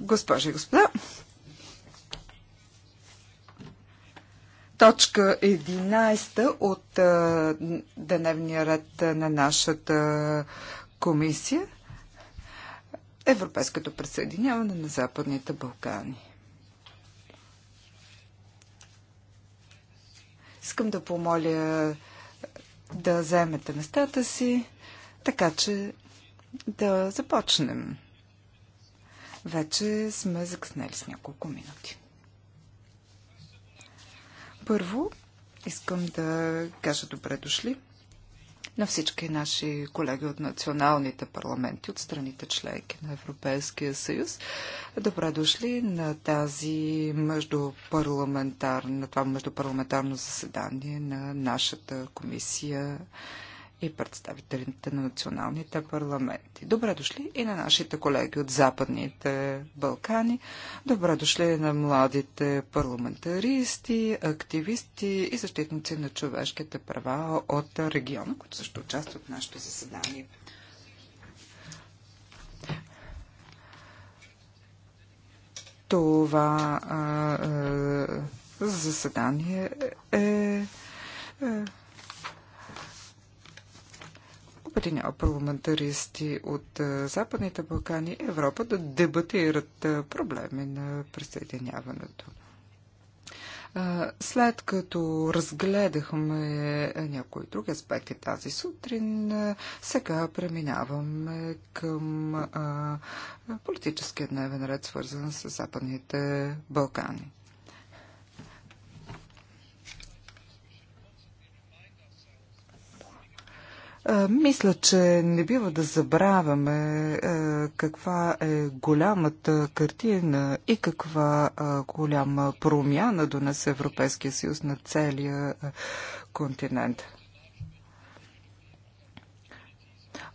Госпожи и господа, точка 11 от а, дневния ред на нашата комисия Европейското присъединяване на Западните Балкани. Искам да помоля да вземете местата си, така че да започнем. Вече сме закъснели с няколко минути. Първо, искам да кажа добре дошли на всички наши колеги от националните парламенти, от страните членки на Европейския съюз. Добре дошли на тази междупарламентарна, това междупарламентарно заседание на нашата комисия и представителите на националните парламенти. Добре дошли и на нашите колеги от Западните Балкани. Добре дошли и на младите парламентаристи, активисти и защитници на човешките права от региона, които също участват в нашето заседание. Това а, а, заседание е, е обединява парламентаристи от Западните Балкани и Европа да дебатират проблеми на присъединяването. След като разгледахме някои други аспекти тази сутрин, сега преминаваме към политическия дневен ред, свързан с Западните Балкани. Мисля, че не бива да забравяме каква е голямата картина и каква голяма промяна донесе Европейския съюз на целия континент.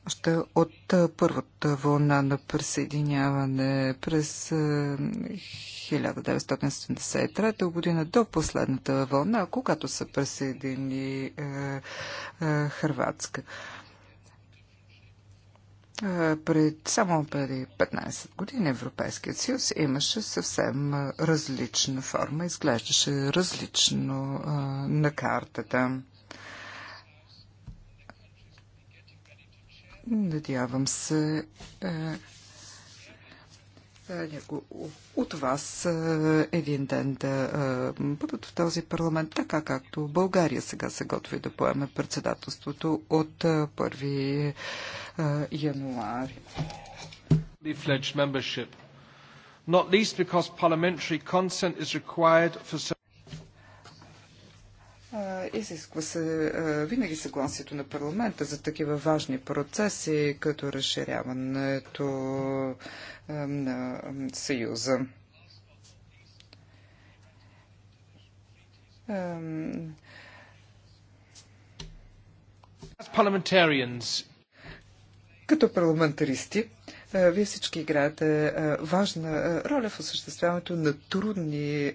Още от първата вълна на присъединяване през 1973 година до последната вълна, когато се присъедини е, е, Хрватска. Пред, само преди 15 години Европейският съюз имаше съвсем различна форма, изглеждаше различно а, на картата. Надявам се е, е, от вас е, един ден да бъдат в този парламент, така както България сега се готви да поеме председателството от 1 януари. Not least because parliamentary consent is required for Изисква се винаги съгласието на парламента за такива важни процеси, като разширяването на Съюза. Като парламентаристи, е, вие всички играете е, важна е, роля в осъществяването на трудни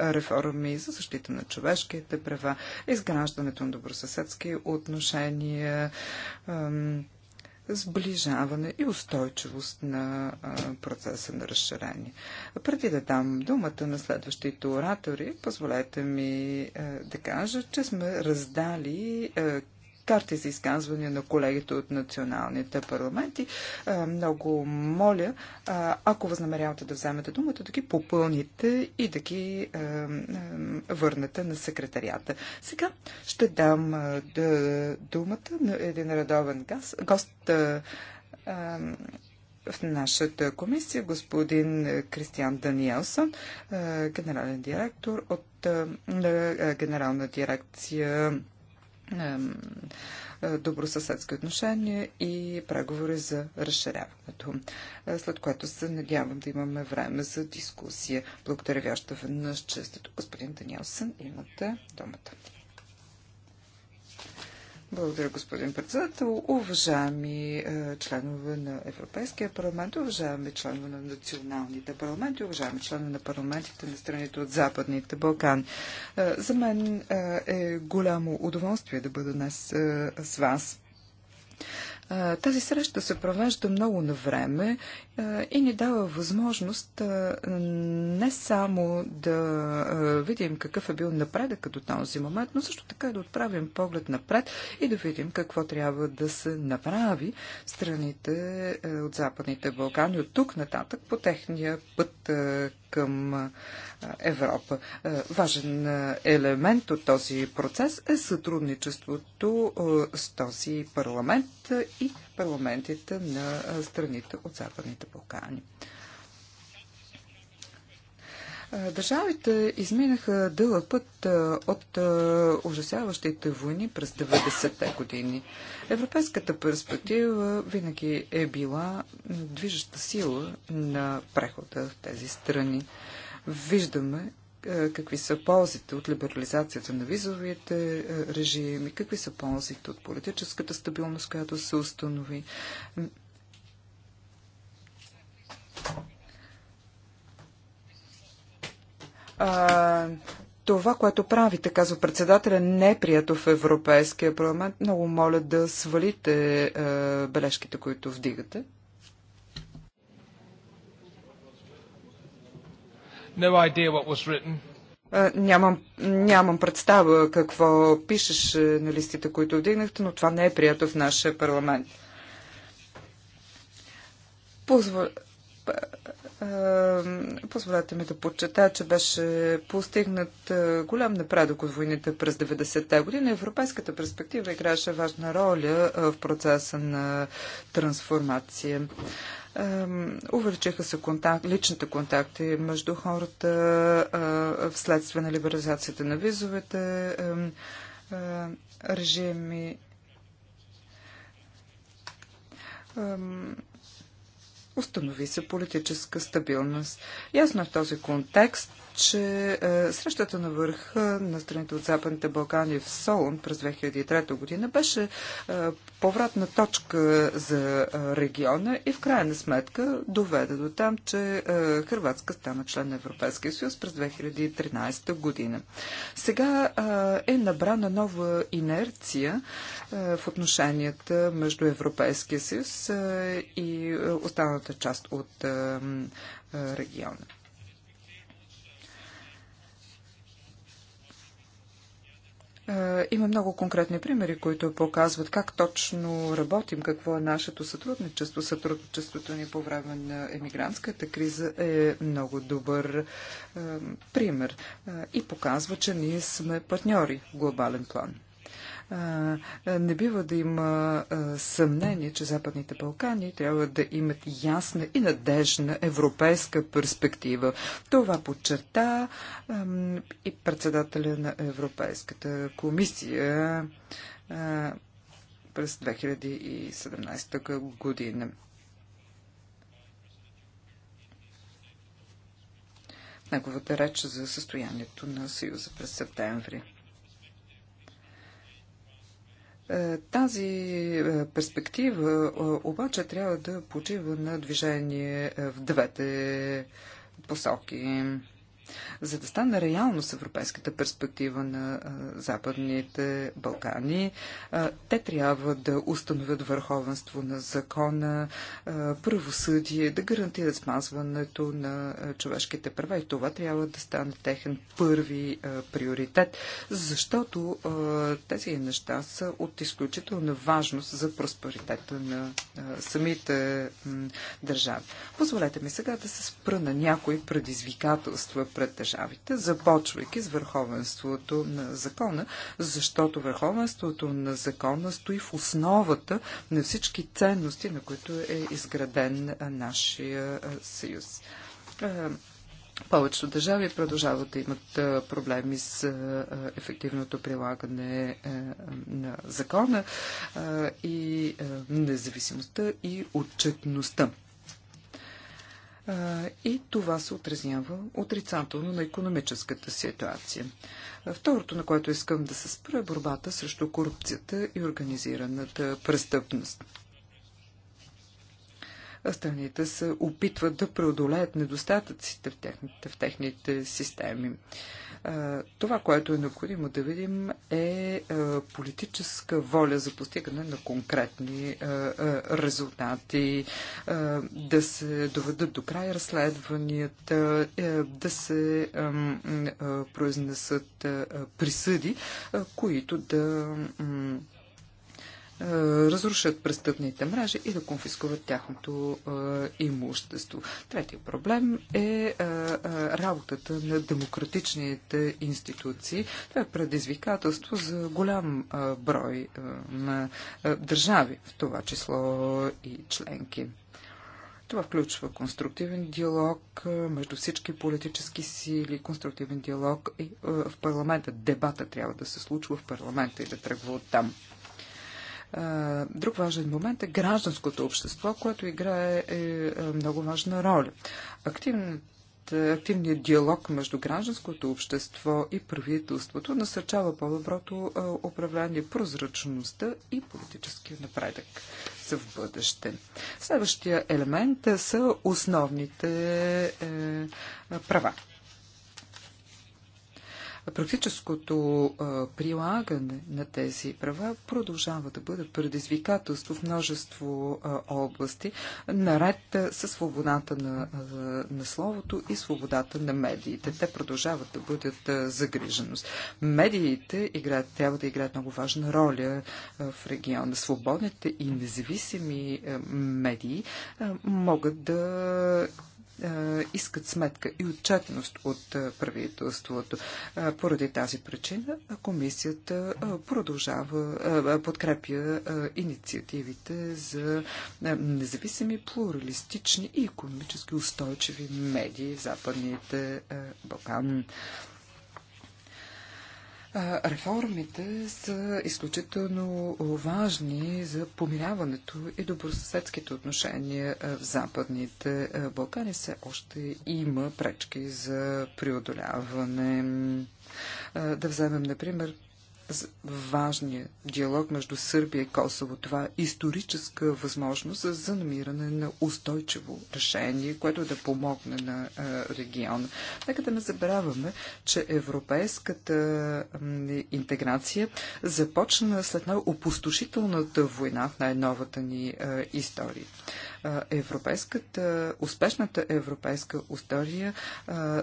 реформи за защита на човешките права, изграждането на добросъседски отношения, сближаване и устойчивост на процеса на разширение. Преди да дам думата на следващите оратори, позволете ми да кажа, че сме раздали карти за изказване на колегите от националните парламенти. Много моля, ако възнамерявате да вземете думата, да ги попълните и да ги върнете на секретарията. Сега ще дам думата на един редовен гост в нашата комисия господин Кристиан Даниелсон, генерален директор от генерална дирекция е, добросъседски отношения и преговори за разширяването, е, след което се надявам да имаме време за дискусия. Благодаря ви още веднъж, че сте тук, господин Даниелсен. Имате думата. Благодаря, господин председател. Уважаеми е, членове на Европейския парламент, уважаеми членове на националните парламенти, уважаеми членове на парламентите на страните от Западните Балкани. Е, за мен е, е голямо удоволствие да бъда днес е, с вас. Тази среща се провежда много на време и ни дава възможност не само да видим какъв е бил напредък като този момент, но също така да отправим поглед напред и да видим какво трябва да се направи страните от Западните Балкани от тук нататък по техния път към Европа. Важен елемент от този процес е сътрудничеството с този парламент и парламентите на страните от Западните Балкани. Държавите изминаха дълъг път от ужасяващите войни през 90-те години. Европейската перспектива винаги е била движеща сила на прехода в тези страни. Виждаме, какви са ползите от либерализацията на визовите режими, какви са ползите от политическата стабилност, която се установи. А, това, което правите, казва председателя, не е прието в Европейския парламент. Много моля да свалите е, бележките, които вдигате. No idea what was written. Нямам, нямам представа какво пишеш на листите, които вдигнахте, но това не е прието в нашия парламент. Позволя позволете ми да подчета, че беше постигнат голям напредък от войните през 90-те години. Европейската перспектива играеше важна роля в процеса на трансформация. Увеличиха се контакт, личните контакти между хората вследствие на либерализацията на визовете режими. Установи се политическа стабилност. Ясно е в този контекст че е, срещата на върха на страните от Западните Балкани в Солун през 2003 година беше е, повратна точка за е, региона и в крайна сметка доведе до там, че Хрватска стана член на Европейския съюз през 2013 година. Сега е набрана нова инерция в отношенията между Европейския съюз и останалата част от региона. Е, има много конкретни примери, които показват как точно работим, какво е нашето сътрудничество. Сътрудничеството ни по време на емигрантската криза е много добър е, пример е, и показва, че ние сме партньори в глобален план не бива да има съмнение, че Западните Балкани трябва да имат ясна и надежна европейска перспектива. Това подчерта и председателя на Европейската комисия през 2017 година. Неговата реч за състоянието на Съюза през септември. Е, тази е, перспектива е, обаче трябва да почива на движение в двете посоки. За да стане реалност европейската перспектива на Западните Балкани, те трябва да установят върховенство на закона, правосъдие, да гарантират спазването на човешките права и това трябва да стане техен първи приоритет, защото тези неща са от изключителна важност за просперитета на самите държави. Позволете ми сега да се спра на някои предизвикателства пред държавите, започвайки с върховенството на закона, защото върховенството на закона стои в основата на всички ценности, на които е изграден нашия съюз. Повечето държави продължават да имат проблеми с ефективното прилагане на закона и независимостта и отчетността и това се отразява отрицателно на економическата ситуация. Второто, на което искам да се спра, е борбата срещу корупцията и организираната престъпност страните се опитват да преодолеят недостатъците в техните, в техните системи. Това, което е необходимо да видим е политическа воля за постигане на конкретни резултати, да се доведат до край разследванията, е, да се произнесат присъди, които да е, разрушат престъпните мрежи и да конфискуват тяхното е, имущество. Третия проблем е, е работата на демократичните институции. Това е предизвикателство за голям брой на държави, в това число и членки. Това включва конструктивен диалог между всички политически сили, конструктивен диалог и в парламента. Дебата трябва да се случва в парламента и да тръгва от там. Друг важен момент е гражданското общество, което играе е, е, много важна роля. Активният, активният диалог между гражданското общество и правителството насърчава по-доброто управление, прозрачността и политическия напредък за в бъдеще. Следващия елемент е, са основните права. Практическото прилагане на тези права продължава да бъдат предизвикателство в множество области, наред със свободата на, на словото и свободата на медиите. Те продължават да бъдат загриженост. Медиите играят, трябва да играят много важна роля в региона. Свободните и независими медии могат да е, искат сметка и отчетност от е, правителството. Е, поради тази причина комисията продължава, подкрепя инициативите за независими, плуралистични и економически устойчиви медии в Западните Балкани. Реформите са изключително важни за помиряването и добросъседските отношения в Западните Балкани. Все още има пречки за преодоляване. Да вземем, например, важния диалог между Сърбия и Косово. Това е историческа възможност за намиране на устойчиво решение, което да помогне на региона. Нека да не забравяме, че европейската интеграция започна след най-опустошителната война в най-новата ни история. Европейската, успешната европейска история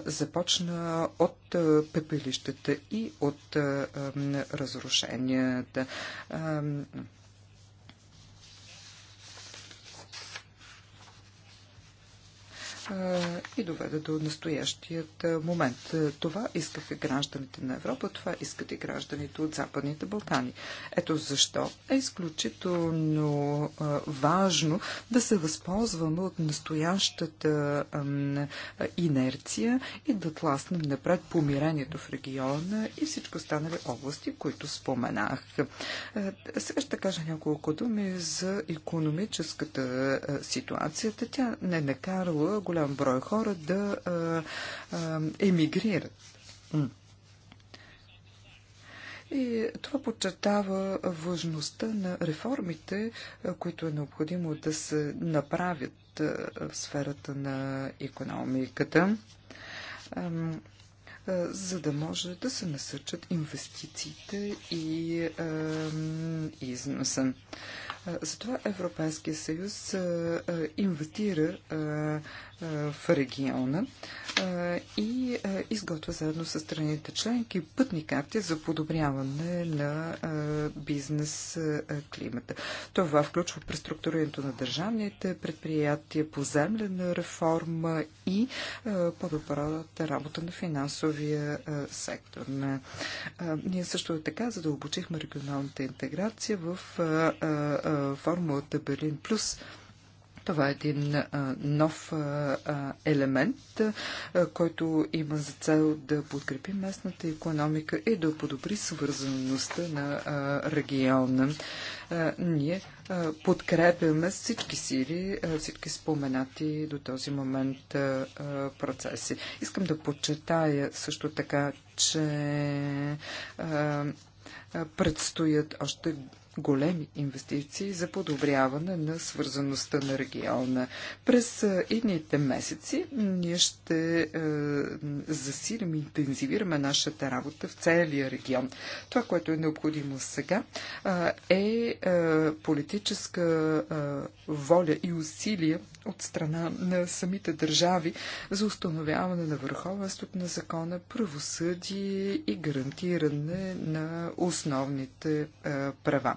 започна от пепелищата и от разрушенията. и доведе до настоящият момент. Това искаха гражданите на Европа, това искат и гражданите от Западните Балкани. Ето защо е изключително важно да се възползваме от настоящата инерция и да тласнем напред помирението в региона и всичко останали области, които споменах. Сега ще кажа няколко думи за економическата ситуация. Тя не накарала голяма голям брой хора да емигрират. И това подчертава важността на реформите, които е необходимо да се направят в сферата на економиката, за да може да се насърчат инвестициите и износа. Затова Европейския съюз инвестира е, в региона е, и е, изготвя заедно с страните членки пътни карти за подобряване на бизнес климата. Това включва преструктурирането на държавните предприятия, поземлена реформа и по-добрата работа на финансовия сектор. Ние също е така обучихме регионалната интеграция в формулата Берлин Плюс това е един а, нов а, елемент, а, който има за цел да подкрепи местната економика и да подобри свързаността на а, региона. А, ние а, подкрепяме всички сили, а, всички споменати до този момент а, процеси. Искам да подчертая също така, че а, предстоят още големи инвестиции за подобряване на свързаността на региона. През идните месеци ние ще е, засилим и интензивираме нашата работа в целия регион. Това, което е необходимо сега, е, е политическа е, воля и усилия от страна на самите държави за установяване на върховенството на закона, правосъдие и гарантиране на основните е, права.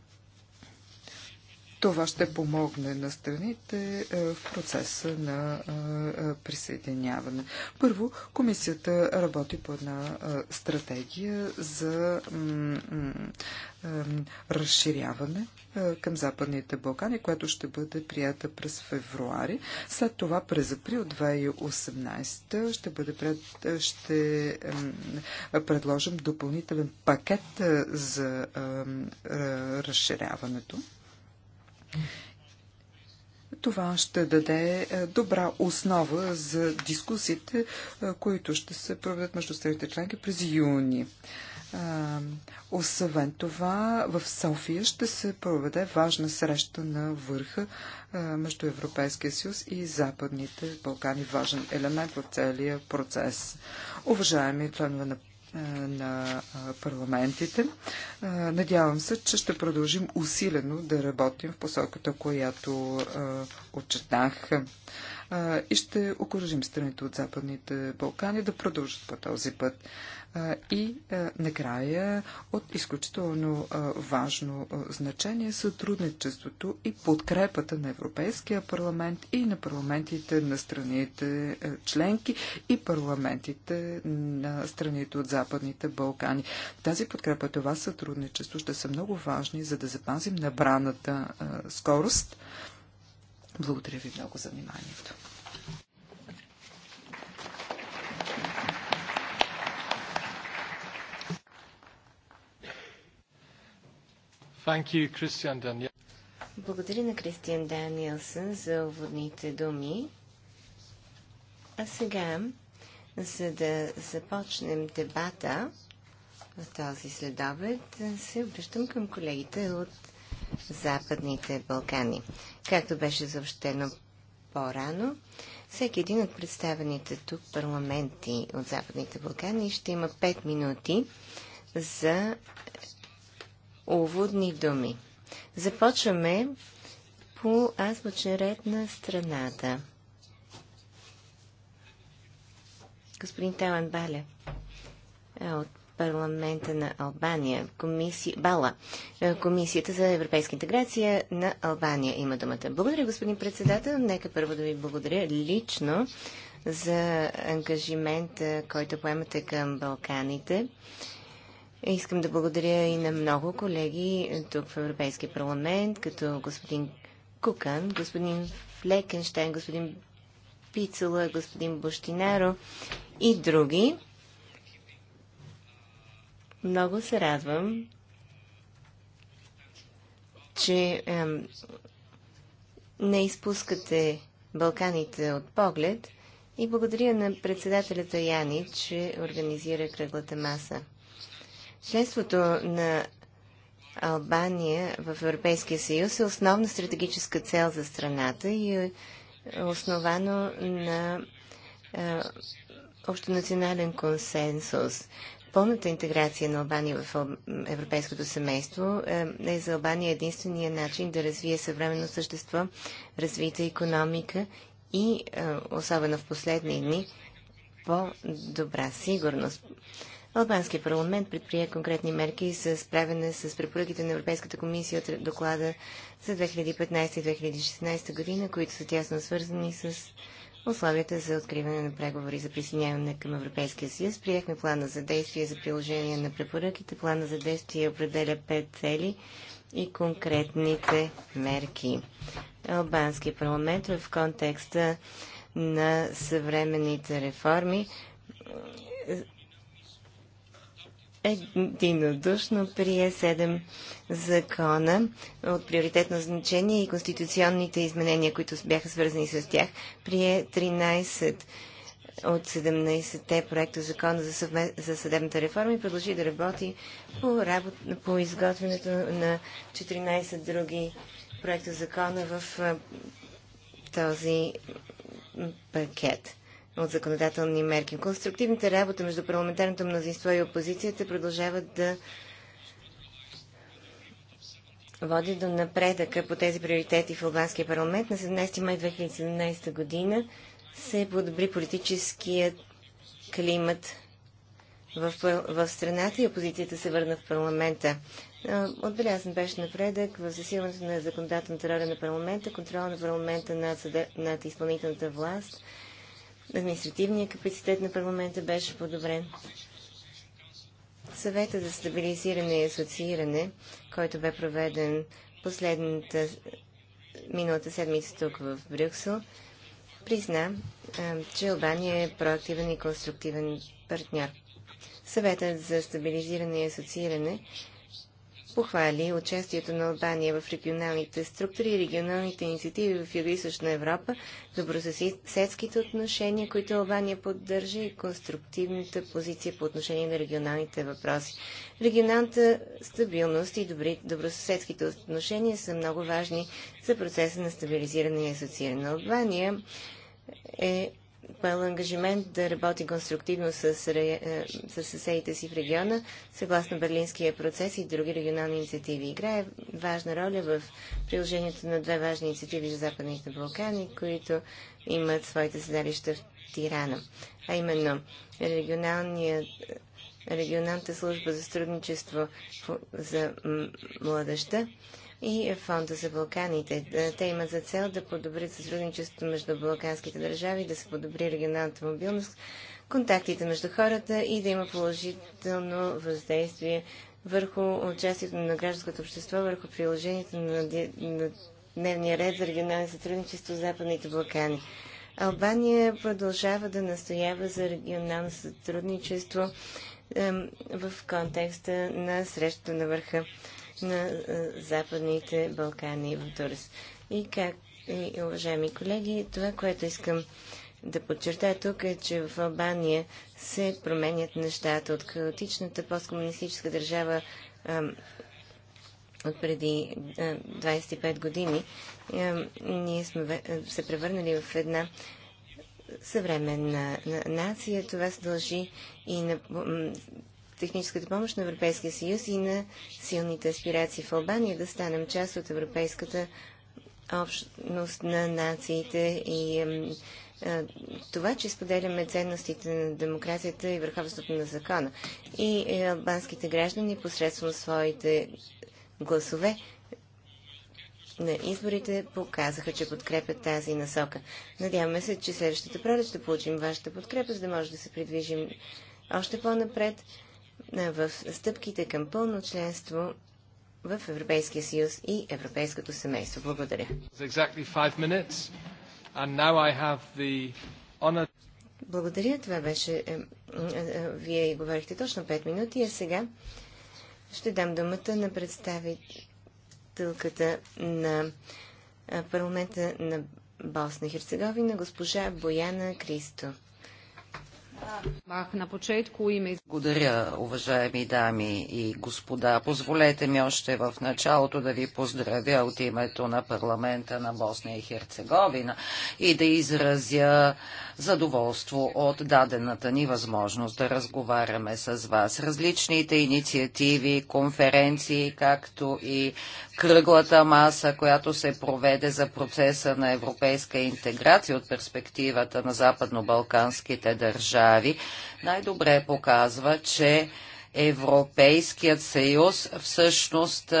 Това ще помогне на страните е, в процеса на е, е, присъединяване. Първо, комисията работи по една стратегия за разширяване към Западните Балкани, което ще бъде прията през февруари. След това през април 2018 ще, бъде пред, ще предложим допълнителен пакет за разширяването. Това ще даде е, добра основа за дискусиите, е, които ще се проведат между страните членки през юни. Е, освен това, в София ще се проведе важна среща на върха между Европейския съюз и Западните Балкани. Важен елемент в целия процес. Уважаеми членове на е, на е, парламентите. Е, надявам се, че ще продължим усилено да работим в посоката, която очетнах и ще окоръжим страните от Западните Балкани да продължат по този път. И накрая от изключително важно значение сътрудничеството и подкрепата на Европейския парламент и на парламентите на страните членки и парламентите на страните от Западните Балкани. Тази подкрепа, това сътрудничество ще са много важни, за да запазим набраната скорост благодаря ви много за вниманието. You, Благодаря на Кристиан Даниелсън за уводните думи. А сега, за да започнем дебата в този следобед, се обръщам към колегите от Западните Балкани. Както беше съобщено по-рано, всеки един от представените тук парламенти от Западните Балкани ще има 5 минути за уводни думи. Започваме по азбучен ред на страната. Господин Талан Баля е, от парламента на Албания, комиси... Бала, е, Комисията за европейска интеграция на Албания има думата. Благодаря, господин председател. Нека първо да ви благодаря лично за ангажимента, който поемате към Балканите. Искам да благодаря и на много колеги тук в Европейския парламент, като господин Кукан, господин Флекенштейн, господин Пицела, господин Бощинаро и други. Много се радвам, че ем, не изпускате Балканите от поглед и благодаря на председателя Таяни, че организира кръглата маса. Членството на Албания в Европейския съюз е основна стратегическа цел за страната и е основано на е, общонационален консенсус пълната интеграция на Албания в европейското семейство е, е за Албания единствения начин да развие съвременно същество, развита економика и, е, особено в последни дни, по-добра сигурност. Албанския парламент предприе конкретни мерки за справяне с препоръките на Европейската комисия от доклада за 2015 и 2016 година, които са тясно свързани с условията за откриване на преговори за присъединяване към Европейския съюз. Приехме плана за действие за приложение на препоръките. Плана за действие определя пет цели и конкретните мерки. Албанския парламент в контекста на съвременните реформи единодушно прие 7 закона от приоритетно значение и конституционните изменения, които бяха свързани с тях. Прие 13 от 17-те проекта закона за, съвме... за съдебната реформа и продължи да работи по, работ... по изготвянето на 14 други проекта закона в този пакет от законодателни мерки. Конструктивната работа между парламентарното мнозинство и опозицията продължават да води до напредъка по тези приоритети в Албанския парламент. На 17 май 2017 година се подобри политическият климат в, в страната и опозицията се върна в парламента. Отбелязан беше напредък в засилването на законодателната роля на парламента, контрола на парламента над, над изпълнителната власт, Административният капацитет на парламента беше подобрен. Съвета за стабилизиране и асоцииране, който бе проведен последната миналата седмица тук в Брюксел, призна, че Албания е проактивен и конструктивен партньор. Съветът за стабилизиране и асоцииране похвали участието на Албания в регионалните структури и регионалните инициативи в Юго-Источна Европа, добросъседските отношения, които Албания поддържа и конструктивната позиция по отношение на регионалните въпроси. Регионалната стабилност и добри, добросъседските отношения са много важни за процеса на стабилизиране и асоцииране. Албания е поел ангажимент да работи конструктивно с, е, с съседите си в региона, съгласно Берлинския процес и други регионални инициативи. Играе важна роля в приложението на две важни инициативи за Западните Балкани, които имат своите седалища в Тирана. А именно регионалният регионалната служба за сътрудничество за младеща и Фонда за Балканите. Е, те имат за цел да подобрят сътрудничеството между балканските държави, да се подобри регионалната мобилност, контактите между хората и да има положително въздействие върху участието на гражданското общество, върху приложението на, дневния ред за регионално сътрудничество в Западните Балкани. Албания продължава да настоява за регионално сътрудничество в контекста на срещата на върха на е, Западните Балкани в Турс. И как, и, уважаеми колеги, това, което искам да подчертая тук е, че в Албания се променят нещата от хаотичната посткомунистическа държава а, от преди е, а, 25 години. А, е, ние сме се превърнали в една съвременна нация. Това се дължи и на техническата помощ на Европейския съюз и на силните аспирации в Албания да станем част от Европейската общност на нациите и това, че споделяме ценностите на демокрацията и върховството на закона. И е, албанските граждани посредством своите гласове на изборите показаха, че подкрепят тази насока. Надяваме се, че следващата пролет ще получим вашата подкрепа, за да може да се придвижим още по-напред в стъпките към пълно членство в Европейския съюз и Европейското семейство. Благодаря. Благодаря, това беше... Е, е, е, вие говорихте точно 5 минути, а сега ще дам думата на представителката на парламента на Босна и Херцеговина, госпожа Бояна Кристо на почетку име. Благодаря, уважаеми дами и господа. Позволете ми още в началото да ви поздравя от името на парламента на Босния и Херцеговина и да изразя задоволство от дадената ни възможност да разговаряме с вас. Различните инициативи, конференции, както и кръглата маса, която се проведе за процеса на европейска интеграция от перспективата на западно-балканските държави държави, най-добре показва, че Европейският съюз всъщност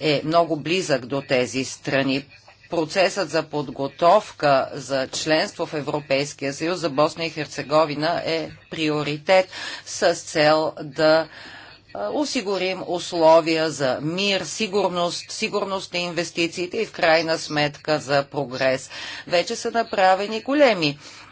е много близък до тези страни. Процесът за подготовка за членство в Европейския съюз за Босна и Херцеговина е приоритет с цел да осигурим условия за мир, сигурност, сигурност на инвестициите и в крайна сметка за прогрес. Вече са направени големи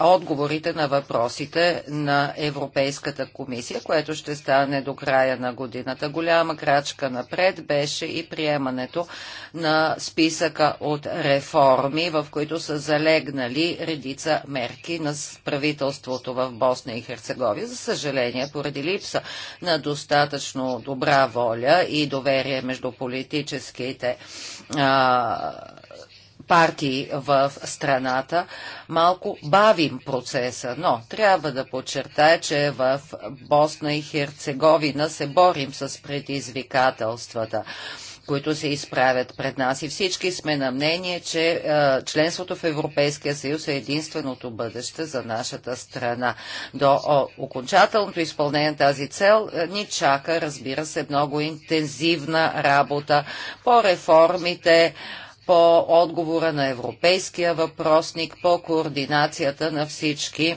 отговорите на въпросите на Европейската комисия, което ще стане до края на годината. Голяма крачка напред беше и приемането на списъка от реформи, в които са залегнали редица мерки на правителството в Босна и Херцеговия. За съжаление, поради липса на достатъчно добра воля и доверие между политическите а, партии в страната, малко бавим процеса, но трябва да подчертая, че в Босна и Херцеговина се борим с предизвикателствата които се изправят пред нас. И всички сме на мнение, че е, членството в Европейския съюз е единственото бъдеще за нашата страна. До о, окончателното изпълнение на тази цел е, ни чака, разбира се, много интензивна работа по реформите, по отговора на европейския въпросник, по координацията на всички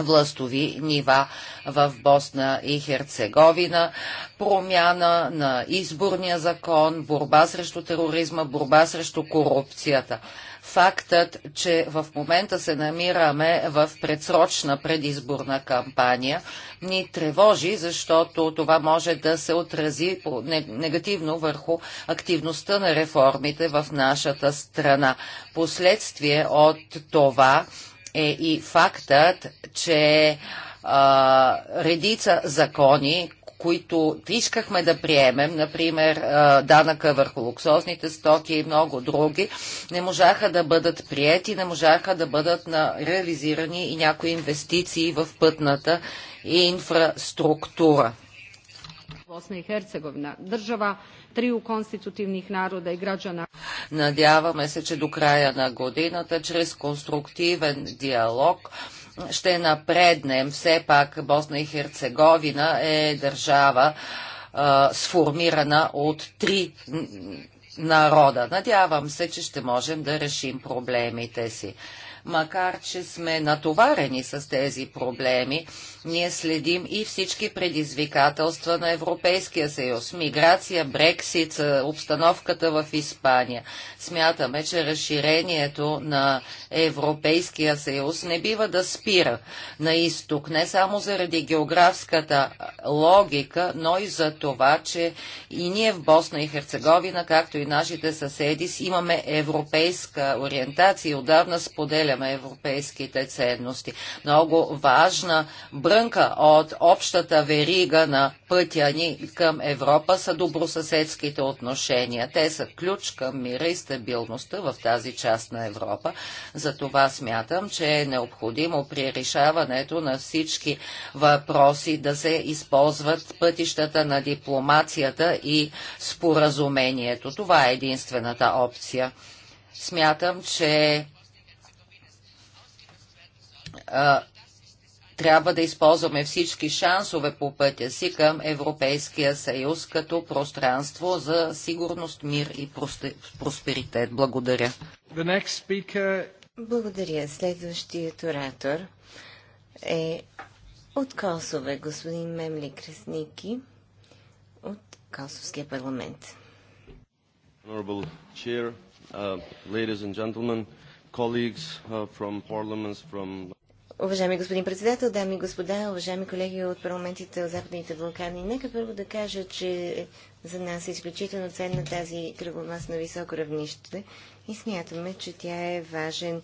властови нива в Босна и Херцеговина, промяна на изборния закон, борба срещу тероризма, борба срещу корупцията фактът, че в момента се намираме в предсрочна предизборна кампания, ни тревожи, защото това може да се отрази негативно върху активността на реформите в нашата страна. Последствие от това е и фактът, че а, редица закони, които искахме да приемем, например данъка върху луксозните стоки и много други, не можаха да бъдат приети, не можаха да бъдат реализирани и някои инвестиции в пътната инфраструктура. Bosne i Hercegovina, država triju конститутивних народа и граждана. Надяваме се, че до края на годината, чрез конструктивен диалог, ще напреднем. Все пак Босна и Херцеговина е държава а, сформирана от три народа. Надявам се, че ще можем да решим проблемите си. Макар, че сме натоварени с тези проблеми, ние следим и всички предизвикателства на Европейския съюз. Миграция, Брексит, е, обстановката в Испания. Смятаме, че разширението на Европейския съюз не бива да спира на изток, не само заради географската логика, но и за това, че и ние в Босна и Херцеговина, както и нашите съседи, имаме европейска ориентация и отдавна споделя подкрепяме европейските ценности. Много важна брънка от общата верига на пътя ни към Европа са добросъседските отношения. Те са ключ към мира и стабилността в тази част на Европа. Затова смятам, че е необходимо при решаването на всички въпроси да се използват пътищата на дипломацията и споразумението. Това е единствената опция. Смятам, че трябва да използваме всички шансове по пътя си към Европейския съюз като пространство за сигурност, мир и просперитет. Благодаря. The next Speaker... Благодаря. Следващият оратор е от Косове, господин Мемли Кресники от Косовския парламент. Honorable Chair, uh, ladies and gentlemen, colleagues uh, from parliaments from Уважаеми господин председател, дами и господа, уважаеми колеги от парламентите от Западните Балкани, нека първо да кажа, че за нас е изключително ценна тази кръгломас на високо равнище и смятаме, че тя е важен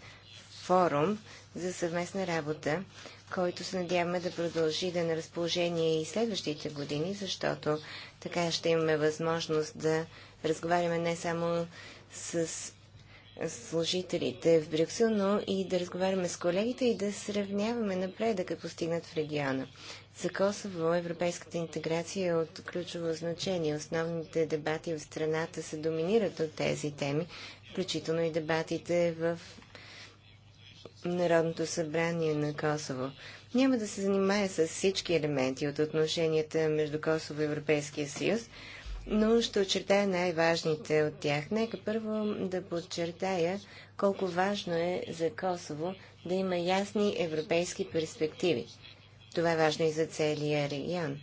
форум за съвместна работа, който се надяваме да продължи да е на разположение и следващите години, защото така ще имаме възможност да разговаряме не само с служителите в Брюксел, но и да разговаряме с колегите и да сравняваме напредъка постигнат в региона. За Косово европейската интеграция е от ключово значение. Основните дебати в страната се доминират от тези теми, включително и дебатите в Народното събрание на Косово. Няма да се занимая с всички елементи от отношенията между Косово и Европейския съюз, но ще очертая най-важните от тях. Нека първо да подчертая колко важно е за Косово да има ясни европейски перспективи. Това е важно и за целия регион.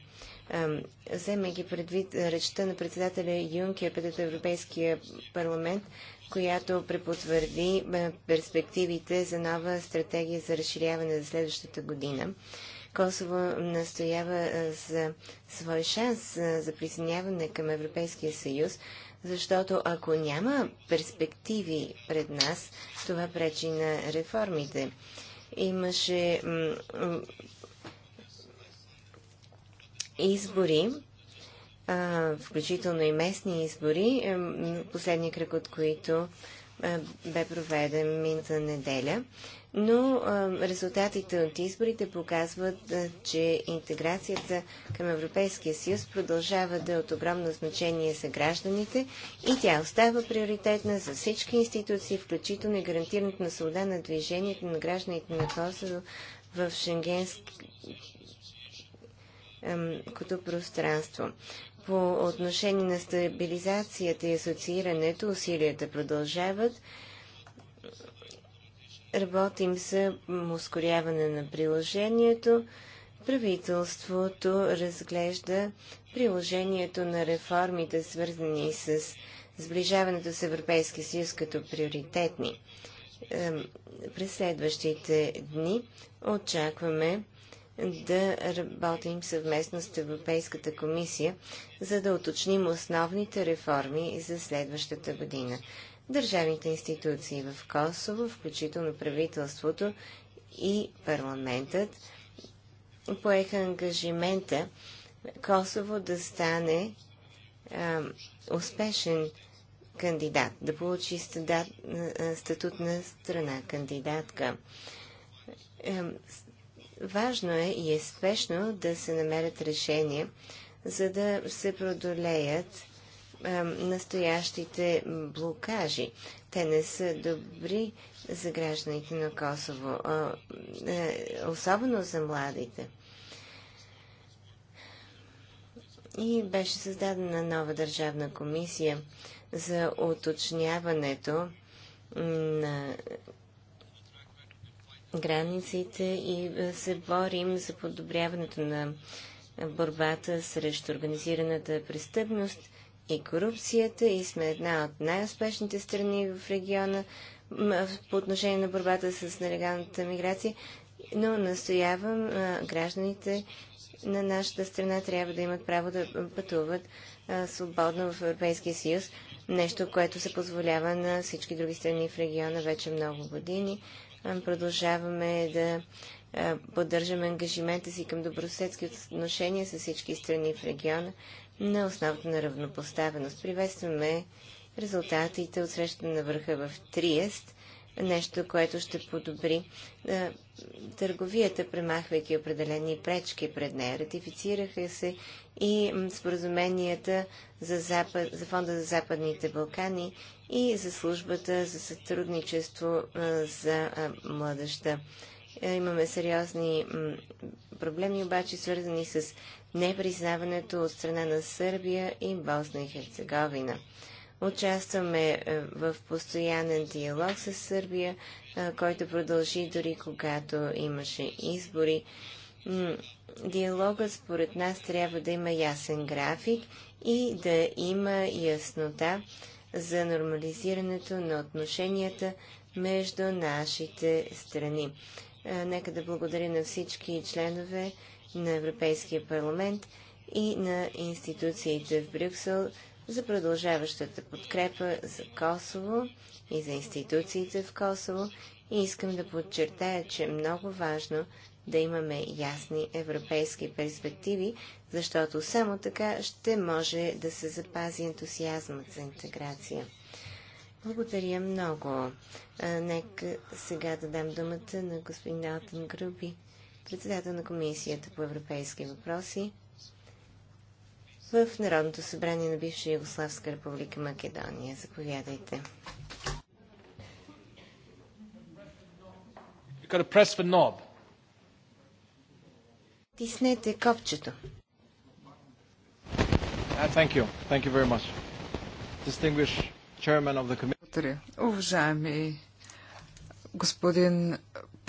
Вземайки предвид речта на председателя Юнкия пред Европейския парламент, която препотвърди перспективите за нова стратегия за разширяване за следващата година. Косово настоява е, за свой шанс е, за присъединяване към Европейския съюз, защото ако няма перспективи пред нас, това пречи на реформите. Имаше избори, включително и местни избори, е, последния кръг от които бе проведен минута неделя но резултатите от изборите показват, че интеграцията към Европейския съюз продължава да е от огромно значение за гражданите и тя остава приоритетна за всички институции, включително и гарантирането на свобода на движението на гражданите на Косово в шенгенското пространство. По отношение на стабилизацията и асоциирането усилията продължават Работим за ускоряване на приложението. Правителството разглежда приложението на реформите, свързани с сближаването с Европейския съюз като приоритетни. През следващите дни очакваме да работим съвместно с Европейската комисия, за да уточним основните реформи за следващата година държавните институции в Косово, включително правителството и парламентът, поеха ангажимента Косово да стане а, успешен кандидат, да получи стадат, статут на страна кандидатка. А, важно е и е спешно да се намерят решения, за да се продолеят настоящите блокажи. Те не са добри за гражданите на Косово, е, особено за младите. И беше създадена нова държавна комисия за уточняването на границите и е, се борим за подобряването на борбата срещу организираната престъпност и корупцията и сме една от най-успешните страни в региона по отношение на борбата с нелегалната миграция, но настоявам гражданите на нашата страна трябва да имат право да пътуват свободно в Европейския съюз, нещо, което се позволява на всички други страни в региона вече много години. продължаваме да поддържаме ангажимента си към добросъседски отношения с всички страни в региона на основата на равнопоставеност. Приветстваме резултатите от срещата на върха в Триест, нещо, което ще подобри търговията, премахвайки определени пречки пред нея. Ратифицираха се и споразуменията за, Запад, за Фонда за Западните Балкани и за службата за сътрудничество за младеща. Е, имаме сериозни проблеми, обаче свързани с непризнаването от страна на Сърбия и Босна и Херцеговина. Участваме е, в постоянен диалог с Сърбия, е, който продължи дори когато имаше избори. Диалогът според нас трябва да има ясен график и да има яснота за нормализирането на отношенията между нашите страни. Е, нека да благодаря на всички членове на Европейския парламент и на институциите в Брюксел за продължаващата подкрепа за Косово и за институциите в Косово и искам да подчертая, че е много важно да имаме ясни европейски перспективи, защото само така ще може да се запази ентусиазмът за интеграция. Благодаря много. нека сега да дам думата на господин Алтен Груби председател на Комисията по европейски въпроси в Народното събрание на бивша Югославска република Македония. Заповядайте. Тиснете копчето. Uh, Благодаря. Уважаеми господин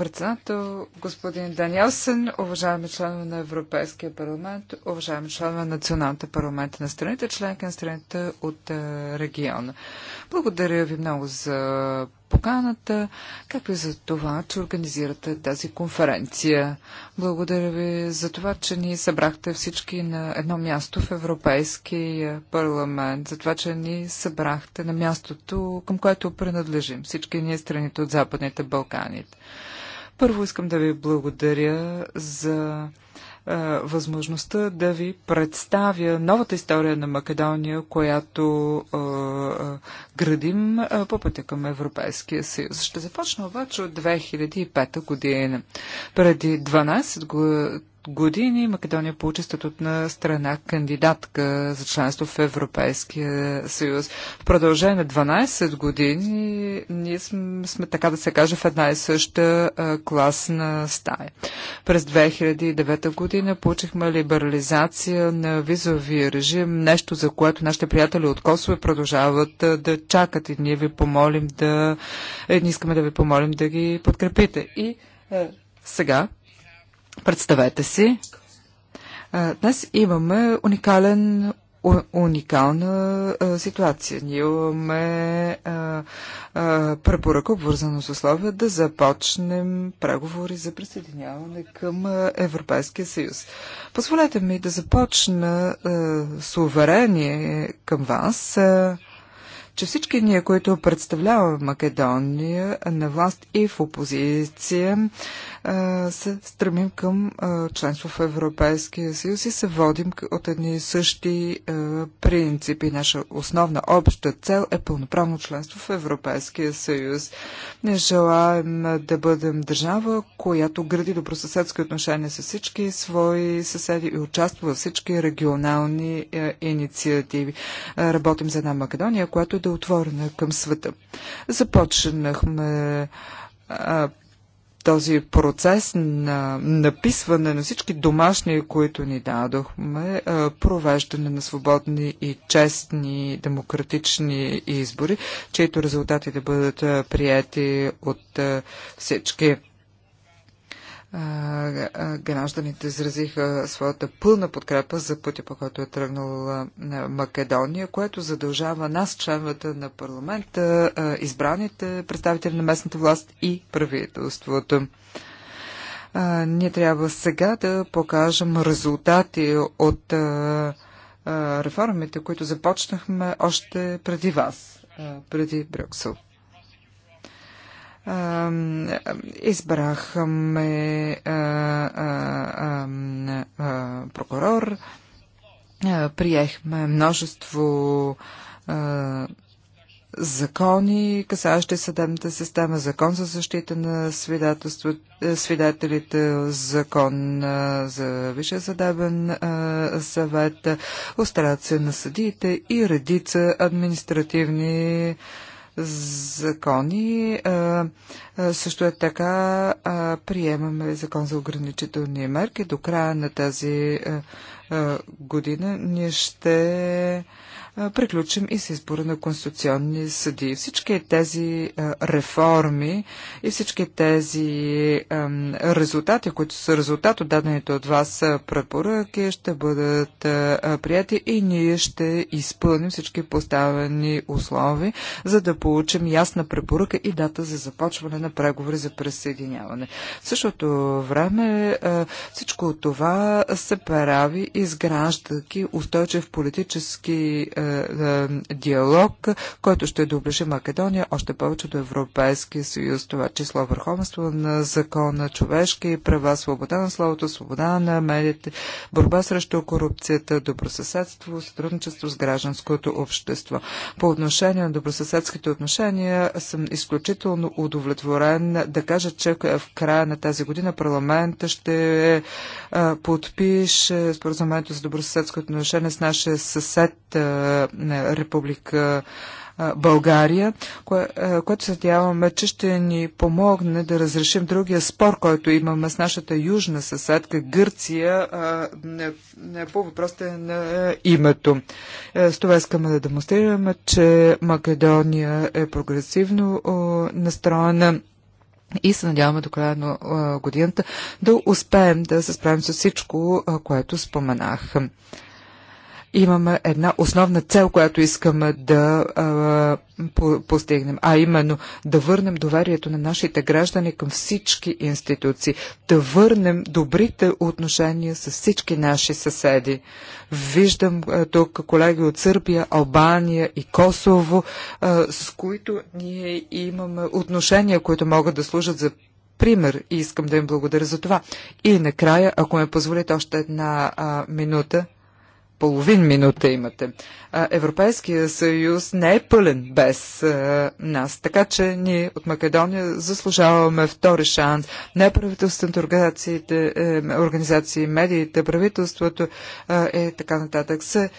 председател, господин Даниелсен, уважаеми членове на Европейския парламент, уважаеми членове на националните парламенти на страните, членки на страните от е, региона. Благодаря ви много за поканата, както и за това, че организирате тази конференция. Благодаря ви за това, че ни събрахте всички на едно място в Европейския парламент, за това, че ни събрахте на мястото, към което принадлежим всички ние страните от Западните Балканите. Първо искам да ви благодаря за възможността да ви представя новата история на Македония, която а, градим а, по пътя към Европейския съюз. Ще започна обаче от 2005 година. Преди 12, години Македония получи статут на страна кандидатка за членство в Европейския съюз. В продължение на 12 години ние сме, сме така да се каже, в една и съща а, класна стая. През 2009 година получихме либерализация на визовия режим, нещо за което нашите приятели от Косово продължават а, да чакат и ние ви помолим да... Е, ние искаме да ви помолим да ги подкрепите. И сега Представете си, днес имаме уникален уникална ситуация. Ние имаме препоръка, обвързана с условия да започнем преговори за присъединяване към Европейския съюз. Позволете ми да започна с уверение към вас. че всички ние, които представляваме Македония на власт и в опозиция, се стремим към членство в Европейския съюз и се водим от едни и същи принципи. Наша основна обща цел е пълноправно членство в Европейския съюз. Не желаем да бъдем държава, която гради добросъседски отношения с всички свои съседи и участва във всички регионални инициативи. Работим за една Македония, която е да е отворена към света. Започнахме този процес на написване на всички домашни, които ни дадохме, е, провеждане на свободни и честни демократични избори, чието резултати да бъдат е, прияти от е, всички гражданите изразиха своята пълна подкрепа за пътя, по който е тръгнала Македония, което задължава нас, членовете на парламента, избраните представители на местната власт и правителството. Ние трябва сега да покажем резултати от реформите, които започнахме още преди вас, преди Брюксел избрахме прокурор, приехме множество закони, касащи съдебната система, закон за защита на е, свидетелите, закон за Висшия съдебен съвет, устрация на съдиите и редица административни закони. Също е така приемаме закон за ограничителни мерки. До края на тази година ние ще приключим и с избора на конституционни съди. Всички тези реформи и всички тези резултати, които са резултат от дадените от вас препоръки, ще бъдат прияти и ние ще изпълним всички поставени услови, за да получим ясна препоръка и дата за започване на преговори за присъединяване. В същото време всичко това се прави изграждайки устойчив политически е, е, диалог, който ще доближи Македония още повече до Европейския съюз. Това число върховенство на закона, човешки права, свобода на словото, свобода на медиите, борба срещу корупцията, добросъседство, сътрудничество с гражданското общество. По отношение на добросъседските отношения съм изключително удовлетворен да кажа, че в края на тази година парламента ще е, подпише споразумението за добросъседско отношение с нашия съсед република България, кое, което се надяваме, че ще ни помогне да разрешим другия спор, който имаме с нашата южна съседка Гърция по въпросите на името. Е, с това искаме да демонстрираме, че Македония е прогресивно настроена и се надяваме до края на годината да успеем да се справим с всичко, което споменах имаме една основна цел, която искаме да а, по постигнем, а именно да върнем доверието на нашите граждани към всички институции, да върнем добрите отношения с всички наши съседи. Виждам а, тук колеги от Сърбия, Албания и Косово, а, с които ние имаме отношения, които могат да служат за пример и искам да им благодаря за това. И накрая, ако ме позволите още една а, минута, половин минута имате. Европейския съюз не е пълен без нас, така че ние от Македония заслужаваме втори шанс. Неправителствените правителствените е, организации, медиите, правителството и е, така нататък се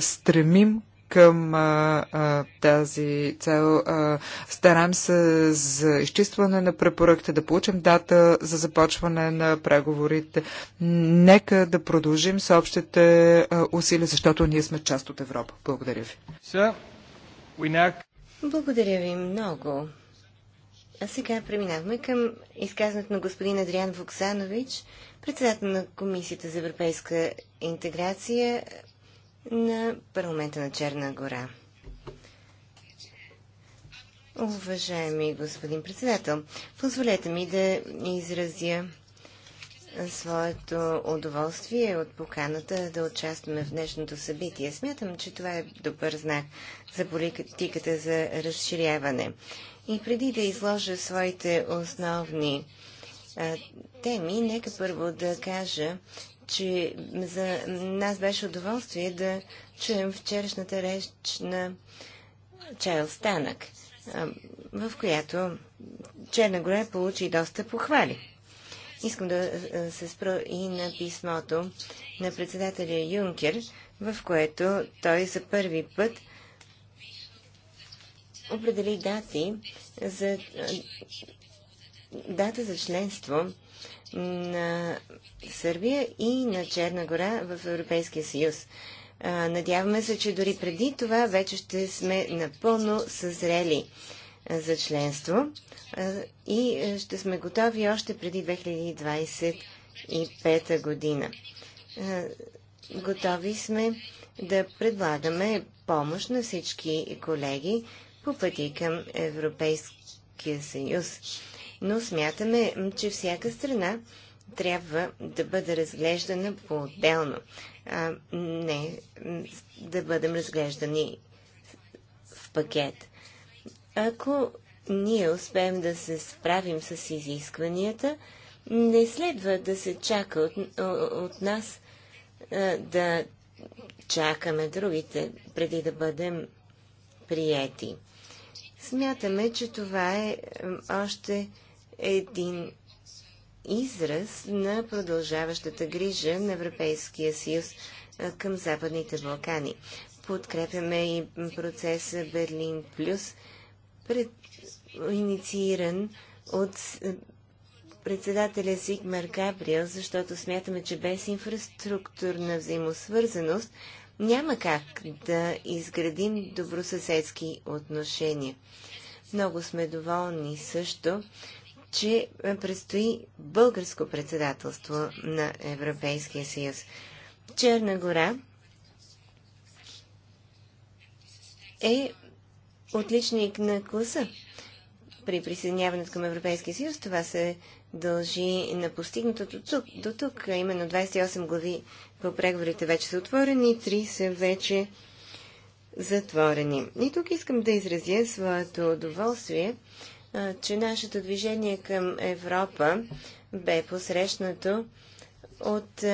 стремим към а, а, тази цел. старам се за изчистване на препоръките, да получим дата за започване на преговорите. Нека да продължим с общите а, усилия, защото ние сме част от Европа. Благодаря ви. Благодаря ви много. А сега преминаваме към изказването на господин Адриан Воксанович, председател на Комисията за европейска интеграция, на парламента на Черна гора. Уважаеми господин председател, позволете ми да изразя своето удоволствие от поканата да участваме в днешното събитие. Смятам, че това е добър знак за политиката за разширяване. И преди да изложа своите основни теми, нека първо да кажа, че за нас беше удоволствие да чуем вчерашната реч на Чайл Станък, в която Черна гора получи доста похвали. Искам да се спра и на писмото на председателя Юнкер, в което той за първи път определи дати за дата за членство на Сърбия и на Черна гора в Европейския съюз. Надяваме се, че дори преди това вече ще сме напълно съзрели за членство и ще сме готови още преди 2025 година. Готови сме да предлагаме помощ на всички колеги по пъти към Европейския съюз но смятаме, че всяка страна трябва да бъде разглеждана по-отделно, а не да бъдем разглеждани в пакет. Ако ние успеем да се справим с изискванията, не следва да се чака от, от нас да чакаме другите, преди да бъдем приети. Смятаме, че това е още един израз на продължаващата грижа на Европейския съюз към Западните Балкани. Подкрепяме и процеса Берлин Плюс, пред... иницииран от председателя Сигмар Габриел, защото смятаме, че без инфраструктурна взаимосвързаност няма как да изградим добросъседски отношения. Много сме доволни също, че е, предстои българско председателство на Европейския съюз. Черна гора е отличник на класа при присъединяването към Европейския съюз. Това се дължи на постигнатото тук, до тук. Именно 28 глави по преговорите вече са отворени, 3 са вече затворени. И тук искам да изразя своето удоволствие, че нашето движение към Европа бе посрещнато от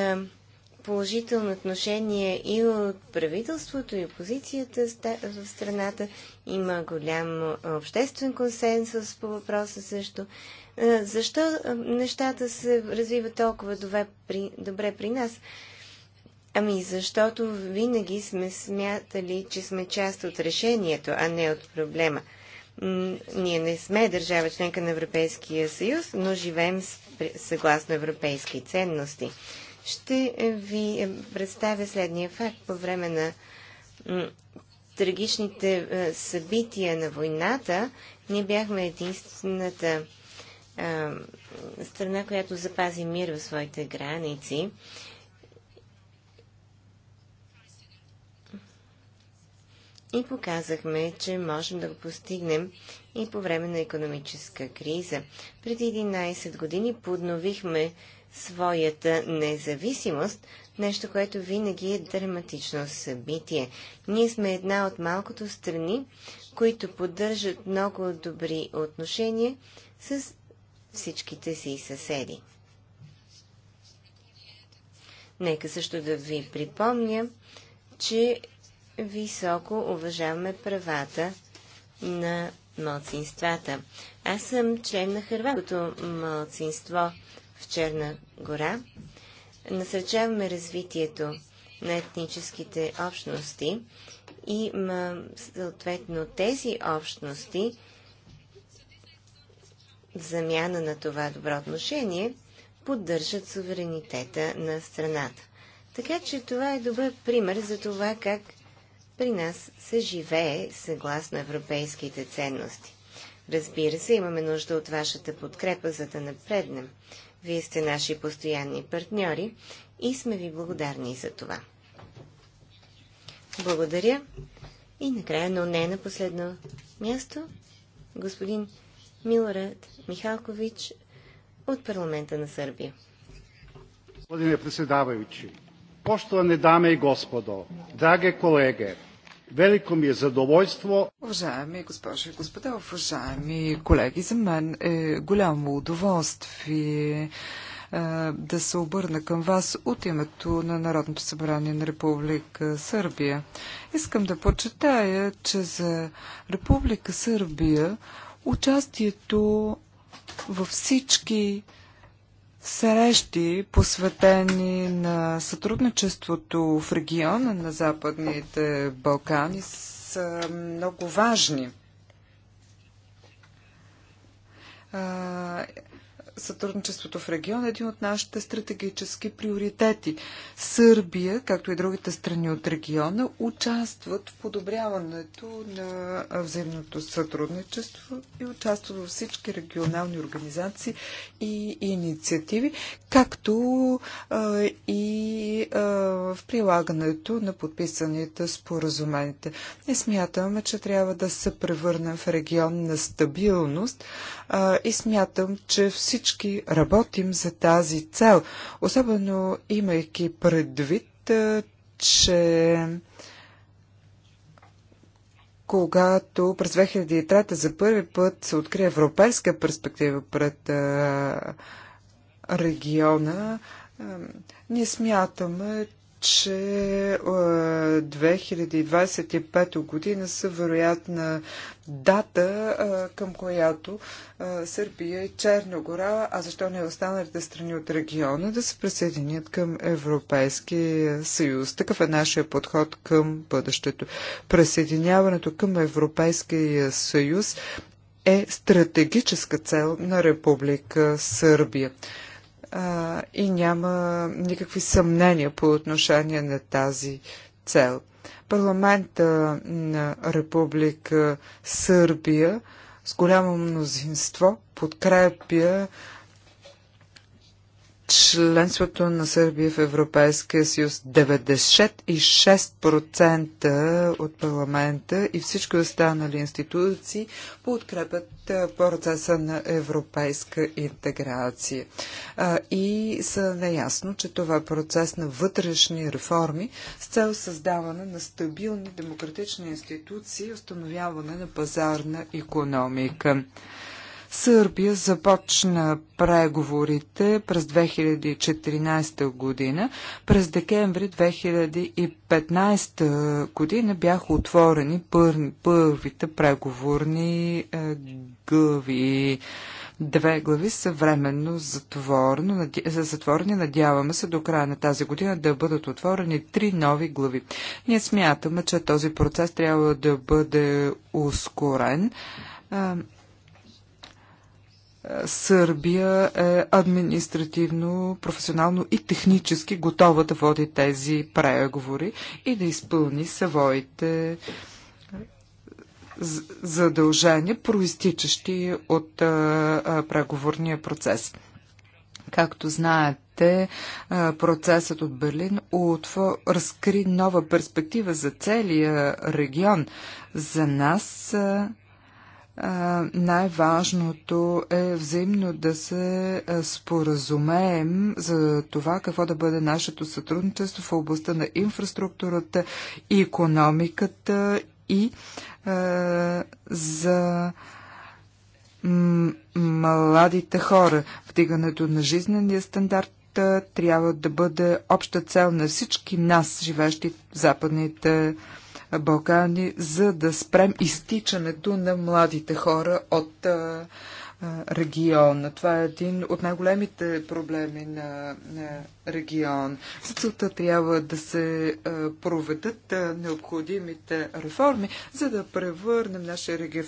положително отношение и от правителството и опозицията в страната. Има голям обществен консенсус по въпроса също. Защо нещата се развиват толкова добре при нас? Ами защото винаги сме смятали, че сме част от решението, а не от проблема. Ние не сме държава членка на Европейския съюз, но живеем съгласно европейски ценности. Ще ви представя следния факт. По време на трагичните е, събития на войната, ние бяхме единствената е, страна, която запази мир в своите граници и показахме, че можем да го постигнем и по време на економическа криза. Преди 11 години подновихме своята независимост, нещо, което винаги е драматично събитие. Ние сме една от малкото страни, които поддържат много добри отношения с всичките си съседи. Нека също да ви припомня, че високо уважаваме правата на младсинствата. Аз съм член на хърватското младсинство в Черна гора. Насърчаваме развитието на етническите общности и съответно тези общности в замяна на това добро отношение поддържат суверенитета на страната. Така че това е добър пример за това как при нас се живее съгласно европейските ценности. Разбира се, имаме нужда от вашата подкрепа, за да напреднем. Вие сте наши постоянни партньори и сме ви благодарни за това. Благодаря. И накрая, но не на последно място, господин Милорад Михалкович от парламента на Сърбия. Господин председавайчи, Poštovane dame i gospodo, drage kolege, Велико ми е задоволство. Уважаеми госпожи и господа, уважаеми колеги, за мен е голямо удоволствие е, да се обърна към вас от името на Народното събрание на Република Сърбия. Искам да почитая, че за Република Сърбия участието във всички срещи, посветени на сътрудничеството в региона на Западните Балкани, са много важни сътрудничеството в региона е един от нашите стратегически приоритети. Сърбия, както и другите страни от региона, участват в подобряването на взаимното сътрудничество и участват във всички регионални организации и инициативи, както а, и а, в прилагането на подписаните споразумените. Не смятаме, че трябва да се превърнем в регион на стабилност а, и смятам, че всички всички работим за тази цел, особено имайки предвид, че когато през 2003 за първи път се откри европейска перспектива пред региона, ние смятаме, че 2025 година са вероятна дата, към която Сърбия и Черна гора, а защо не останалите страни от региона, да се присъединят към Европейския съюз. Такъв е нашия подход към бъдещето. Присъединяването към Европейския съюз е стратегическа цел на Република Сърбия и няма никакви съмнения по отношение на тази цел. Парламента на Република Сърбия с голямо мнозинство подкрепя членството на Сърбия в Европейския съюз. 96% от парламента и всички останали институции подкрепят процеса на европейска интеграция. И са наясно, че това е процес на вътрешни реформи с цел създаване на стабилни демократични институции и установяване на пазарна економика. Сърбия започна преговорите през 2014 година. През декември 2015 година бяха отворени пър, първите преговорни е, глави. Две глави са временно затворени. Надяваме се до края на тази година да бъдат отворени три нови глави. Ние смятаме, че този процес трябва да бъде ускорен е, Сърбия е административно, професионално и технически готова да води тези преговори и да изпълни своите е, задължения, проистичащи от е, е, преговорния процес. Както знаете, процесът от Берлин отво разкри нова перспектива за целия регион. За нас най-важното е взаимно да се споразумеем за това какво да бъде нашето сътрудничество в областта на инфраструктурата и економиката и за младите хора. Вдигането на жизнения стандарт трябва да бъде обща цел на всички нас, живещи в западните Балкани, за да спрем изтичането на младите хора от региона. Това е един от най-големите проблеми на, на регион. За целта трябва да се проведат необходимите реформи, за да превърнем нашия реги...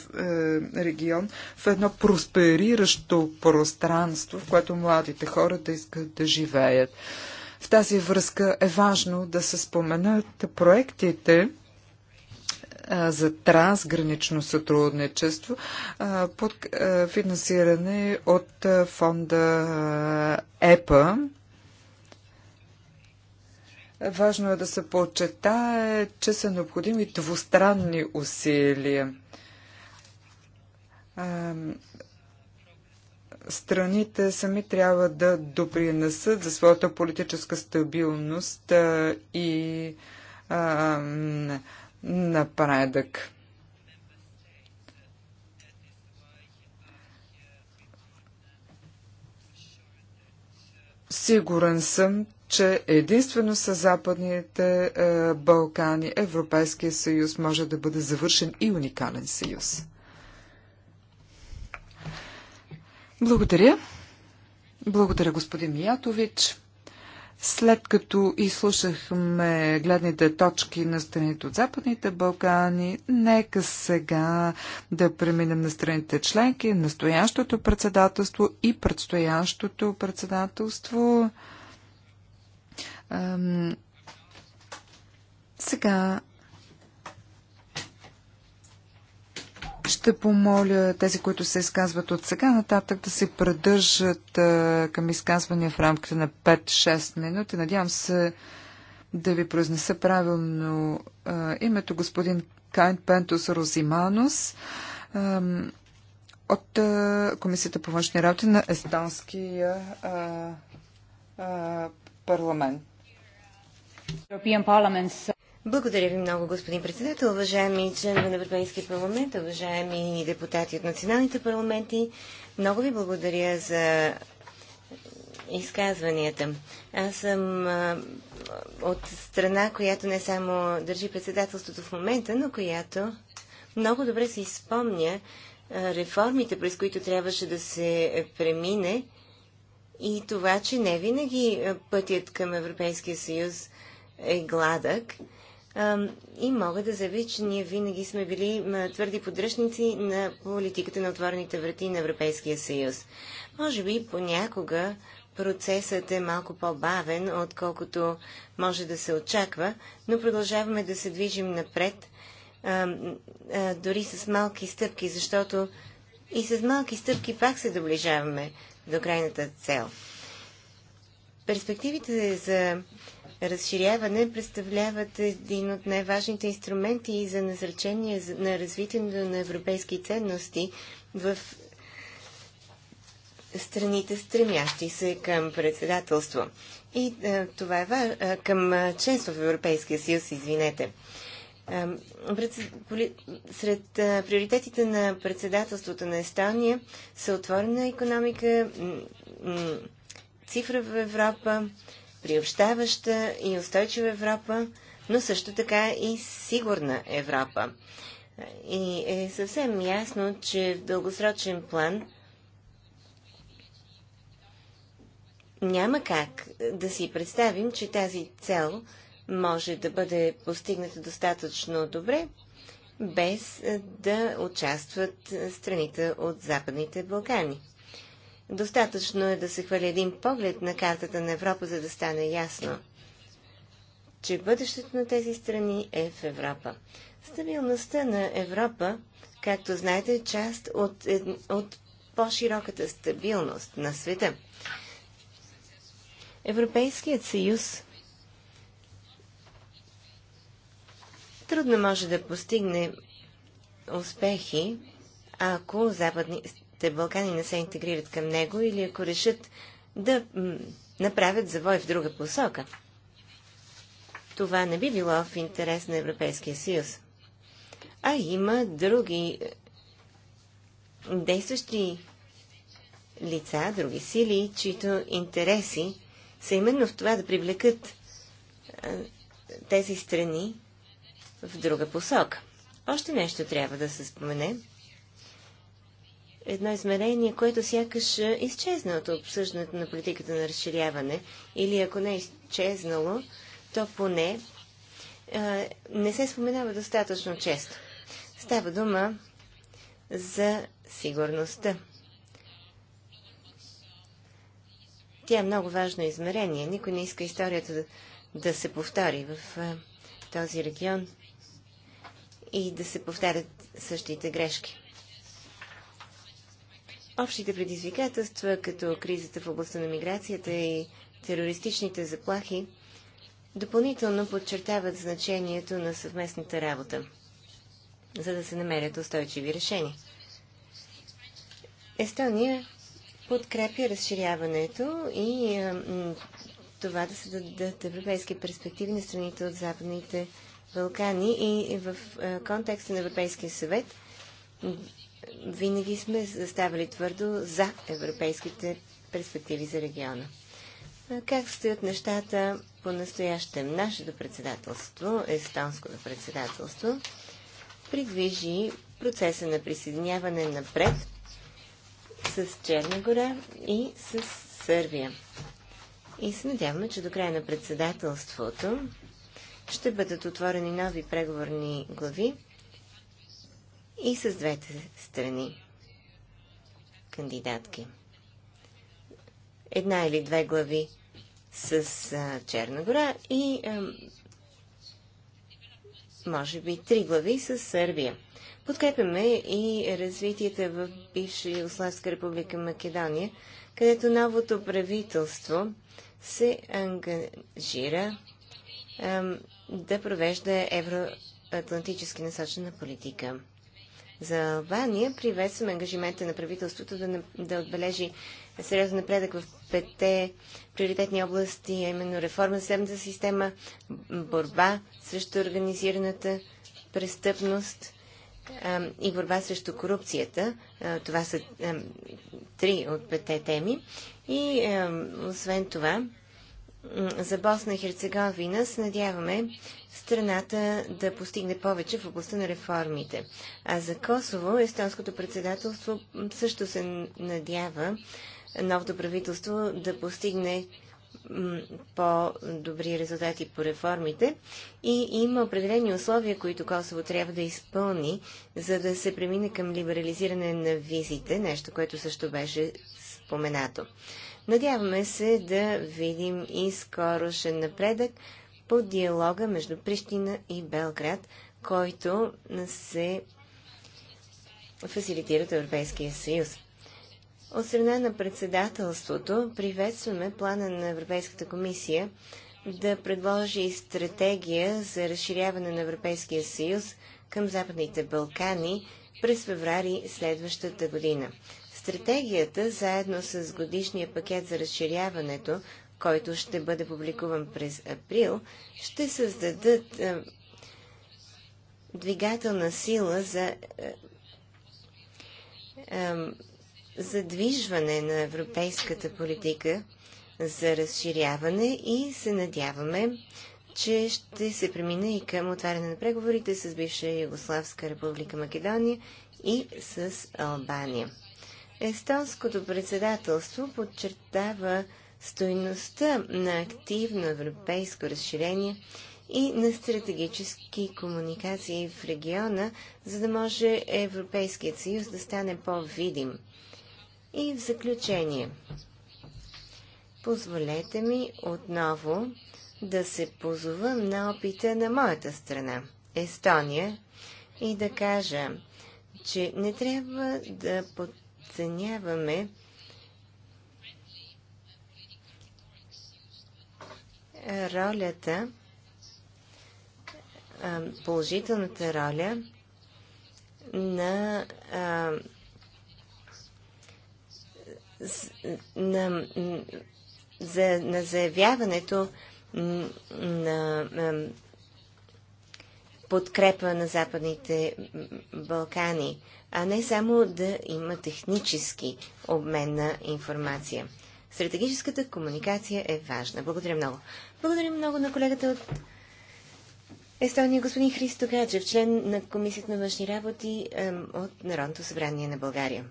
регион в едно проспериращо пространство, в което младите хора да искат да живеят. В тази връзка е важно да се споменат проектите, за трансгранично сътрудничество под финансиране от фонда ЕПА. Важно е да се подчертае, че са необходими двустранни усилия страните сами трябва да допринесат за своята политическа стабилност и а, напредък. Сигурен съм, че единствено с Западните е, Балкани Европейския съюз може да бъде завършен и уникален съюз. Благодаря. Благодаря, господин Миятович. След като изслушахме гледните точки на страните от Западните Балкани, нека сега да преминем на страните членки, настоящото председателство и предстоящото председателство. Сега Ще помоля тези, които се изказват от сега нататък, да се придържат а, към изказвания в рамките на 5-6 минути. Надявам се да ви произнеса правилно а, името господин Кайн Пентус Розиманус а, от а, Комисията по външни работи на Естонския а, а, парламент. European Parliament's благодаря ви много, господин председател, уважаеми членове на Европейския парламент, уважаеми депутати от националните парламенти. Много ви благодаря за изказванията. Аз съм от страна, която не само държи председателството в момента, но която много добре се изпомня реформите, през които трябваше да се премине и това, че не винаги пътят към Европейския съюз е гладък и мога да заявя, че ние винаги сме били твърди поддръжници на политиката на отворените врати на Европейския съюз. Може би понякога процесът е малко по-бавен, отколкото може да се очаква, но продължаваме да се движим напред, дори с малки стъпки, защото и с малки стъпки пак се доближаваме до крайната цел. Перспективите за разширяване представляват един от най-важните инструменти и за насърчение на развитието на европейски ценности в страните, стремящи се към председателство. И това е към членство в Европейския съюз, извинете. Сред приоритетите на председателството на Естония са отворена економика, цифра в Европа, приобщаваща и устойчива Европа, но също така и сигурна Европа. И е съвсем ясно, че в дългосрочен план няма как да си представим, че тази цел може да бъде постигната достатъчно добре, без да участват страните от Западните Балкани. Достатъчно е да се хвали един поглед на картата на Европа, за да стане ясно, че бъдещето на тези страни е в Европа. Стабилността на Европа, както знаете, е част от, от по-широката стабилност на света. Европейският съюз трудно може да постигне успехи, ако западни, Балкани не се интегрират към него или ако решат да направят завой в друга посока. Това не би било в интерес на Европейския съюз. А има други е, действащи лица, други сили, чието интереси са именно в това да привлекат е, тези страни в друга посока. Още нещо трябва да се спомене едно измерение, което сякаш изчезна от обсъждането на политиката на разширяване. Или ако не е изчезнало, то поне не се споменава достатъчно често. Става дума за сигурността. Тя е много важно измерение. Никой не иска историята да, да се повтори в а, този регион и да се повтарят същите грешки. Общите предизвикателства, като кризата в областта на миграцията и терористичните заплахи, допълнително подчертават значението на съвместната работа, за да се намерят устойчиви решения. Естония подкрепя разширяването и това да се дадат европейски перспективи на страните от Западните Балкани и в контекста на Европейския съвет винаги сме заставали твърдо за европейските перспективи за региона. Как стоят нещата по-настоящем? Нашето председателство, естонското председателство, придвижи процеса на присъединяване напред с Черна гора и с Сърбия. И се надяваме, че до края на председателството ще бъдат отворени нови преговорни глави и с двете страни кандидатки. Една или две глави с а, Черна гора и а, може би три глави с Сърбия. Подкрепяме и развитията в бивша Югославска република Македония, където новото правителство се ангажира а, да провежда евроатлантически насочена политика за Албания. Приветстваме ангажимента на правителството да, да отбележи сериозен напредък в пете приоритетни области, а именно реформа на съдебната система, борба срещу организираната престъпност а, и борба срещу корупцията. А, това са а, три от пете теми. И освен това, за Босна и Херцеговина се надяваме страната да постигне повече в областта на реформите. А за Косово естонското председателство също се надява новото правителство да постигне по-добри резултати по реформите и има определени условия, които Косово трябва да изпълни, за да се премине към либерализиране на визите, нещо, което също беше споменато. Надяваме се да видим и скорошен напредък по диалога между Прищина и Белград, който се фасилитира от Европейския съюз. От страна на председателството приветстваме плана на Европейската комисия да предложи стратегия за разширяване на Европейския съюз към Западните Балкани през феврари следващата година. Стратегията, заедно с годишния пакет за разширяването, който ще бъде публикуван през април, ще създадат е, двигателна сила за е, е, задвижване на европейската политика за разширяване и се надяваме, че ще се премине и към отваряне на преговорите с бивша Югославска република Македония и с Албания. Естонското председателство подчертава стойността на активно европейско разширение и на стратегически комуникации в региона, за да може Европейският съюз да стане по-видим. И в заключение, позволете ми отново да се позова на опита на моята страна, Естония, и да кажа, че не трябва да подценяваме ролята, положителната роля на, на, за, на заявяването на подкрепа на Западните Балкани, а не само да има технически обмен на информация. Стратегическата комуникация е важна. Благодаря много. Благодарим много на колегата от Естония, господин Христо Гаджев, член на Комисията на външни работи от Народното събрание на България.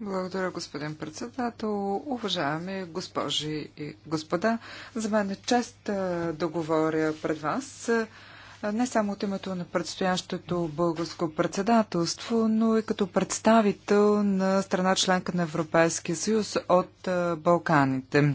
Благодаря, господин председател. Уважаеми госпожи и господа, за мен е чест е, да говоря пред вас е, не само от името на предстоящото българско председателство, но и като представител на страна членка на Европейския съюз от е, Балканите.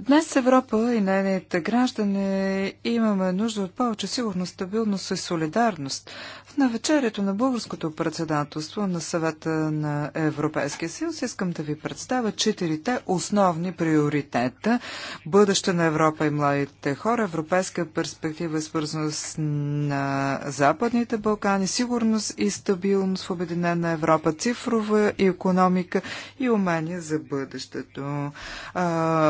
Днес Европа и нейните граждани имаме нужда от повече сигурност, стабилност и солидарност. На навечерието на българското председателство на съвета на Европейския съюз искам да ви представя четирите основни приоритета. Бъдеще на Европа и младите хора, европейска перспектива свързана с на Западните Балкани, сигурност и стабилност в Обединена Европа, цифрова и економика и умения за бъдещето.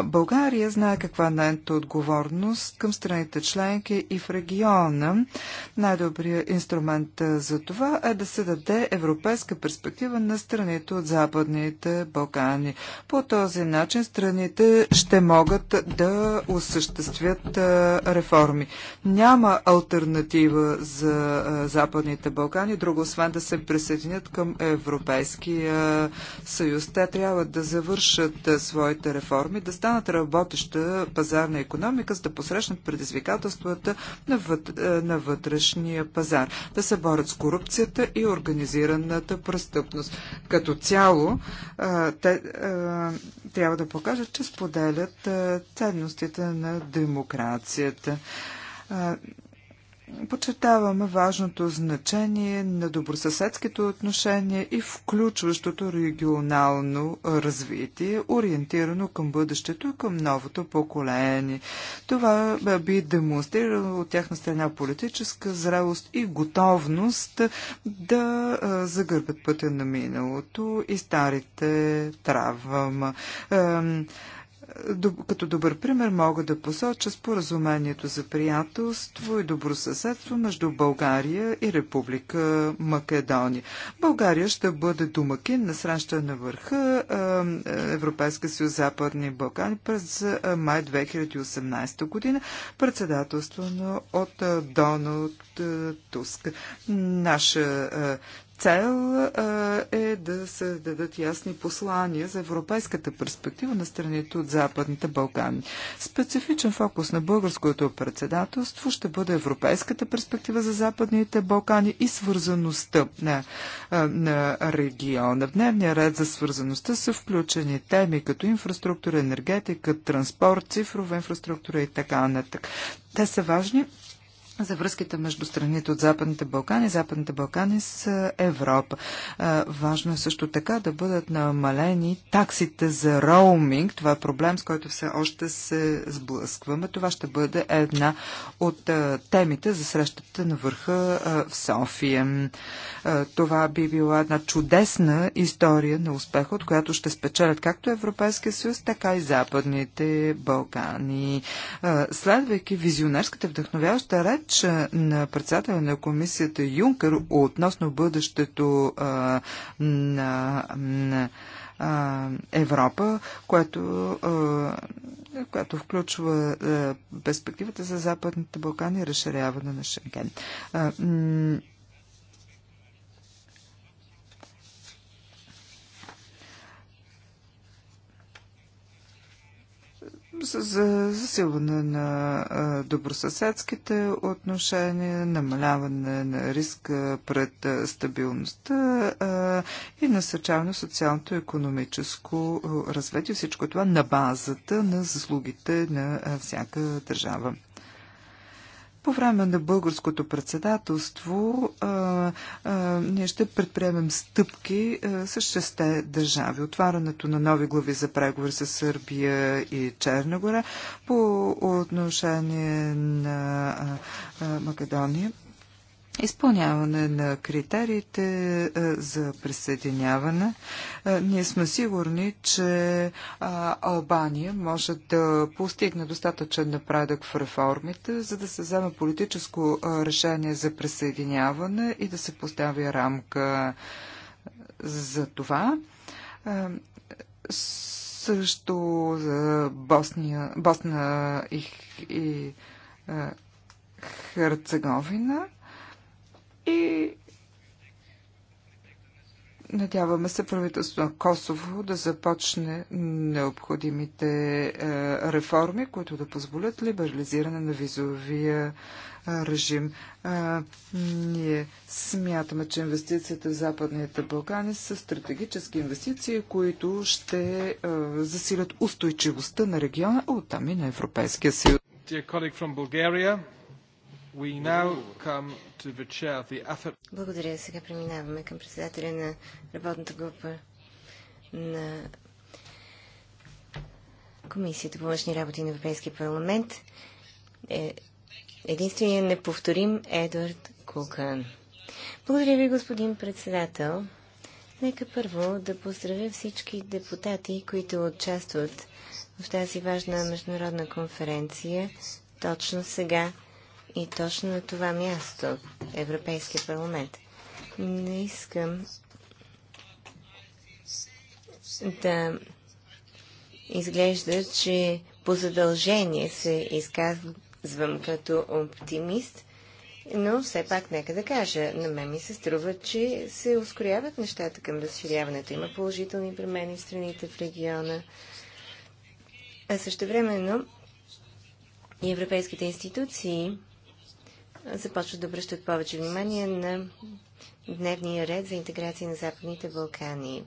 България знае каква е нейната отговорност към страните членки и в региона. Най-добрият инструмент за това е да се даде европейска перспектива на страните от Западните Балкани. По този начин страните ще могат да осъществят реформи. Няма альтернатива за Западните Балкани, друго освен да се присъединят към Европейския съюз. Те трябва да завършат своите реформи, да станат работеща пазарна економика, за да посрещнат предизвикателствата на, вътрешния пазар, да се борят с корупцията и организираната престъпност. Като цяло, те трябва да покажат, че споделят ценностите на демокрацията. Подчертаваме важното значение на добросъседските отношения и включващото регионално развитие, ориентирано към бъдещето и към новото поколение. Това би демонстрирало от тяхна страна политическа зрелост и готовност да загърбят пътя на миналото и старите травма. Като добър пример мога да посоча споразумението за приятелство и добросъседство между България и Република Македония. България ще бъде домакин на среща на върха Европейска съюз Западни Балкани през май 2018 година, председателствано от Доналд Туск. Наша цел е да се дадат ясни послания за европейската перспектива на страните от Западните Балкани. Специфичен фокус на българското председателство ще бъде европейската перспектива за Западните Балкани и свързаността на, на региона. В дневния ред за свързаността са включени теми като инфраструктура, енергетика, транспорт, цифрова инфраструктура и така нататък. Те са важни за връзките между страните от Западните Балкани. Западните Балкани с Европа. Важно е също така да бъдат намалени таксите за роуминг. Това е проблем, с който все още се сблъскваме. Това ще бъде една от темите за срещата на върха в София. Това би била една чудесна история на успеха, от която ще спечелят както Европейския съюз, така и Западните Балкани. Следвайки визионерската вдъхновяваща ред, реч на председателя на комисията Юнкер относно бъдещето а, на, на а, Европа, което, а, което включва а, перспективата за Западните Балкани и разширяване на Шенген. А, за засилване на добросъседските отношения, намаляване на риска пред стабилността и насърчаване на социалното и економическо развитие. Всичко това на базата на заслугите на всяка държава. По време на българското председателство а, а, ние ще предприемем стъпки а, с шесте държави. Отварянето на нови глави за преговори с Сърбия и Черна гора по отношение на а, а, Македония изпълняване на критериите е, за присъединяване. Е, ние сме сигурни, че е, Албания може да постигне достатъчен напредък в реформите, за да се вземе политическо решение за присъединяване и да се постави рамка за това също за Босния, Босна и, и Херцеговина. И надяваме се правителството на Косово да започне необходимите е, реформи, които да позволят либерализиране на визовия е, режим. А, е, ние смятаме, че инвестицията в Западните Балкани са стратегически инвестиции, които ще а, засилят устойчивостта на региона, а оттам и на Европейския съюз. Благодаря. Сега преминаваме към председателя на работната група на Комисията по външни работи на Европейския парламент. Е, Единственият неповторим Едвард Кукън. Благодаря ви, господин председател. Нека първо да поздравя всички депутати, които участват в тази важна международна конференция точно сега и точно на това място, Европейския парламент. Не искам да изглежда, че по задължение се изказвам като оптимист, но все пак нека да кажа, на мен ми се струва, че се ускоряват нещата към разширяването. Има положителни промени в страните в региона. А също времено и европейските институции започват да обръщат повече внимание на дневния ред за интеграция на Западните Балкани.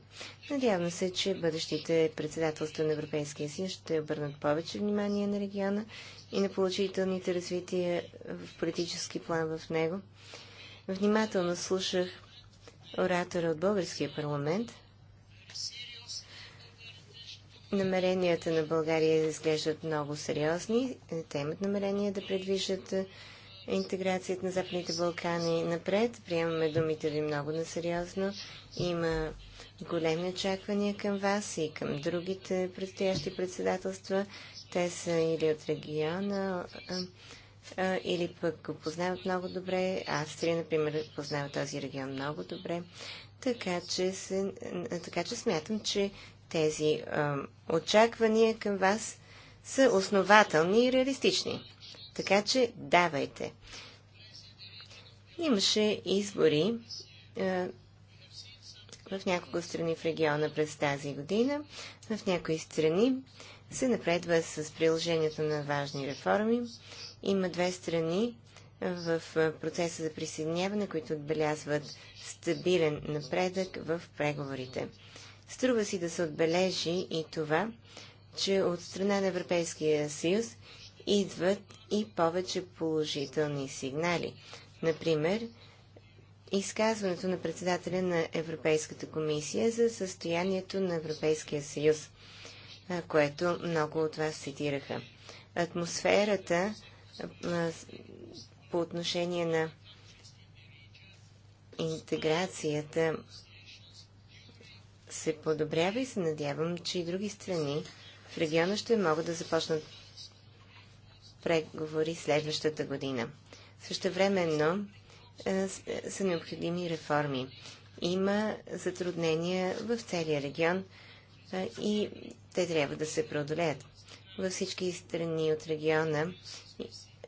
Надявам се, че бъдещите председателства на Европейския съюз ще обърнат повече внимание на региона и на получителните развития в политически план в него. Внимателно слушах оратора от Българския парламент. Намеренията на България изглеждат много сериозни. Те имат намерение да предвижат интеграцията на Западните Балкани напред. Приемаме думите ви много насериозно. Има големи очаквания към вас и към другите предстоящи председателства. Те са или от региона, или пък го познават много добре. Австрия, например, познава този регион много добре. Така че, се, така че смятам, че тези очаквания към вас са основателни и реалистични. Така че давайте. Имаше избори е, в няколко страни в региона през тази година. В някои страни се напредва с приложението на важни реформи. Има две страни в процеса за присъединяване, които отбелязват стабилен напредък в преговорите. Струва си да се отбележи и това, че от страна на Европейския съюз идват и повече положителни сигнали. Например, изказването на председателя на Европейската комисия за състоянието на Европейския съюз, което много от вас цитираха. Атмосферата по отношение на интеграцията се подобрява и се надявам, че и други страни в региона ще могат да започнат преговори следващата година. Също времено е, са необходими реформи. Има затруднения в целия регион е, и те трябва да се преодолеят. Във всички страни от региона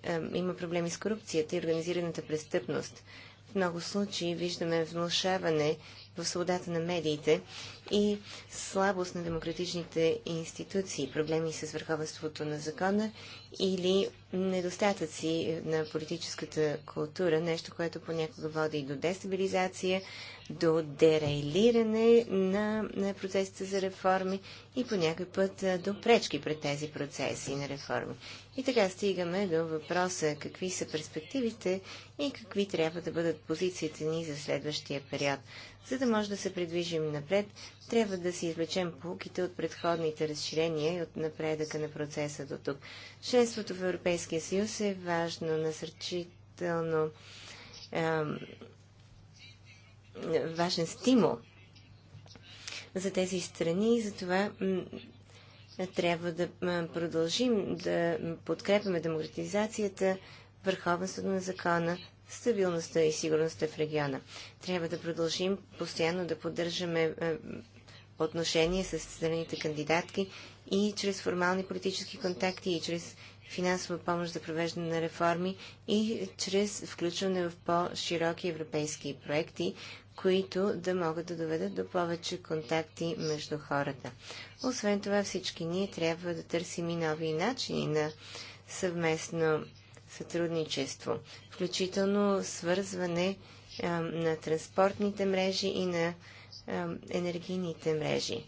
е, има проблеми с корупцията и организираната престъпност. В много случаи виждаме внушаване в свободата на медиите и слабост на демократичните институции, проблеми с върховенството на закона или недостатъци на политическата култура, нещо, което понякога води и до дестабилизация, до дерейлиране на, на процесите за реформи и по някой път до пречки пред тези процеси на реформи. И така стигаме до въпроса какви са перспективите и какви трябва да бъдат позициите ни за следващия период. За да може да се придвижим напред, трябва да си извлечем полуките от предходните разширения и от напредъка на процеса до тук. Членството в Европейския съюз е важно, насърчително, е, важен стимул за тези страни и за това трябва да продължим да подкрепяме демократизацията, върховенството на закона, стабилността и сигурността в региона. Трябва да продължим постоянно да поддържаме отношения с страните кандидатки и чрез формални политически контакти, и чрез финансова помощ за провеждане на реформи, и чрез включване в по-широки европейски проекти, които да могат да доведат до повече контакти между хората. Освен това, всички ние трябва да търсим и нови начини на съвместно сътрудничество, включително свързване а, на транспортните мрежи и на енергийните мрежи.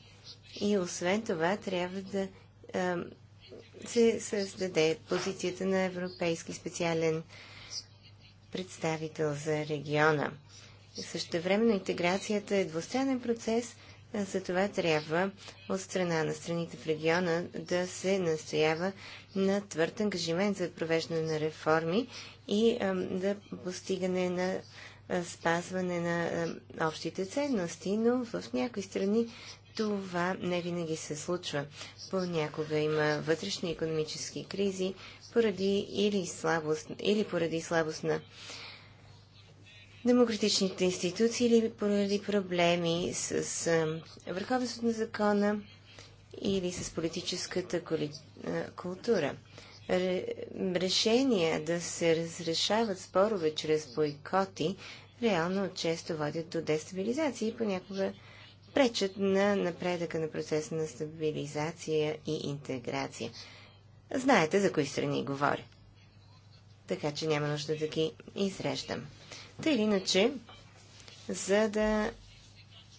И освен това трябва да се създаде позицията на европейски специален представител за региона. Също времено интеграцията е двустранен процес, за това трябва от страна на страните в региона да се настоява на твърд ангажимент за провеждане на реформи и да постигане на е, спазване на е, общите ценности, но в някои страни това не винаги се случва. Понякога има вътрешни економически кризи поради или, слабост, или поради слабост на демократичните институции или поради проблеми с, с е, върховенството на закона или с политическата култура решения да се разрешават спорове чрез бойкоти, реално често водят до дестабилизация и понякога пречат на напредъка на процеса на стабилизация и интеграция. Знаете за кои страни говоря. Така че няма нужда да ги изреждам. Та или иначе, за да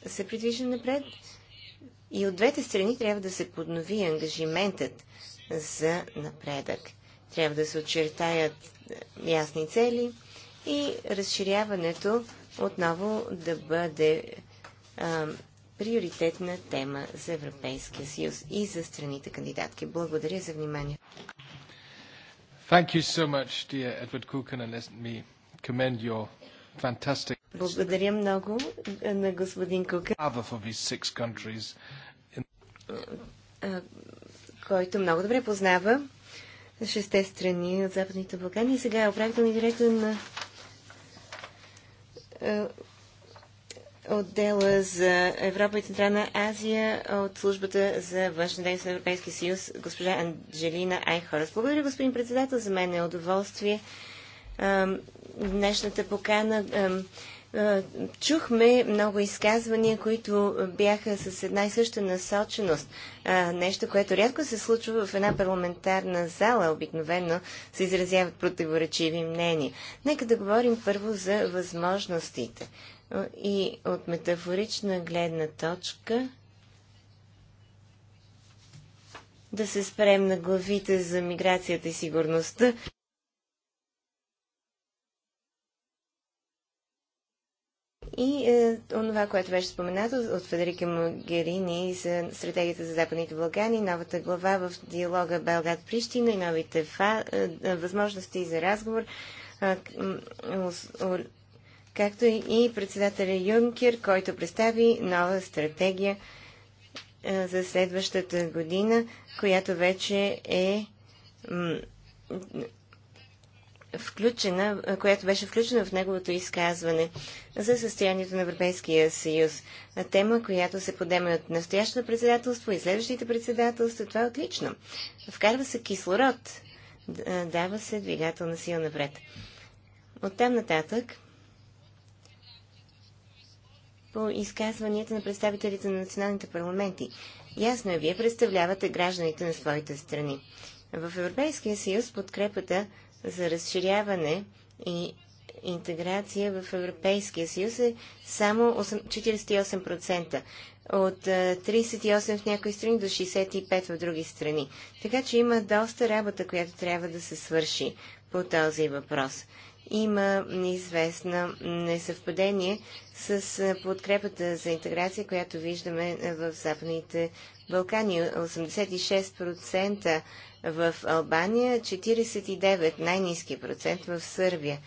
се придвижим напред, и от двете страни трябва да се поднови ангажиментът за напредък. Трябва да се очертаят е, ясни цели и разширяването отново да бъде а, приоритетна тема за Европейския съюз и за страните кандидатки. Благодаря за внимание. Thank you so much, dear Edward Kukan, and let me commend your fantastic... Благодаря много е, на господин Кукан който много добре познава шесте страни от Западните Балкани и сега е управителни директор на е, отдела за Европа и Централна Азия от службата за външна дейност на Европейския съюз, госпожа Анджелина Айхорас. Благодаря, господин председател. За мен е удоволствие днешната покана. Е, чухме много изказвания, които бяха с една и съща насоченост. Е, нещо, което рядко се случва в една парламентарна зала. Обикновено се изразяват противоречиви мнения. Нека да говорим първо за възможностите. Е, и от метафорична гледна точка да се спрем на главите за миграцията и сигурността. И е, онова, което беше споменато от Федерика Могерини за стратегията за Западните Балкани, новата глава в диалога Белград-Прищина и новите фа, е, е възможности за разговор, е, е, както и председателя Юнкер, който представи нова стратегия е, за следващата година, която вече е включена, която беше включена в неговото изказване за състоянието на Европейския съюз. Тема, която се подема от настоящото председателство и следващите председателства. Това е отлично. Вкарва се кислород. Дава се двигателна сила напред. Оттам нататък по изказванията на представителите на националните парламенти. Ясно е, вие представлявате гражданите на своите страни. В Европейския съюз подкрепата за разширяване и интеграция в Европейския съюз е само 48%. От 38 в някои страни до 65 в други страни. Така че има доста работа, която трябва да се свърши по този въпрос има известно несъвпадение с подкрепата за интеграция, която виждаме в Западните Балкани. 86% в Албания, 49% най-низки процент в Сърбия.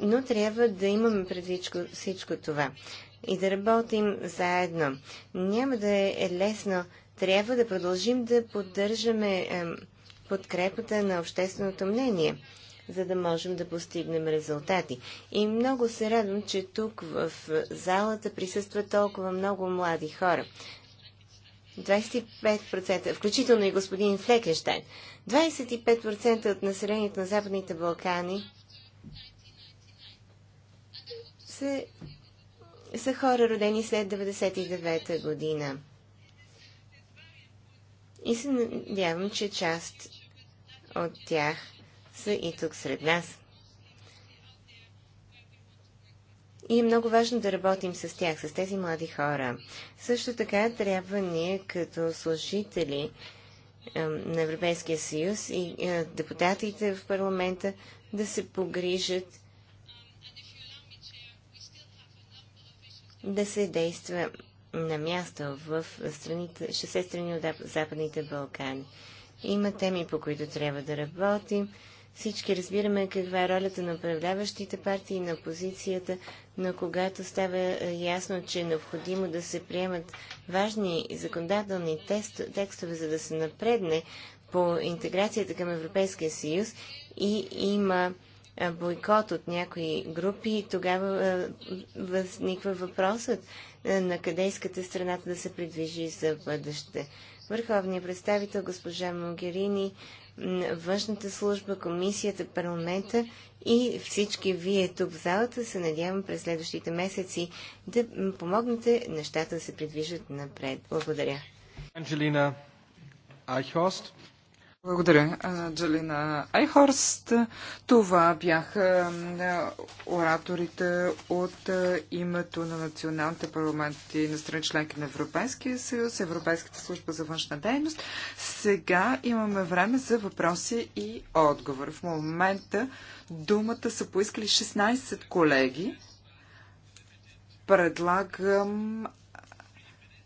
Но трябва да имаме предвид всичко това и да работим заедно. Няма да е лесно трябва да продължим да поддържаме подкрепата на общественото мнение, за да можем да постигнем резултати. И много се радвам, че тук в залата присъстват толкова много млади хора. 25%, включително и господин Флекенштайн, 25% от населението на Западните Балкани са, са хора родени след 99-та година и се надявам, че част от тях са и тук сред нас. И е много важно да работим с тях, с тези млади хора. Също така трябва ние като служители на Европейския съюз и депутатите в парламента да се погрижат да се действа на място в страните, 60 страни от Западните Балкани. Има теми, по които трябва да работим. Всички разбираме каква е ролята на управляващите партии и на опозицията, но когато става е, ясно, че е необходимо да се приемат важни законодателни текстове, за да се напредне по интеграцията към Европейския съюз и има е, бойкот от някои групи, тогава е, възниква въпросът е, на къде искате страната да се придвижи за бъдеще. Върховният представител госпожа Могерини, външната служба, комисията, парламента и всички вие тук в залата се надявам през следващите месеци да помогнете нещата да се придвижат напред. Благодаря. Анджелина Айхост. Благодаря, Джалина Айхорст. Това бяха ораторите от името на националните парламенти на страни членки на Европейския съюз, Европейската служба за външна дейност. Сега имаме време за въпроси и отговори. В момента думата са поискали 16 колеги. Предлагам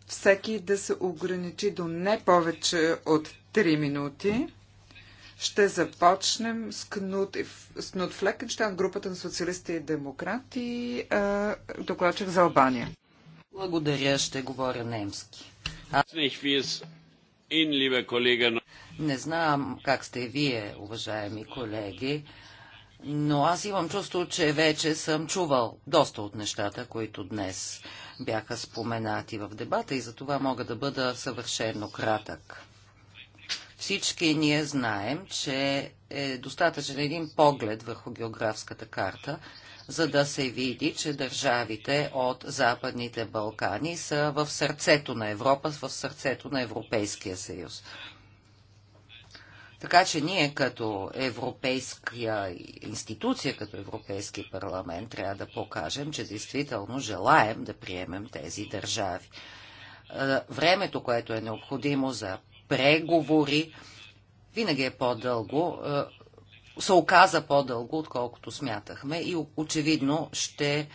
всеки да се ограничи до не повече от Три минути. Ще започнем с Кнут, с Кнут Флекенштайн, групата на социалисти и демократи, докладчик за Албания. Благодаря, ще говоря немски. А... Не знам как сте вие, уважаеми колеги, но аз имам чувство, че вече съм чувал доста от нещата, които днес бяха споменати в дебата и за това мога да бъда съвършено кратък. Всички ние знаем, че е достатъчен един поглед върху географската карта, за да се види, че държавите от Западните Балкани са в сърцето на Европа, в сърцето на Европейския съюз. Така че ние като европейска институция, като Европейски парламент трябва да покажем, че действително желаем да приемем тези държави. Е, времето, което е необходимо за преговори, винаги е по-дълго, е, се оказа по-дълго, отколкото смятахме и очевидно ще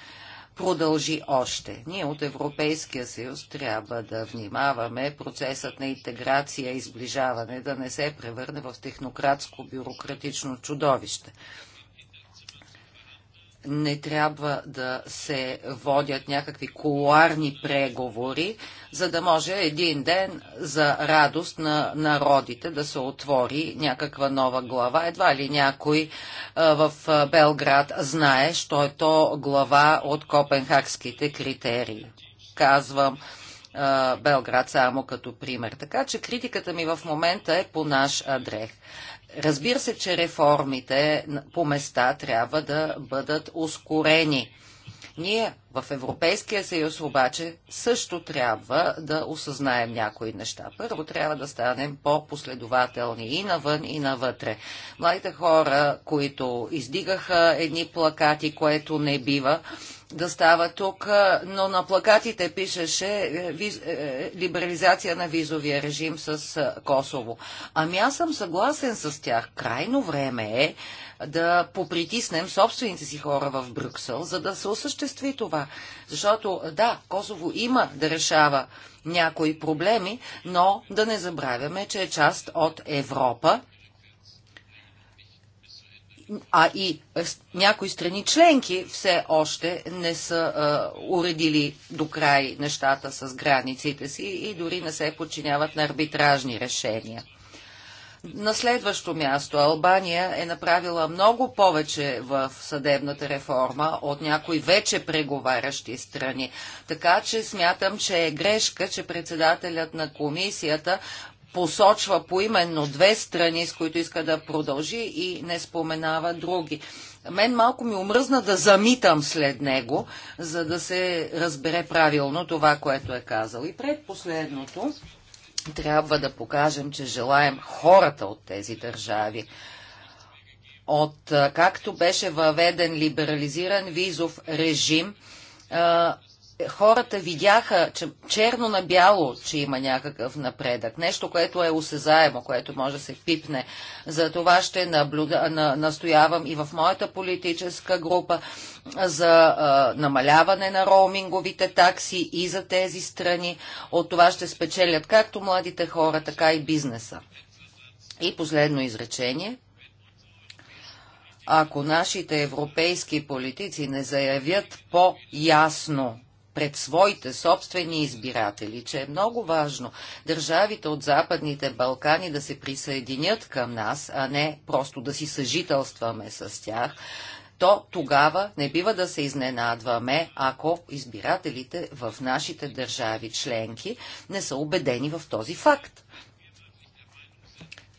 продължи още. Ние от Европейския съюз трябва да внимаваме процесът на интеграция и сближаване да не се превърне в технократско бюрократично чудовище не трябва да се водят някакви колуарни преговори, за да може един ден за радост на народите да се отвори някаква нова глава. Едва ли някой е, в Белград знае, що е то глава от копенхагските критерии. Казвам е, Белград само като пример. Така че критиката ми в момента е по наш адрех. Разбира се, че реформите по места трябва да бъдат ускорени. Ние в Европейския съюз обаче също трябва да осъзнаем някои неща. Първо трябва да станем по-последователни и навън, и навътре. Младите хора, които издигаха едни плакати, което не бива, да става тук, но на плакатите пишеше е, е, либерализация на визовия режим с Косово. Ами аз съм съгласен с тях. Крайно време е да попритиснем собствените си хора в Брюксел, за да се осъществи това. Защото, да, Косово има да решава някои проблеми, но да не забравяме, че е част от Европа а и е, някои страни членки все още не са а, е, уредили до край нещата с границите си и дори не се подчиняват на арбитражни решения. На следващо място Албания е направила много повече в съдебната реформа от някои вече преговарящи страни. Така че смятам, че е грешка, че председателят на комисията посочва поименно две страни, с които иска да продължи и не споменава други. Мен малко ми омръзна да замитам след него, за да се разбере правилно това, което е казал. И предпоследното, трябва да покажем, че желаем хората от тези държави. От както беше въведен либерализиран визов режим, хората видяха че, черно на бяло, че има някакъв напредък. Нещо, което е осезаемо, което може да се пипне. За това ще наблюда, на, настоявам и в моята политическа група за а, намаляване на роуминговите такси и за тези страни. От това ще спечелят както младите хора, така и бизнеса. И последно изречение – ако нашите европейски политици не заявят по-ясно пред своите собствени избиратели, че е много важно държавите от Западните Балкани да се присъединят към нас, а не просто да си съжителстваме с тях, то тогава не бива да се изненадваме, ако избирателите в нашите държави членки не са убедени в този факт.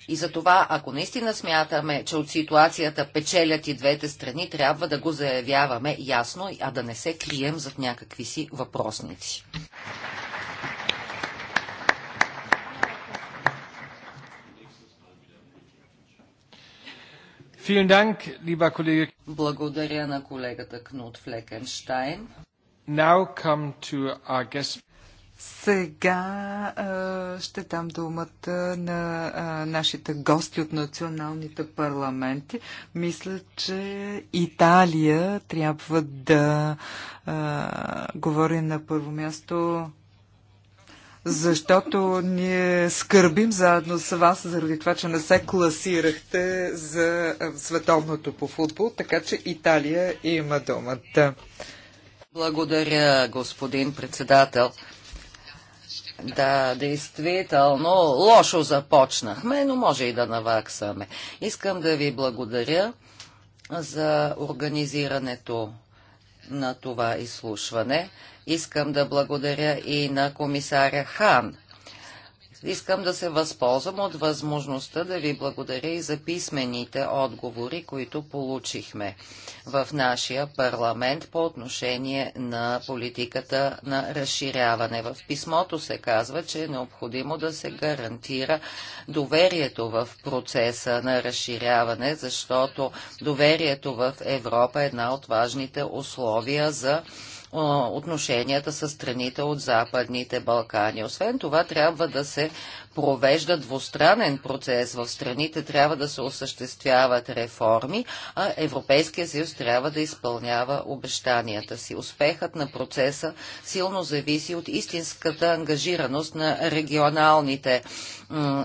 И за това, ако наистина смятаме, че от ситуацията печелят и двете страни, трябва да го заявяваме ясно, а да не се крием зад някакви си въпросници. Благодаря на колегата Кнут Флекенштайн. Now come to our guest сега ще дам думата на нашите гости от националните парламенти. Мисля, че Италия трябва да а, говори на първо място, защото ние скърбим заедно с вас заради това, че не се класирахте за световното по футбол, така че Италия има думата. Благодаря, господин председател. Да, действително, лошо започнахме, но може и да наваксаме. Искам да ви благодаря за организирането на това изслушване. Искам да благодаря и на комисаря Хан Искам да се възползвам от възможността да ви благодаря и за писмените отговори, които получихме в нашия парламент по отношение на политиката на разширяване. В писмото се казва, че е необходимо да се гарантира доверието в процеса на разширяване, защото доверието в Европа е една от важните условия за отношенията с страните от Западните Балкани. Освен това, трябва да се провежда двустранен процес. В страните трябва да се осъществяват реформи, а Европейския съюз трябва да изпълнява обещанията си. Успехът на процеса силно зависи от истинската ангажираност на регионалните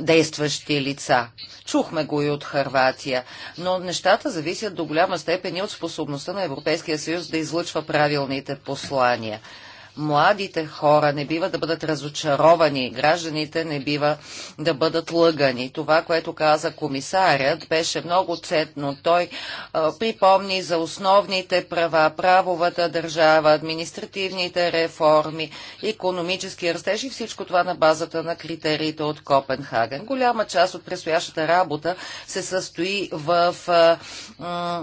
действащи лица. Чухме го и от Харватия, но нещата зависят до голяма степен и от способността на Европейския съюз да излъчва правилните послания. Младите хора не бива да бъдат разочаровани, гражданите не бива да бъдат лъгани. Това, което каза комисарят, беше много цетно. Той а, припомни за основните права, правовата държава, административните реформи, економически растеж и всичко това на базата на критериите от Копенхаген. Голяма част от предстоящата работа се състои в а,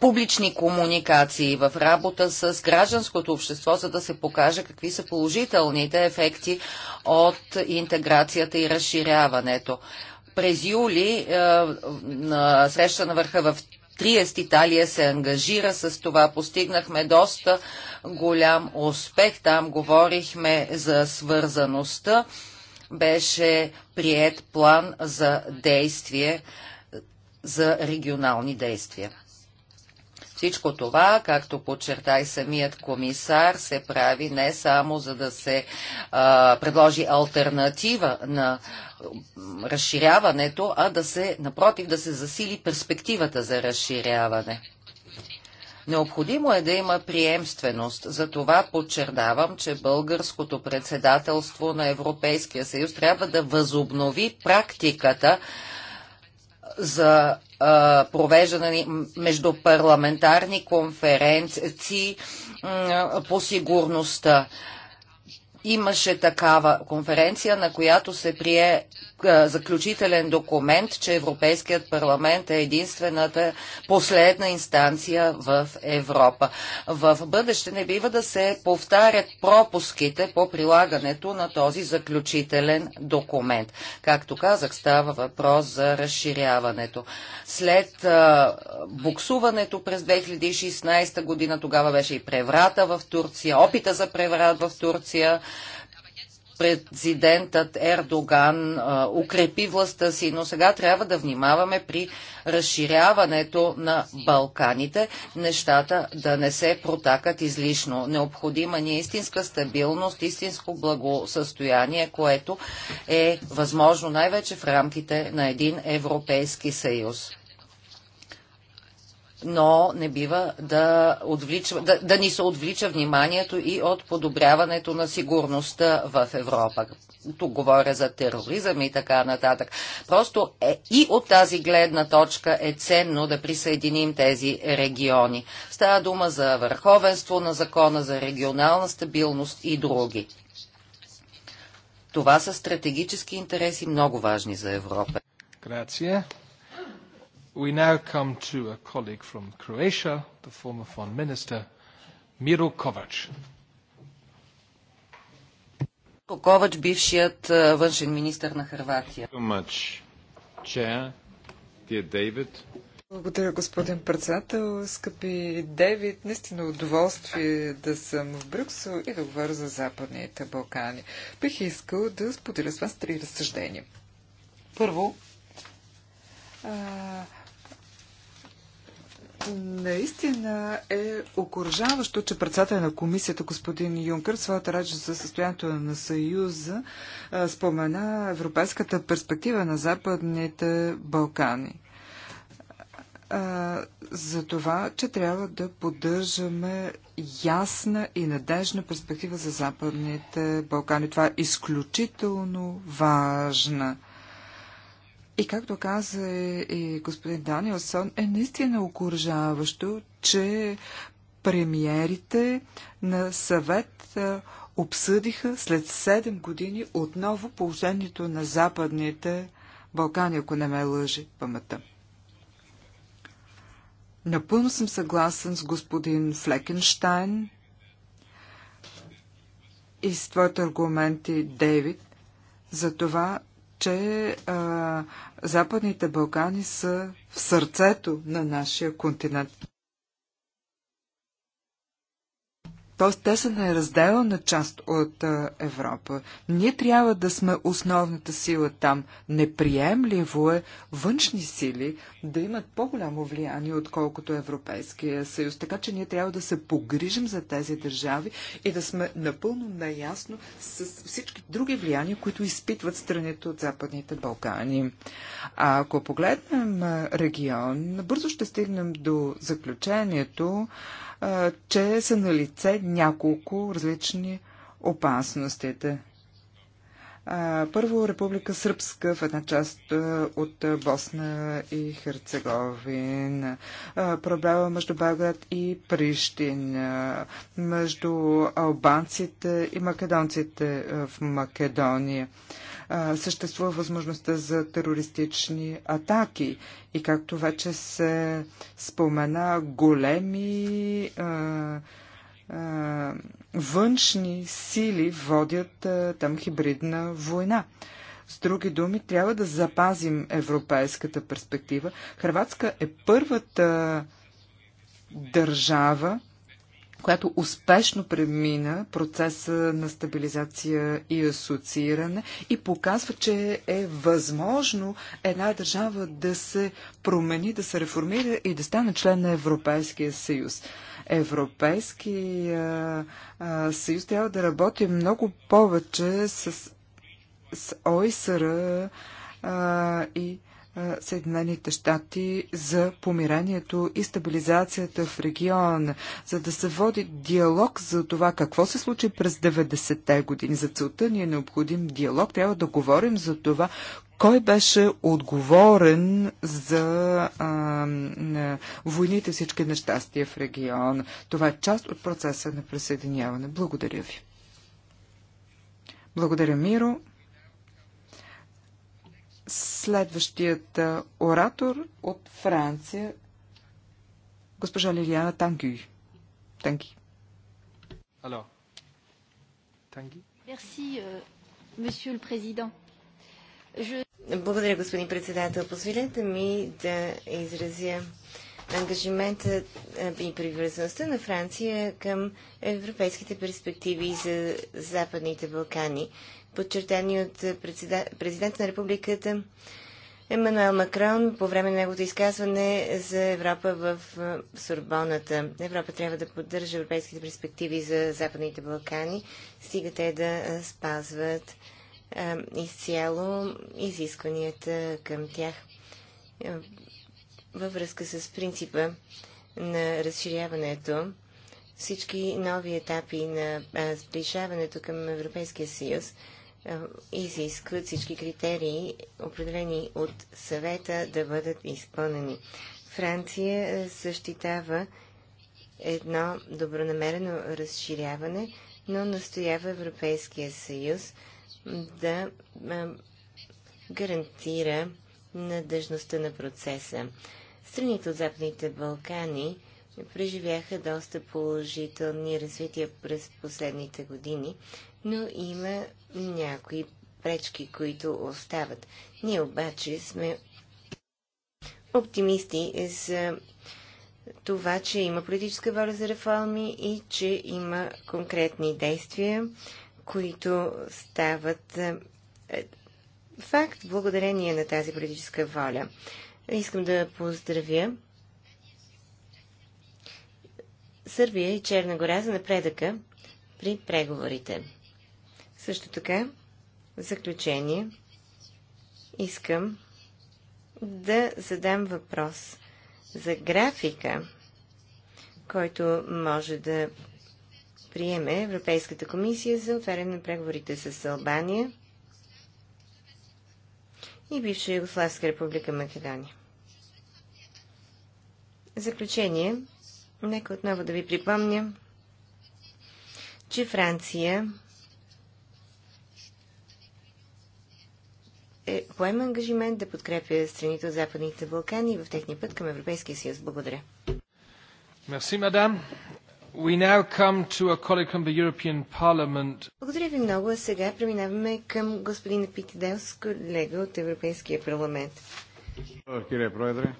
публични комуникации, в работа с гражданското общество, за да се покаже какви са положителните ефекти от интеграцията и разширяването. През юли е, на среща на върха в Триест Италия се ангажира с това. Постигнахме доста голям успех. Там говорихме за свързаността. Беше прият план за действие за регионални действия. Всичко това, както подчерта и самият комисар, се прави не само за да се а, предложи альтернатива на разширяването, а да се, напротив, да се засили перспективата за разширяване. Необходимо е да има приемственост. Затова подчердавам, че българското председателство на Европейския съюз трябва да възобнови практиката за провеждане между парламентарни конференции по сигурността. Имаше такава конференция, на която се прие е, заключителен документ, че Европейският парламент е единствената последна инстанция в Европа. В бъдеще не бива да се повтарят пропуските по прилагането на този заключителен документ. Както казах, става въпрос за разширяването. След е, буксуването през 2016 година, тогава беше и преврата в Турция, опита за преврат в Турция, президентът Ердоган а, укрепи властта си, но сега трябва да внимаваме при разширяването на Балканите, нещата да не се протакат излишно. Необходима ни е истинска стабилност, истинско благосъстояние, което е възможно най-вече в рамките на един Европейски съюз но не бива да, отвлича, да, да ни се отвлича вниманието и от подобряването на сигурността в Европа. Тук говоря за тероризъм и така нататък. Просто е, и от тази гледна точка е ценно да присъединим тези региони. Става дума за върховенство на закона, за регионална стабилност и други. Това са стратегически интереси, много важни за Европа. Грация. We now come to a colleague from Croatia, the former Foreign Minister, Miro Kovac. Ковач, бившият външен министр на Хрватия. Благодаря, господин председател. Скъпи Девид, наистина удоволствие да съм в Брюксел и да говоря за Западните Балкани. Бих искал да споделя с вас три разсъждения. Първо, а, Наистина е окоръжаващо, че председател на комисията господин Юнкър в своята реч за състоянието на Съюза спомена европейската перспектива на Западните Балкани за това, че трябва да поддържаме ясна и надежна перспектива за Западните Балкани. Това е изключително важна и както каза и господин Данилсон, е наистина окоръжаващо, че премиерите на съвет обсъдиха след 7 години отново положението на Западните Балкани, ако не ме лъжи памета. Напълно съм съгласен с господин Флекенштайн и с твоите аргументи, Дейвид, за това, че а, Западните Балкани са в сърцето на нашия континент. т.е. те са неразделна част от Европа. Ние трябва да сме основната сила там. Неприемливо е външни сили да имат по-голямо влияние, отколкото Европейския съюз. Така че ние трябва да се погрижим за тези държави и да сме напълно наясно с всички други влияния, които изпитват страните от Западните Балкани. А ако погледнем регион, бързо ще стигнем до заключението, че са на лице няколко различни опасностите. Първо Република Сръбска в една част от Босна и Херцеговина. Проблема между Белград и Прищина, между албанците и македонците в Македония съществува възможността за терористични атаки. И както вече се спомена, големи външни сили водят там хибридна война. С други думи, трябва да запазим европейската перспектива. Хрватска е първата държава, която успешно премина процеса на стабилизация и асоцииране и показва, че е възможно една държава да се промени, да се реформира и да стане член на Европейския съюз. Европейския съюз трябва да работи много повече с, с ОИСР и Съединените щати за помирението и стабилизацията в региона, за да се води диалог за това какво се случи през 90-те години. За целта ни е необходим диалог. Трябва да говорим за това кой беше отговорен за а, войните, всички нещастия в региона. Това е част от процеса на присъединяване. Благодаря ви. Благодаря, Миро. Следващият оратор от Франция, госпожа Лилиана Танги. Танги. Алло. Танги. Мерси, месье президент. Благодаря, господин председател. Позволете ми да изразя ангажимента и привързаността на Франция към европейските перспективи за Западните Балкани подчертани от е, президента на републиката Емануел Макрон по време на неговото изказване за Европа в е, Сорбоната. Европа трябва да поддържа европейските перспективи за Западните Балкани, стига те да е, спазват изцяло изискванията към тях във връзка с принципа на разширяването. Всички нови етапи на сближаването към Европейския съюз – е, изискват всички критерии, определени от съвета, да бъдат изпълнени. Франция е, защитава едно добронамерено разширяване, но настоява Европейския съюз да е, гарантира надъжността на процеса. Страните от Западните Балкани преживяха доста положителни развития през последните години, но има някои пречки, които остават. Ние обаче сме оптимисти за това, че има политическа воля за реформи и че има конкретни действия, които стават е, е, факт благодарение на тази политическа воля. Искам да поздравя Сърбия и Черна гора за напредъка при преговорите. Също така, в заключение, искам да задам въпрос за графика, който може да приеме Европейската комисия за отваряне на преговорите с Албания и бивша Югославска република Македония. В заключение, нека отново да ви припомня, че Франция е, поема ангажимент да подкрепя страните от Западните Балкани в техния път към Европейския съюз. Благодаря. Мерси, мадам. We now come to a colleague from the European Parliament. Благодаря ви много. сега преминаваме към господин Питиделс, колега от Европейския парламент. Кире Проедре.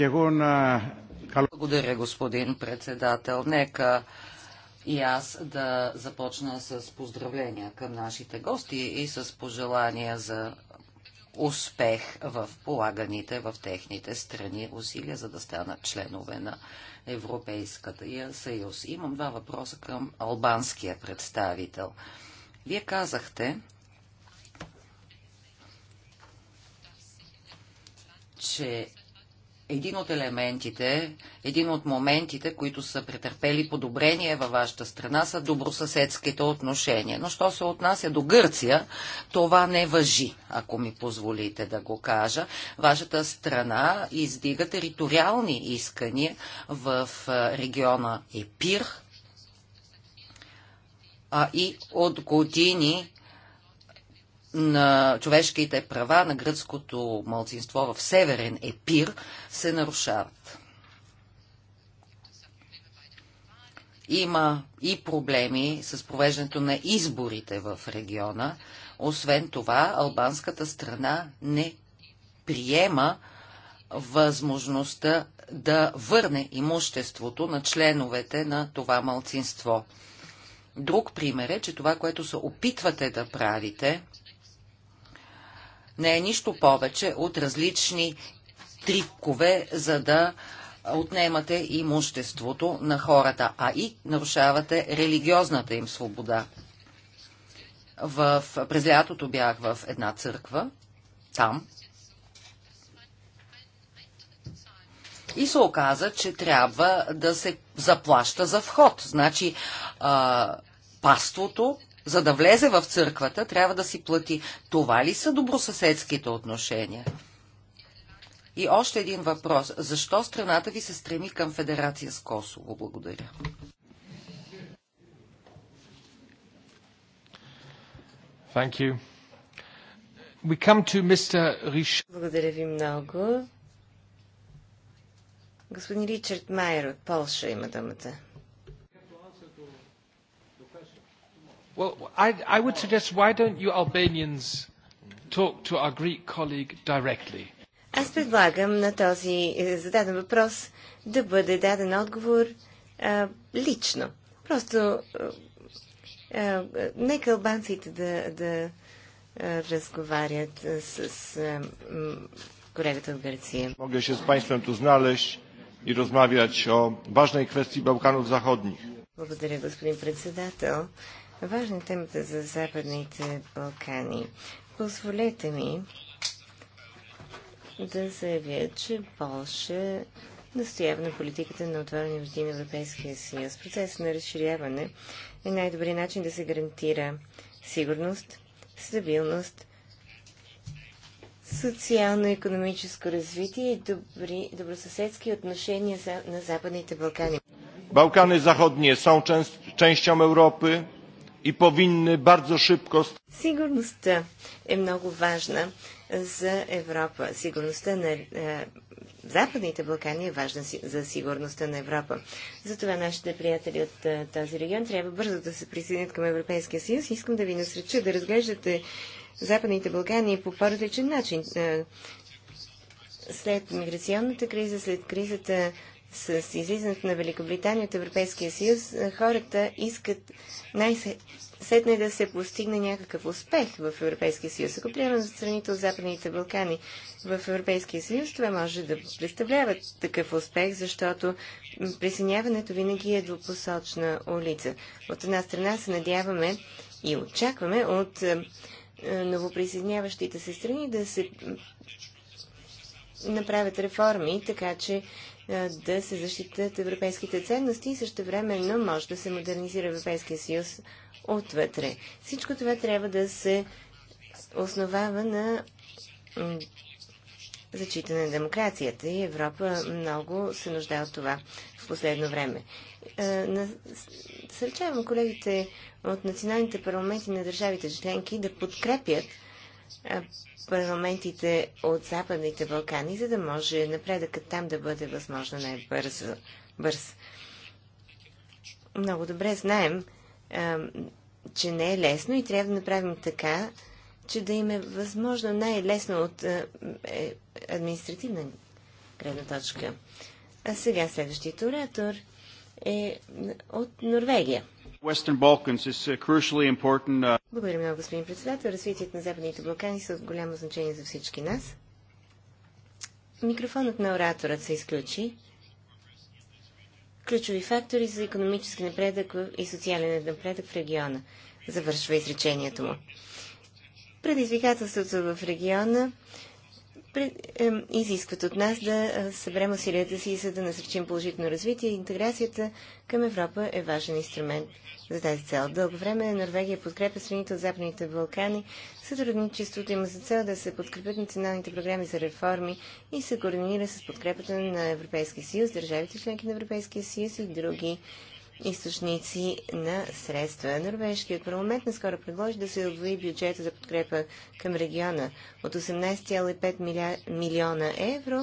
Е, Благодаря, господин председател. Нека и аз да започна с поздравления към нашите гости и с пожелания за успех в полаганите в техните страни усилия, за да станат членове на Европейската съюз. Имам два въпроса към албанския представител. Вие казахте, че един от елементите, един от моментите, които са претърпели подобрение във вашата страна, са добросъседските отношения. Но що се отнася до Гърция, това не въжи, ако ми позволите да го кажа. Вашата страна издига териториални искания в региона Епир, а и от години на човешките права на гръцкото малцинство в Северен Епир се нарушават. Има и проблеми с провеждането на изборите в региона. Освен това, албанската страна не приема възможността да върне имуществото на членовете на това малцинство. Друг пример е, че това, което се опитвате да правите, не е нищо повече от различни трикове, за да отнемате имуществото на хората, а и нарушавате религиозната им свобода. В, през лятото бях в една църква, там, и се оказа, че трябва да се заплаща за вход. Значи, а, паството за да влезе в църквата, трябва да си плати. Това ли са добросъседските отношения? И още един въпрос. Защо страната ви се стреми към федерация с Косово? Благодаря. Thank you. We come to Mr. Rich... Благодаря ви много. Господин Ричард Майер от Полша има думата. Well, I, I would suggest why don't you Albanians talk to our Greek colleague directly? Аз предлагам на този е, зададен въпрос да бъде даден отговор а, е, лично. Просто а, е, а, нека албанците да, да а, разговарят а, с а, колегата от Гърция. Мога ще с Państwem tu и размавяч о важна ważnej kwestii Bałkanów Zachodnich. Благодаря, господин председател. Важна темата е за Западните Балкани. Позволете ми да заявя, че Полша настоява на политиката на отворени врати на Европейския съюз. Процесът на разширяване е най-добрият начин да се гарантира сигурност, стабилност, социално-економическо развитие и добри, добросъседски отношения за, на Западните Балкани. Балкани Bałkany Zachodnie част от Европа и powinny бързо шибко... Сигурността е много важна за Европа. Сигурността на Западните Балкани е важна за сигурността на Европа. Затова нашите приятели от този регион трябва бързо да се присъединят към Европейския съюз. Искам да ви насреча да разглеждате Западните Балкани по по-различен начин. Е, след миграционната криза, след кризата с излизането на Великобритания от Европейския съюз, е, хората искат най-сетне да се постигне някакъв успех в Европейския съюз. Ако приемем за страните от Западните Балкани в Европейския съюз, това може да представлява такъв успех, защото присъединяването винаги е двупосочна улица. От една страна се надяваме и очакваме от е, е, новоприсъединяващите се страни да се направят реформи, така че да се защитат европейските ценности и също времено може да се модернизира Европейския съюз отвътре. Всичко това трябва да се основава на зачитане на демокрацията и Европа много се нуждае от това в последно време. Насърчавам колегите от националните парламенти на държавите членки да подкрепят е, парламентите от Западните Балкани, за да може напредъкът там да бъде възможно най-бързо. Бърз. Много добре знаем, е, че не е лесно и трябва да направим така, че да им е възможно най-лесно от е, административна гледна точка. А сега следващият оратор е от Норвегия. Uh, uh, Благодаря много, господин председател. Развитието на Западните Балкани са от голямо значение за всички нас. Микрофонът на ораторът се изключи. Ключови фактори за економически напредък и социален напредък в региона. Завършва изречението му. Предизвикателството в региона изискват от нас да е, съберем усилията си, за да насречим положително развитие. Интеграцията към Европа е важен инструмент за тази цел. Дълго време Норвегия подкрепя страните от Западните Балкани. Сътрудничеството има за цел да се подкрепят националните програми за реформи и се координира с подкрепата на Европейския съюз, държавите членки на Европейския съюз и други източници на средства. Норвежкият парламент наскоро предложи да се удвои бюджета за подкрепа към региона от 18,5 милиона евро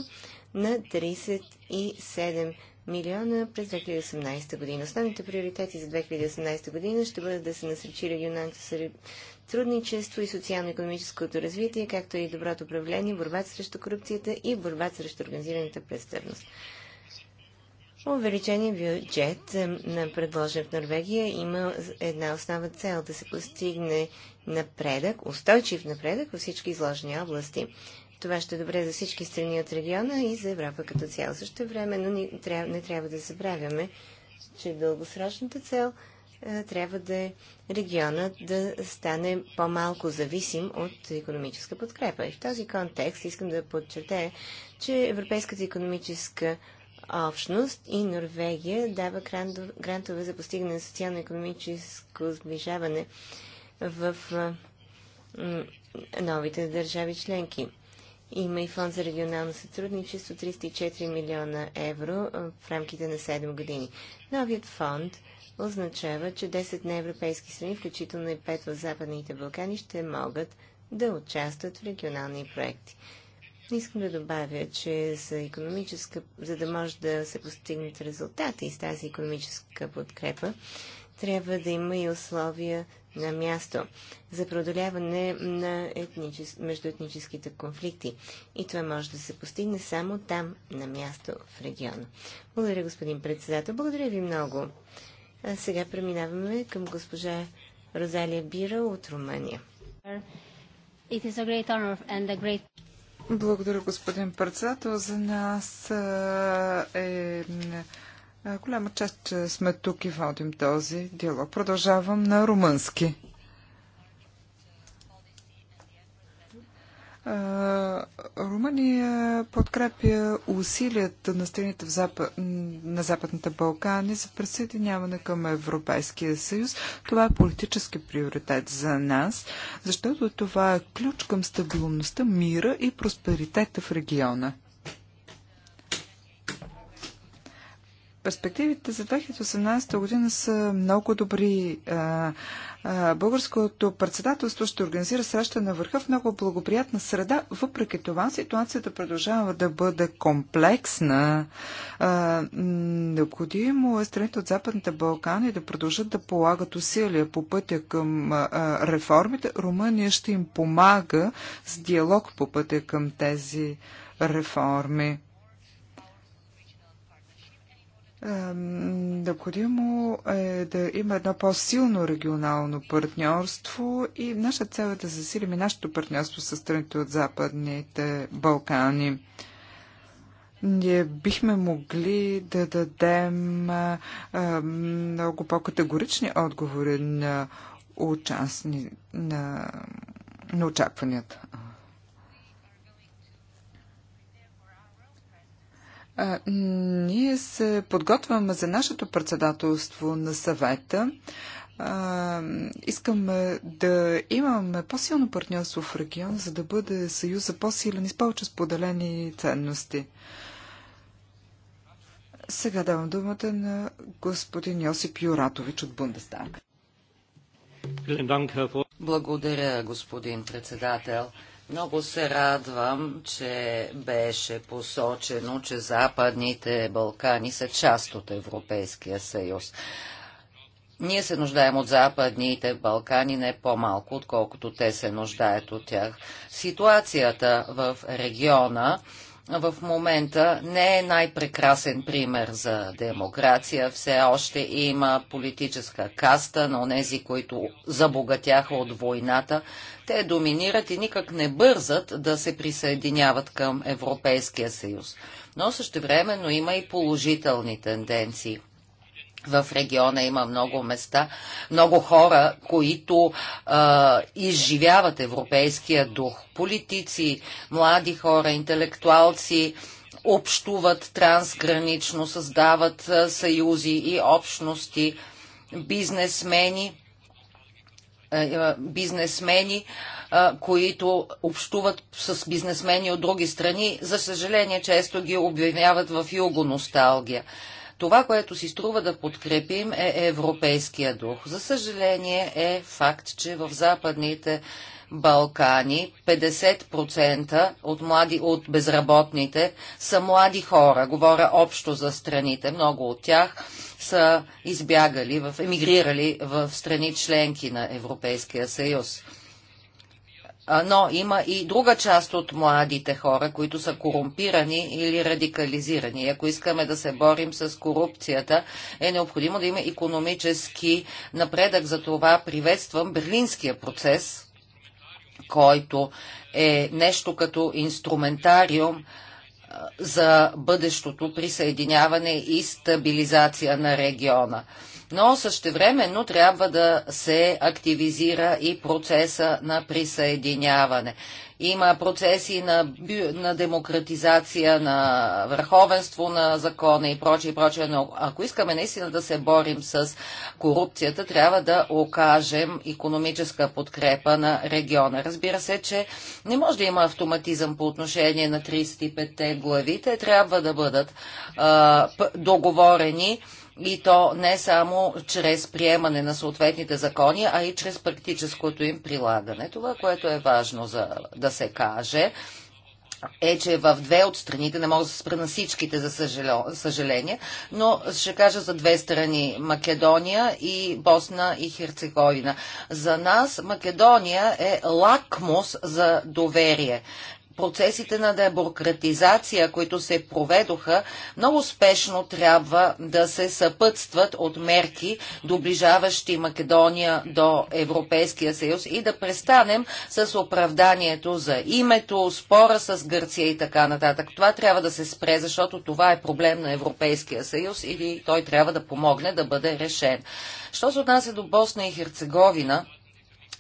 на 37 милиона през 2018 година. Основните приоритети за 2018 година ще бъдат да се насречи регионалното сътрудничество и социално-економическото развитие, както и доброто управление, борбата срещу корупцията и борбата срещу организираната престъпност. Увеличение бюджет, е, на предложен в Норвегия, има една основа цел да се постигне напредък, устойчив напредък във всички изложени области. Това ще е добре за всички страни от региона и за Европа като цяло. Също време, но не трябва, не трябва да забравяме, че дългосрочната цел е, трябва да е регионът да стане по-малко зависим от економическа подкрепа. И в този контекст искам да подчертая, че Европейската економическа общност и Норвегия дава грантове за постигане на социално-економическо сближаване в новите държави членки. Има и фонд за регионално сътрудничество 304 милиона евро в рамките на 7 години. Новият фонд означава, че 10 на европейски страни, включително и 5 в Западните Балкани, ще могат да участват в регионални проекти. Искам да добавя, че за, економическа, за да може да се постигнат резултати с тази економическа подкрепа, трябва да има и условия на място за преодоляване на етничес... междуетническите конфликти. И това може да се постигне само там, на място в региона. Благодаря, господин председател. Благодаря ви много. А сега преминаваме към госпожа Розалия Бира от Румъния. Благодаря, господин председател. За нас е голяма чест, че сме тук и водим този диалог. Продължавам на румънски. Румъния подкрепя усилията на страните в Запад, на Западните Балкани за присъединяване към Европейския съюз. Това е политически приоритет за нас, защото това е ключ към стабилността, мира и просперитета в региона. Перспективите за 2018 година са много добри. Българското председателство ще организира среща на върха в много благоприятна среда. Въпреки това ситуацията продължава да бъде комплексна. Необходимо е страните от Западните Балкани да продължат да полагат усилия по пътя към реформите. Румъния ще им помага с диалог по пътя към тези реформи. Необходимо е да има едно по-силно регионално партньорство и наша цел е да засилим и нашето партньорство с страните от Западните Балкани. Ние бихме могли да дадем много по-категорични отговори на, участни, на, на очакванията. А, ние се подготвяме за нашето председателство на съвета. А, искаме да имаме по-силно партньорство в региона, за да бъде съюза по-силен и с повече споделени ценности. Сега давам думата на господин Йосип Юратович от Бундестаг. Благодаря, господин председател. Много се радвам, че беше посочено, че Западните Балкани са част от Европейския съюз. Ние се нуждаем от Западните Балкани не по-малко, отколкото те се нуждаят от тях. Ситуацията в региона в момента не е най-прекрасен пример за демокрация. Все още има политическа каста на онези, които забогатяха от войната. Те доминират и никак не бързат да се присъединяват към Европейския съюз. Но също времено има и положителни тенденции – в региона има много места, много хора, които а, изживяват европейския дух. Политици, млади хора, интелектуалци общуват трансгранично, създават а, съюзи и общности, бизнесмени, а, бизнесмени а, които общуват с бизнесмени от други страни. За съжаление, често ги обвиняват в юго носталгия. Това, което си струва да подкрепим е европейския дух. За съжаление е факт, че в западните Балкани 50% от, млади, от безработните са млади хора. Говоря общо за страните. Много от тях са избягали, в, емигрирали в страни членки на Европейския съюз но има и друга част от младите хора, които са корумпирани или радикализирани. Ако искаме да се борим с корупцията, е необходимо да има економически напредък. За това приветствам берлинския процес, който е нещо като инструментариум за бъдещото присъединяване и стабилизация на региона но същевременно трябва да се активизира и процеса на присъединяване. Има процеси на, на демократизация, на върховенство на закона и прочее, и прочее, но ако искаме наистина да се борим с корупцията, трябва да окажем економическа подкрепа на региона. Разбира се, че не може да има автоматизъм по отношение на 35-те главите, трябва да бъдат а, договорени и то не само чрез приемане на съответните закони, а и чрез практическото им прилагане. Това, което е важно за, да се каже, е, че в две от страните, не мога да се спра на всичките, за съжаление, но ще кажа за две страни Македония и Босна и Херцеговина. За нас Македония е лакмус за доверие процесите на дебюрократизация, които се проведоха, много успешно трябва да се съпътстват от мерки, доближаващи Македония до Европейския съюз и да престанем с оправданието за името, спора с Гърция и така нататък. Това трябва да се спре, защото това е проблем на Европейския съюз или той трябва да помогне да бъде решен. Що се отнася до Босна и Херцеговина,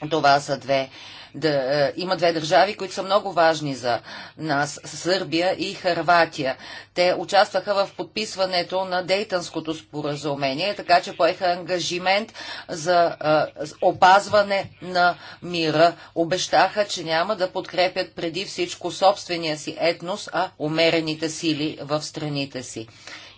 това са две да, е, има две държави, които са много важни за нас Сърбия и Харватия. Те участваха в подписването на Дейтанското споразумение, така че поеха ангажимент за а, е, опазване на мира. Обещаха, че няма да подкрепят преди всичко собствения си етнос, а умерените сили в страните си.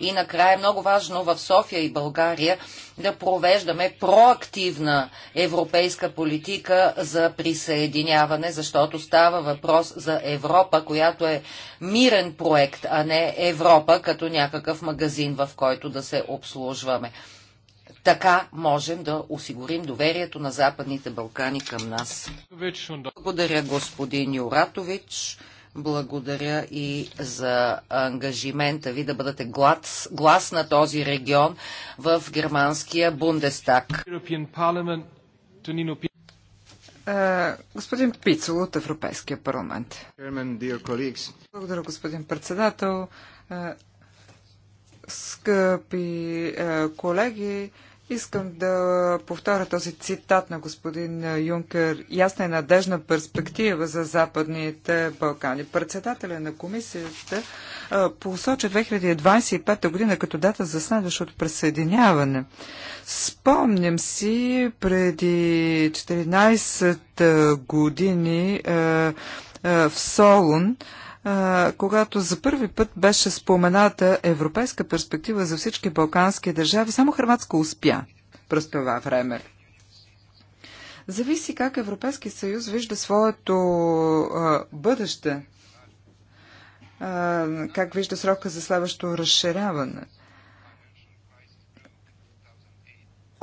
И накрая е много важно в София и България да провеждаме проактивна европейска политика за присъединяване, защото става въпрос за Европа, която е мирен проект, а не Европа като някакъв магазин, в който да се обслужваме. Така можем да осигурим доверието на Западните Балкани към нас. Благодаря господин Юратович. Благодаря и за ангажимента ви да бъдете глас, глас на този регион в германския Бундестаг. Господин Пицел от Европейския парламент. Благодаря, господин председател. Скъпи колеги, Искам да повторя този цитат на господин Юнкер. Ясна и надежна перспектива за Западните Балкани. Председателя на комисията посочи 2025 година като дата за следващото присъединяване. Спомням си преди 14 години в Солун когато за първи път беше спомената европейска перспектива за всички балкански държави, само Хрватска успя през това време. Зависи как Европейски съюз вижда своето а, бъдеще, а, как вижда срока за следващото разширяване. А,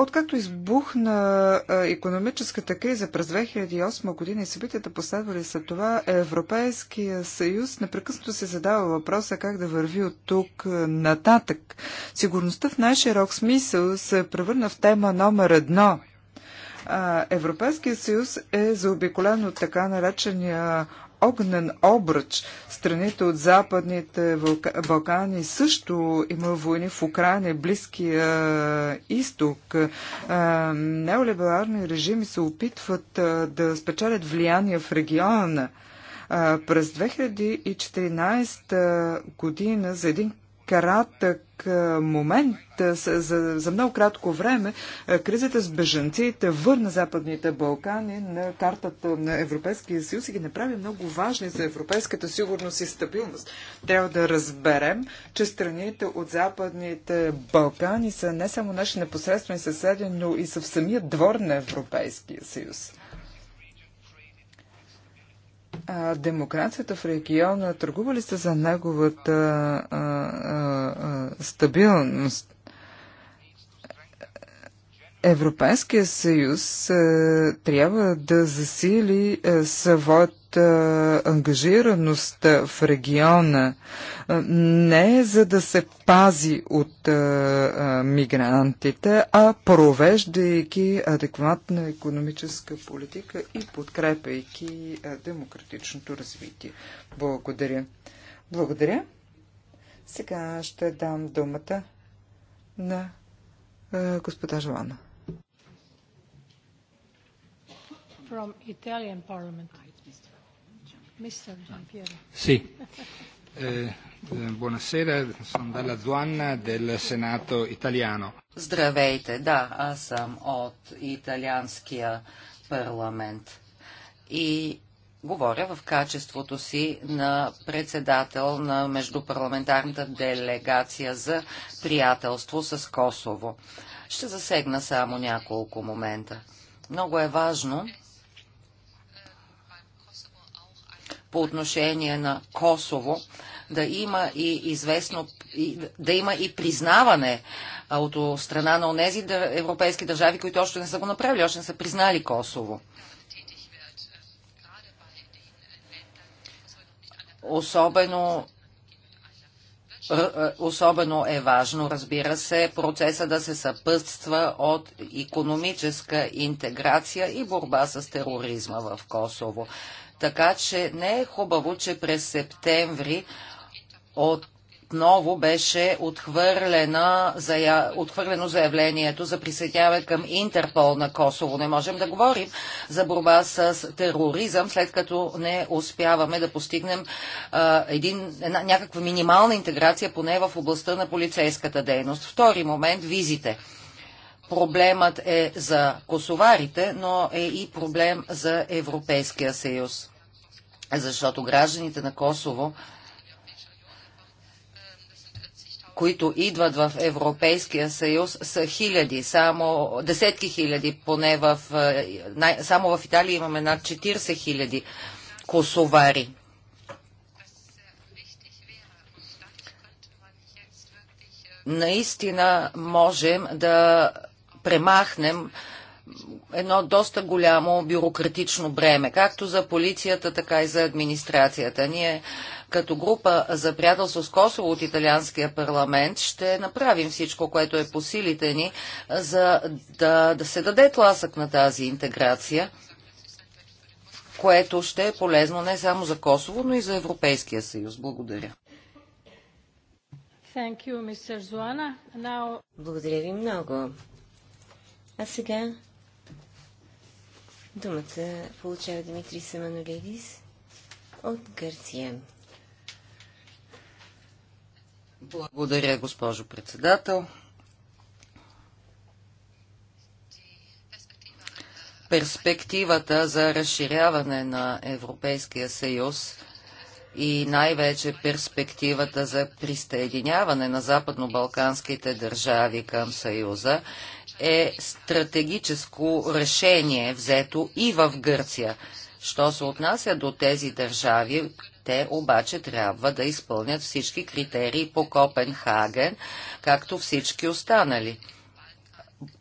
Откакто избухна економическата криза през 2008 година и събитията последвали след това, Европейския съюз непрекъснато се задава въпроса как да върви от тук нататък. Сигурността в най-широк смисъл се превърна в тема номер едно. Европейския съюз е заобиколен от така наречения огнен обръч. Страните от Западните Балкани също има войни в Украина, Близкия е, изток. Е, неолиберални режими се опитват е, да спечелят влияние в региона. През 2014 година за един кратък момент, за, за, много кратко време, кризата с бежанците върна Западните Балкани на картата на Европейския съюз и ги направи много важни за европейската сигурност и стабилност. Трябва да разберем, че страните от Западните Балкани са не само наши непосредствени съседи, но и са в самия двор на Европейския съюз а, демокрацията в региона, търгували сте за неговата а, а, а, стабилност? Европейския съюз е, трябва да засили е, своята ангажираност е, в региона не за да се пази от мигрантите, а провеждайки адекватна економическа политика и подкрепяйки демократичното развитие. Благодаря. Благодаря. Сега ще дам думата на господа Жлана. from Italian Parliament. Mr. Giampiero. Sì. Eh, eh, buonasera, sono dalla Zuanna del Senato italiano. Здравейте, да, аз съм от италианския парламент и говоря в качеството си на председател на междупарламентарната делегация за приятелство с Косово. Ще засегна само няколко момента. Много е важно по отношение на Косово, да има и известно, да има и признаване от страна на онези европейски държави, които още не са го направили, още не са признали Косово. Особено Особено е важно, разбира се, процеса да се съпътства от економическа интеграция и борба с тероризма в Косово. Така че не е хубаво, че през септември отново беше отхвърлена, отхвърлено заявлението за присъединяване към Интерпол на Косово. Не можем да говорим за борба с тероризъм, след като не успяваме да постигнем а, един, една, някаква минимална интеграция, поне в областта на полицейската дейност. Втори момент – визите. Проблемът е за косоварите, но е и проблем за Европейския съюз защото гражданите на Косово, които идват в Европейския съюз, са хиляди, само десетки хиляди, поне в, е, само в Италия имаме над 40 хиляди косовари. Наистина можем да премахнем едно доста голямо бюрократично бреме, както за полицията, така и за администрацията. Ние като група за приятелство с Косово от Италианския парламент ще направим всичко, което е по силите ни, за да, да се даде тласък на тази интеграция, което ще е полезно не само за Косово, но и за Европейския съюз. Благодаря. Благодаря ви много. А сега Думата получава Димитри Саманолидис от Гърция. Благодаря, госпожо председател. Перспективата за разширяване на Европейския съюз и най-вече перспективата за присъединяване на западно-балканските държави към Съюза е стратегическо решение, взето и в Гърция. Що се отнася до тези държави, те обаче трябва да изпълнят всички критерии по Копенхаген, както всички останали.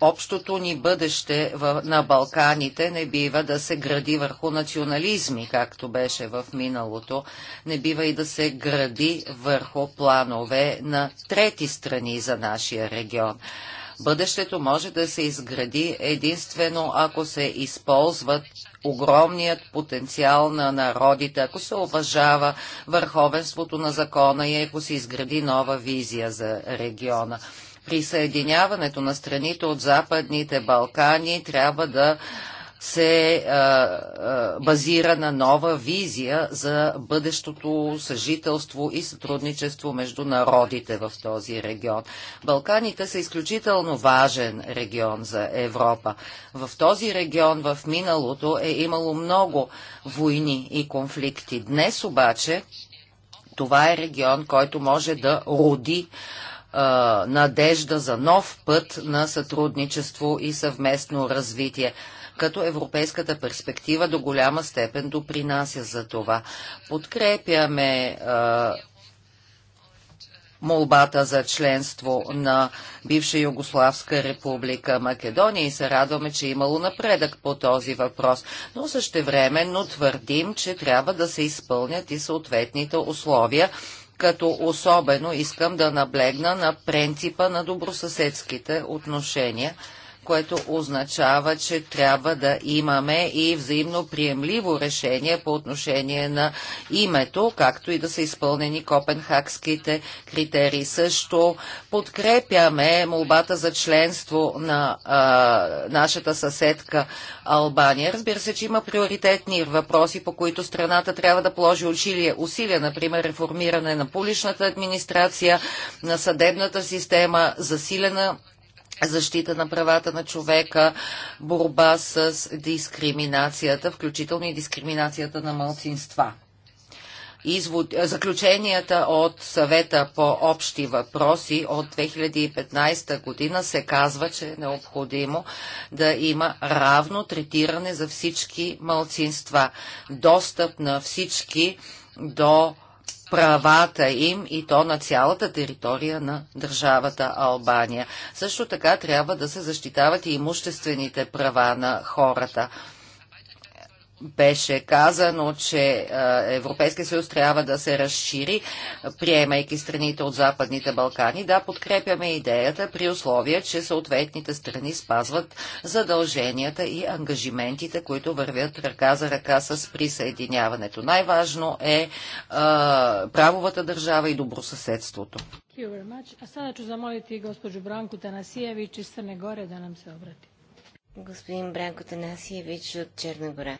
Общото ни бъдеще на Балканите не бива да се гради върху национализми, както беше в миналото. Не бива и да се гради върху планове на трети страни за нашия регион. Бъдещето може да се изгради единствено ако се използват огромният потенциал на народите, ако се уважава върховенството на закона и ако се изгради нова визия за региона. Присъединяването на страните от Западните Балкани трябва да се а, а, базира на нова визия за бъдещото съжителство и сътрудничество между народите в този регион. Балканите са изключително важен регион за Европа. В този регион в миналото е имало много войни и конфликти. Днес обаче това е регион, който може да роди надежда за нов път на сътрудничество и съвместно развитие като европейската перспектива до голяма степен допринася за това. Подкрепяме молбата за членство на бивша Югославска република Македония и се радваме, че е имало напредък по този въпрос, но същевременно твърдим, че трябва да се изпълнят и съответните условия, като особено искам да наблегна на принципа на добросъседските отношения – което означава, че трябва да имаме и взаимно приемливо решение по отношение на името, както и да са изпълнени копенхагските критерии. Също подкрепяме молбата за членство на а, нашата съседка Албания. Разбира се, че има приоритетни въпроси, по които страната трябва да положи усилия, усилия например реформиране на публичната администрация, на съдебната система, засилена защита на правата на човека, борба с дискриминацията, включително и дискриминацията на малцинства. Извод, заключенията от съвета по общи въпроси от 2015 година се казва, че е необходимо да има равно третиране за всички малцинства, достъп на всички до правата им и то на цялата територия на държавата Албания. Също така трябва да се защитават и имуществените права на хората беше казано, че Европейския съюз трябва да се разшири, приемайки страните от Западните Балкани. Да, подкрепяме идеята при условие, че съответните страни спазват задълженията и ангажиментите, които вървят ръка за ръка с присъединяването. Най-важно е правовата държава и добросъседството. А сега Танасиевич из да нам се обрати. Господин Бранко Танасиевич от Черна гора.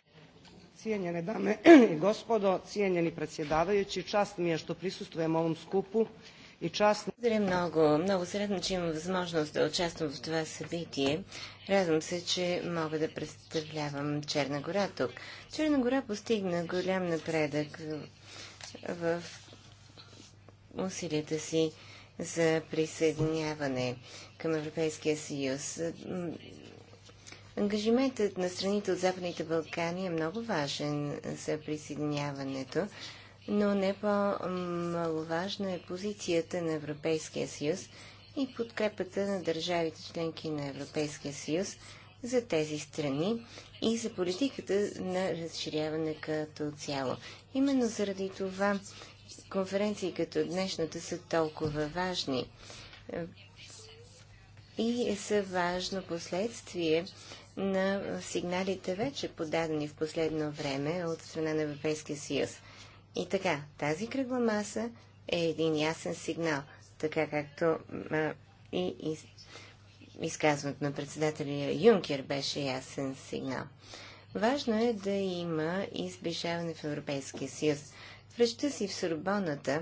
Cijenjene dame i gospodo, cijenjeni predsjedavajući, čast mi je što prisustvujem ovom skupu и част... Благодаря много. Много се радвам, че имам възможност да участвам в това събитие. Радвам се, че мога да представлявам Черна гора тук. Черна гора постигна голям напредък в усилията си за присъединяване към Европейския съюз. Ангажиментът на страните от Западните Балкани е много важен за присъединяването, но не по-маловажна е позицията на Европейския съюз и подкрепата на държавите членки на Европейския съюз за тези страни и за политиката на разширяване като цяло. Именно заради това конференции като днешната са толкова важни и са важно последствие на сигналите вече подадени в последно време от страна на Европейския съюз. И така, тази кръгла маса е един ясен сигнал, така както а, и, и изказването на председателя Юнкер беше ясен сигнал. Важно е да има избежаване в Европейския съюз. Връща си в Сорбоната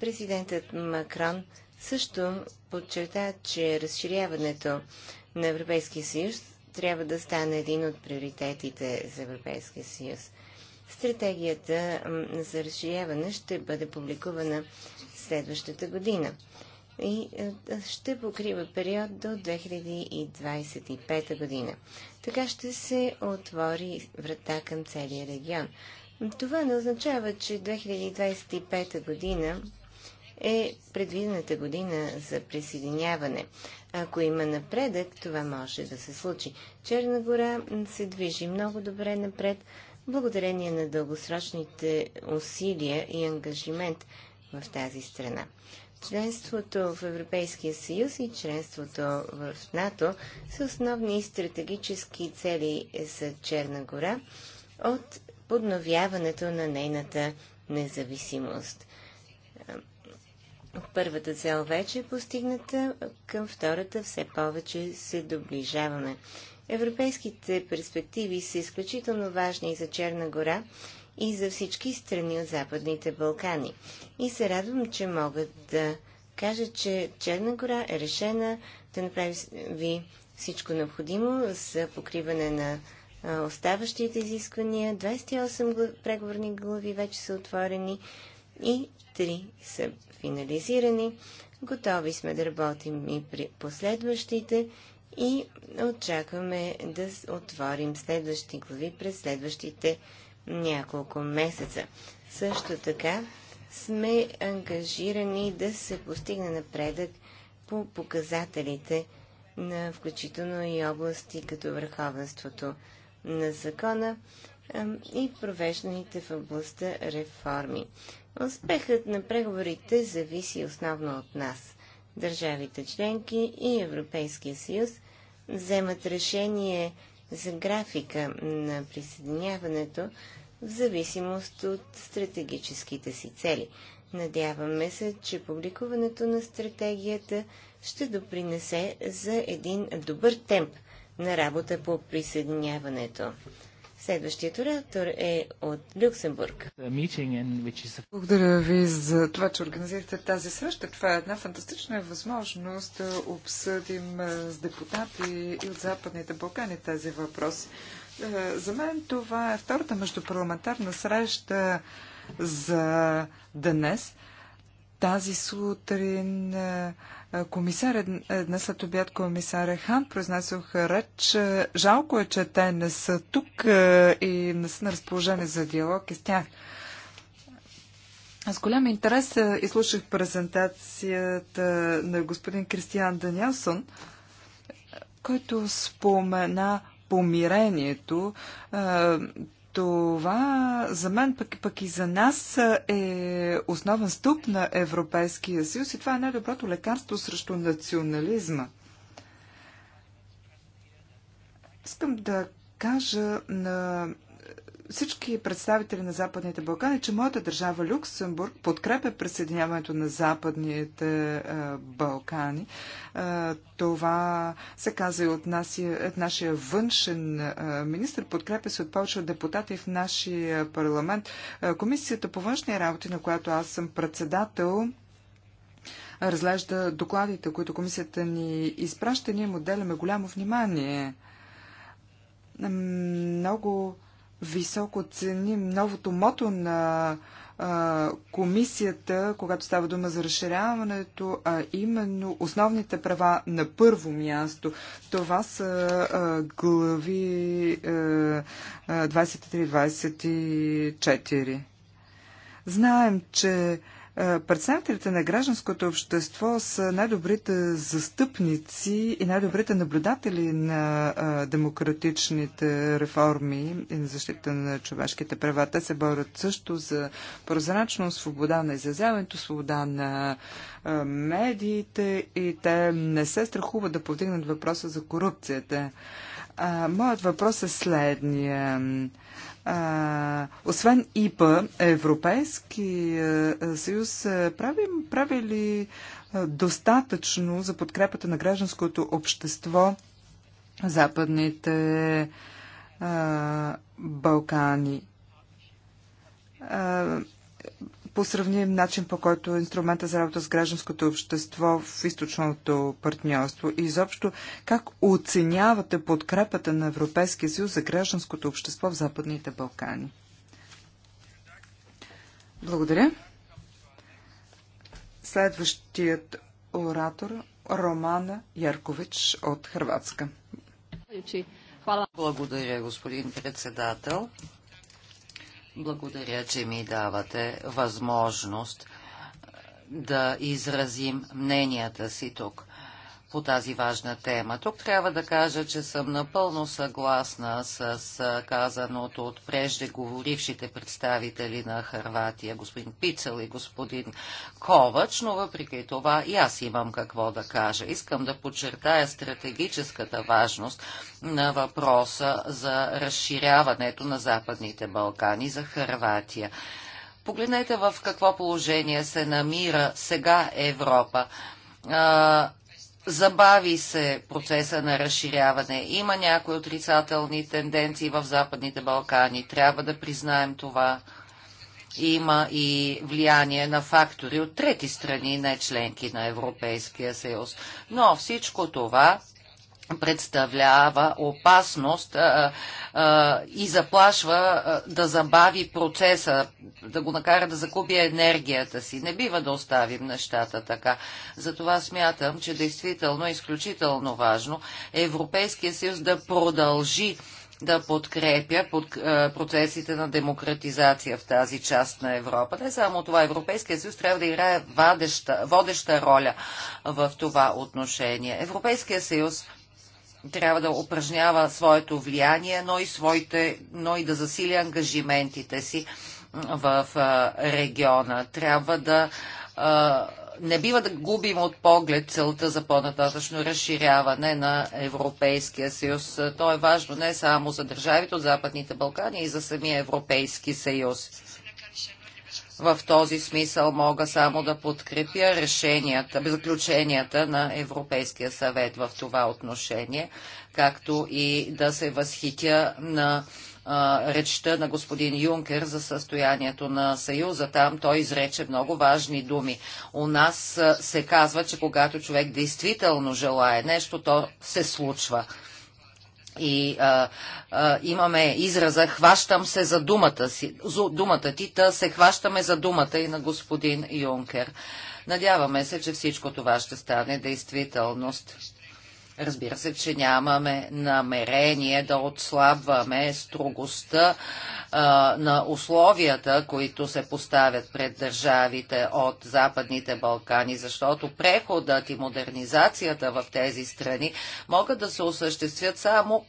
президентът Макрон също подчерта, че разширяването на Европейския съюз трябва да стане един от приоритетите за Европейския съюз. Стратегията за разширяване ще бъде публикувана следващата година и е, ще покрива период до 2025 година. Така ще се отвори врата към целия регион. Това не означава, че 2025 година е предвидената година за присъединяване. Ако има напредък, това може да се случи. Черна гора се движи много добре напред, благодарение на дългосрочните усилия и ангажимент в тази страна. Членството в Европейския съюз и членството в НАТО са основни стратегически цели за Черна гора от подновяването на нейната независимост първата цел вече е постигната, към втората все повече се доближаваме. Европейските перспективи са изключително важни и за Черна гора, и за всички страни от Западните Балкани. И се радвам, че могат да кажа, че Черна гора е решена да направи ви всичко необходимо за покриване на оставащите изисквания. 28 преговорни глави вече са отворени и три са финализирани. Готови сме да работим и при последващите и очакваме да отворим следващи глави през следващите няколко месеца. Също така сме ангажирани да се постигне напредък по показателите на включително и области като върховенството на закона и провежданите в областта реформи. Успехът на преговорите зависи основно от нас. Държавите членки и Европейския съюз вземат решение за графика на присъединяването в зависимост от стратегическите си цели. Надяваме се, че публикуването на стратегията ще допринесе за един добър темп на работа по присъединяването. Следващият оратор е от Люксембург. Благодаря ви за това, че организирате тази среща. Това е една фантастична възможност да обсъдим с депутати и от Западните Балкани тази въпрос. За мен това е втората междупарламентарна среща за днес. Тази сутрин е, е, комисар, днес след обяд комисаря Хан произнесох реч. Е, жалко е, че те не са тук и не са на разположение за диалог и с тях. С голям интерес изслушах презентацията на господин Кристиан Даниелсон, който спомена помирението. Това за мен, пък, пък и за нас е основен стълб на Европейския съюз и това е най-доброто лекарство срещу национализма. Искам да кажа на всички представители на Западните Балкани, че моята държава Люксембург подкрепя присъединяването на Западните Балкани. това се каза и от, от нашия външен министр. Подкрепя се от повече от депутати в нашия парламент. Комисията по външни работи, на която аз съм председател, разглежда докладите, които комисията ни изпраща. Ние му отделяме голямо внимание. Много високо ценим новото мото на а, комисията, когато става дума за разширяването, а именно основните права на първо място. Това са а, глави 23-24. Е, е, Знаем, че е, Представителите на гражданското общество са най-добрите застъпници и най-добрите наблюдатели на е, демократичните реформи и на защита на човешките права. Те се борят също за прозрачност, свобода на изразяването, свобода на е, медиите и те не се страхуват да повдигнат въпроса за корупцията. моят въпрос е следния. А, освен ИПА, Европейски съюз правим, прави ли достатъчно за подкрепата на гражданското общество Западните а, Балкани? А, по сравним начин, по който е инструмента за работа с гражданското общество в източното партньорство и изобщо как оценявате подкрепата на Европейския съюз за гражданското общество в Западните Балкани? Благодаря. Следващият оратор Романа Яркович от Хрватска. Благодаря, господин председател. Благодаря, че ми давате възможност да изразим мненията си тук по тази важна тема. Тук трябва да кажа, че съм напълно съгласна с казаното от преждеговорившите представители на Харватия, господин Пицел и господин Ковач, но въпреки това и аз имам какво да кажа. Искам да подчертая стратегическата важност на въпроса за разширяването на Западните Балкани за Харватия. Погледнете в какво положение се намира сега Европа Забави се процеса на разширяване. Има някои отрицателни тенденции в Западните Балкани. Трябва да признаем това. Има и влияние на фактори от трети страни, не членки на Европейския съюз. Но всичко това представлява опасност а, а, и заплашва а, да забави процеса, да го накара да закупи енергията си. Не бива да оставим нещата така. Затова смятам, че действително е изключително важно Европейския съюз да продължи да подкрепя под, процесите на демократизация в тази част на Европа. Не само това, Европейския съюз трябва да играе водеща, водеща роля в това отношение. Европейския съюз трябва да упражнява своето влияние, но и, своите, но и да засили ангажиментите си в региона. Трябва да не бива да губим от поглед целта за по-нататъчно разширяване на Европейския съюз. То е важно не само за държавите от Западните Балкани и за самия Европейски съюз. В този смисъл мога само да подкрепя решенията, заключенията на Европейския съвет в това отношение, както и да се възхитя на а, речта на господин Юнкер за състоянието на Съюза. Там той изрече много важни думи. У нас се казва, че когато човек действително желая нещо, то се случва. И а, а, имаме израза хващам се за думата, си, за думата ти, та се хващаме за думата и на господин Юнкер. Надяваме се, че всичко това ще стане действителност. Разбира се, че нямаме намерение да отслабваме строгостта на условията, които се поставят пред държавите от Западните Балкани, защото преходът и модернизацията в тези страни могат да се осъществят само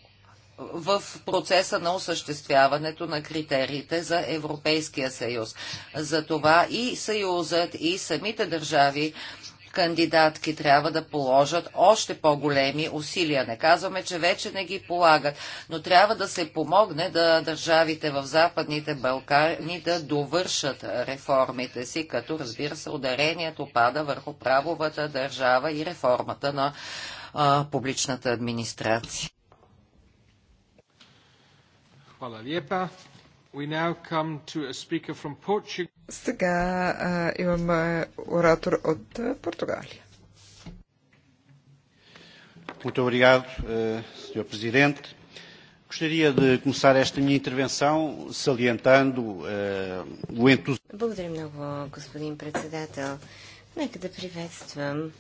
в процеса на осъществяването на критериите за Европейския съюз. Затова и съюзът, и самите държави кандидатки трябва да положат още по-големи усилия. Не казваме, че вече не ги полагат, но трябва да се помогне да държавите в Западните Балкани да довършат реформите си, като разбира се ударението пада върху правовата държава и реформата на а, публичната администрация. Hvala lijepa. Сега а, имаме оратор от Португалия. Muito obrigado, Sr. Presidente. Gostaria de começar esta minha intervenção salientando uh, o entusiasmo. Благодаря много, господин председател. Нека да приветствам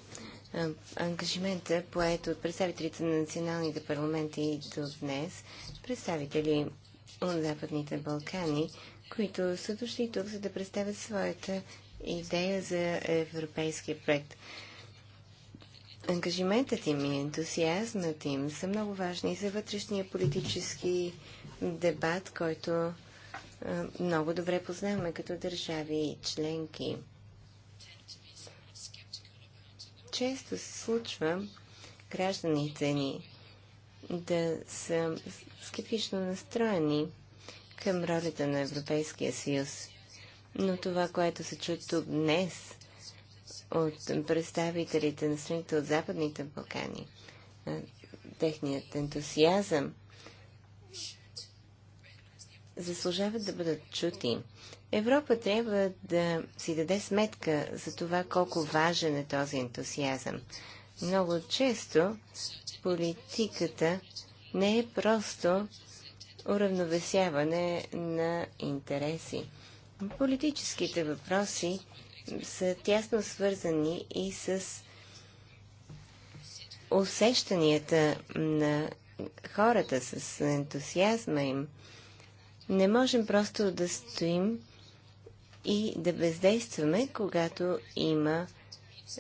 ангажимента, поет от представителите на националните парламенти до днес, представители от Западните Балкани, които са дошли тук, за да представят своята идея за европейския проект. Ангажиментът им и ентусиазмът им са много важни за вътрешния политически дебат, който много добре познаваме като държави и членки. Често се случва гражданите ни да са скептично настроени към ролята на Европейския съюз. Но това, което се чу тук днес от представителите на страните от Западните Балкани, техният ентусиазъм, заслужават да бъдат чути. Европа трябва да си даде сметка за това колко важен е този ентусиазъм. Много често политиката не е просто уравновесяване на интереси. Политическите въпроси са тясно свързани и с усещанията на хората, с ентусиазма им. Не можем просто да стоим и да бездействаме, когато има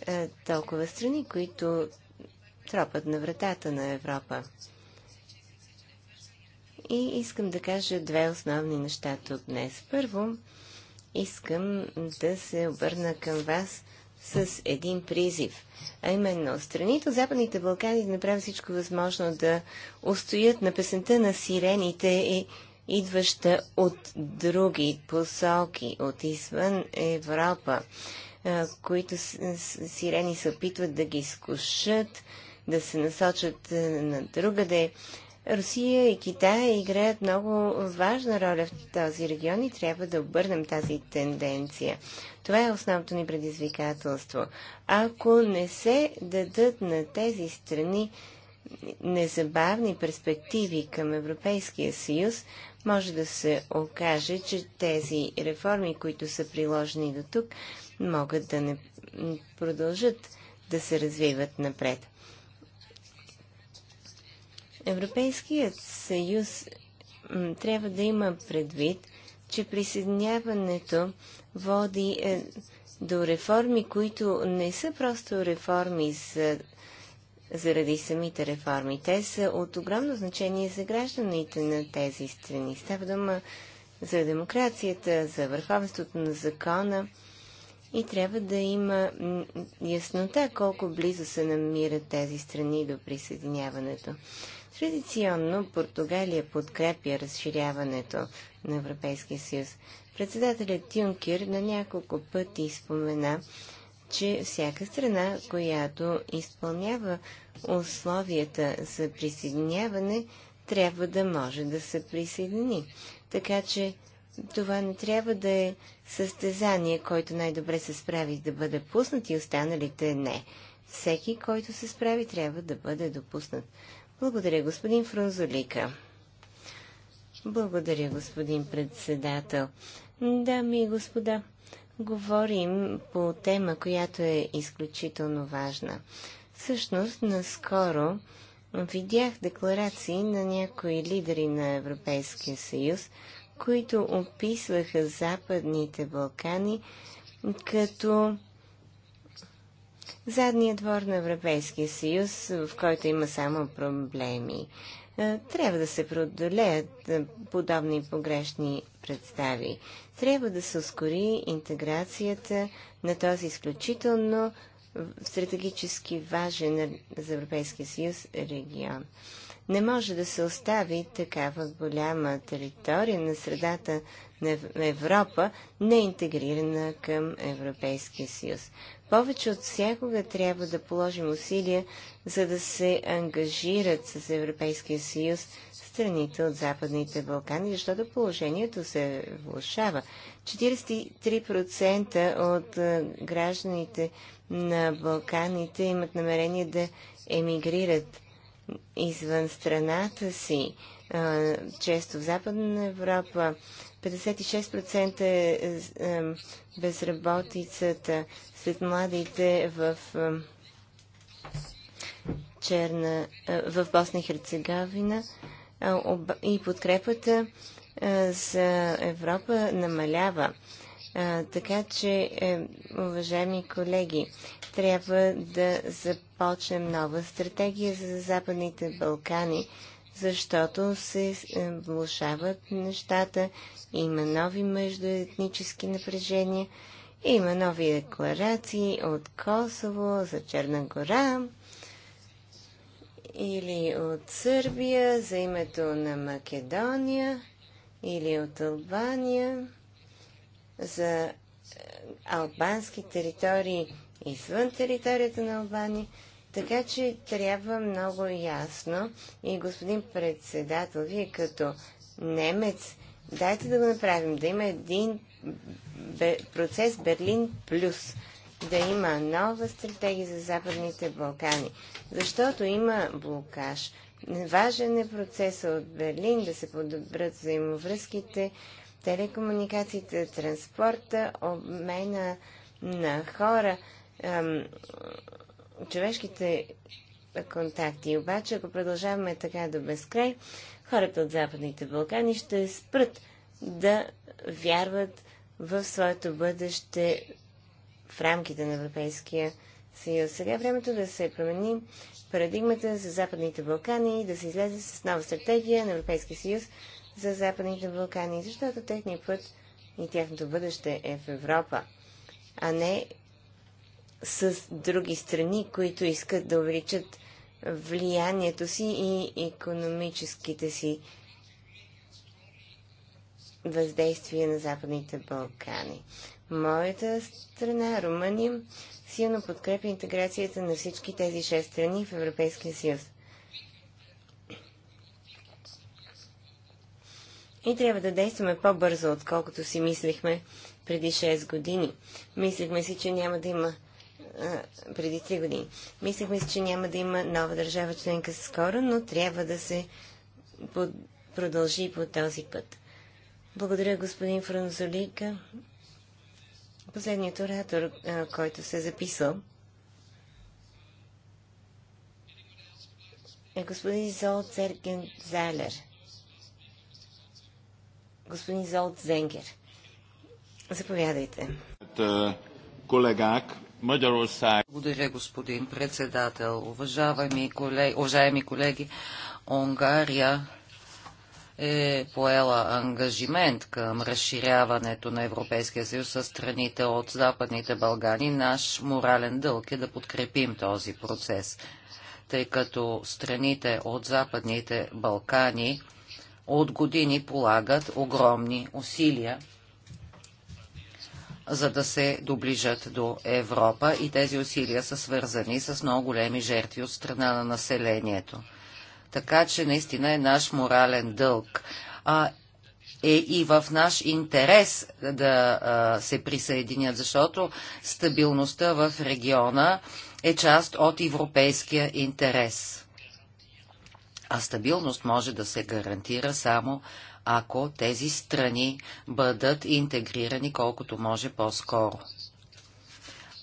е, толкова страни, които тропат на вратата на Европа. И искам да кажа две основни неща от днес. Първо, искам да се обърна към вас с един призив. А именно, страните от Западните Балкани да направят всичко възможно да устоят на песента на сирените и идваща от други посоки, от извън Европа, които сирени се опитват да ги изкушат, да се насочат на другаде. Да Русия и Китай играят много важна роля в този регион и трябва да обърнем тази тенденция. Това е основното ни предизвикателство. Ако не се дадат на тези страни незабавни перспективи към Европейския съюз, може да се окаже, че тези реформи, които са приложени до тук, могат да не продължат да се развиват напред. Европейският съюз трябва да има предвид, че присъединяването води е, до реформи, които не са просто реформи за, заради самите реформи. Те са от огромно значение за гражданите на тези страни. Става дума за демокрацията, за върховенството на закона и трябва да има яснота колко близо се намират тези страни до присъединяването. Традиционно Португалия подкрепя разширяването на Европейския съюз. Председателят Юнкер на няколко пъти спомена, че всяка страна, която изпълнява условията за присъединяване, трябва да може да се присъедини. Така че това не трябва да е състезание, който най-добре се справи да бъде пуснат и останалите не. Всеки, който се справи, трябва да бъде допуснат. Благодаря, господин Фрунзолика. Благодаря, господин председател. Дами и господа, говорим по тема, която е изключително важна. Всъщност, наскоро видях декларации на някои лидери на Европейския съюз, които описваха Западните Балкани като задния двор на Европейския съюз, в който има само проблеми. Е, трябва да се преодолеят е, подобни погрешни представи. Трябва да се ускори интеграцията на този изключително стратегически важен за Европейския съюз регион. Не може да се остави такава голяма територия на средата Европа не е интегрирана към Европейския съюз. Повече от всякога трябва да положим усилия, за да се ангажират с Европейския съюз страните от Западните Балкани, защото положението се влушава. 43% от гражданите на Балканите имат намерение да емигрират извън страната си често в Западна Европа. 56% е, е безработицата сред младите в Черна, в Босна и Херцеговина и подкрепата за Европа намалява. Така че, е, уважаеми колеги, трябва да започнем нова стратегия за Западните Балкани, защото се е, влушават нещата, има нови междуетнически напрежения, има нови декларации от Косово за Черна гора или от Сърбия за името на Македония или от Албания за е, албански територии извън територията на Албания. Така че трябва много ясно и господин председател, вие като немец, дайте да го направим, да има един процес Берлин Плюс, да има нова стратегия за Западните Балкани, защото има блокаж. Важен е процесът от Берлин да се подобрят взаимовръзките, телекомуникациите, транспорта, обмена на хора, човешките контакти. Обаче, ако продължаваме така до безкрай, хората от Западните Балкани ще спрат да вярват в своето бъдеще в рамките на Европейския съюз. Сега е времето да се промени парадигмата за Западните Балкани и да се излезе с нова стратегия на Европейския съюз за Западните Балкани, защото техният път и тяхното бъдеще е в Европа, а не с други страни, които искат да увеличат влиянието си и економическите си въздействия на Западните Балкани. Моята страна, Румъния, силно подкрепя интеграцията на всички тези шест страни в Европейския съюз. И трябва да действаме по-бързо, отколкото си мислихме преди 6 години. Мислихме си, че няма да има преди три години. си, че няма да има нова държава членка скоро, но трябва да се под... продължи по този път. Благодаря, господин Франзолика. Последният оратор, който се е записал, е господин Золт Зерген Залер. Господин Золт Зенгер. Заповядайте. Колегак, благодаря, господин председател. Уважаеми колеги, уважаеми колеги, Унгария е поела ангажимент към разширяването на Европейския съюз с страните от Западните Балкани. Наш морален дълг е да подкрепим този процес, тъй като страните от Западните Балкани от години полагат огромни усилия за да се доближат до Европа и тези усилия са свързани с много големи жертви от страна на населението. Така че наистина е наш морален дълг. А, е и в наш интерес да а, се присъединят, защото стабилността в региона е част от европейския интерес. А стабилност може да се гарантира само ако тези страни бъдат интегрирани колкото може по-скоро.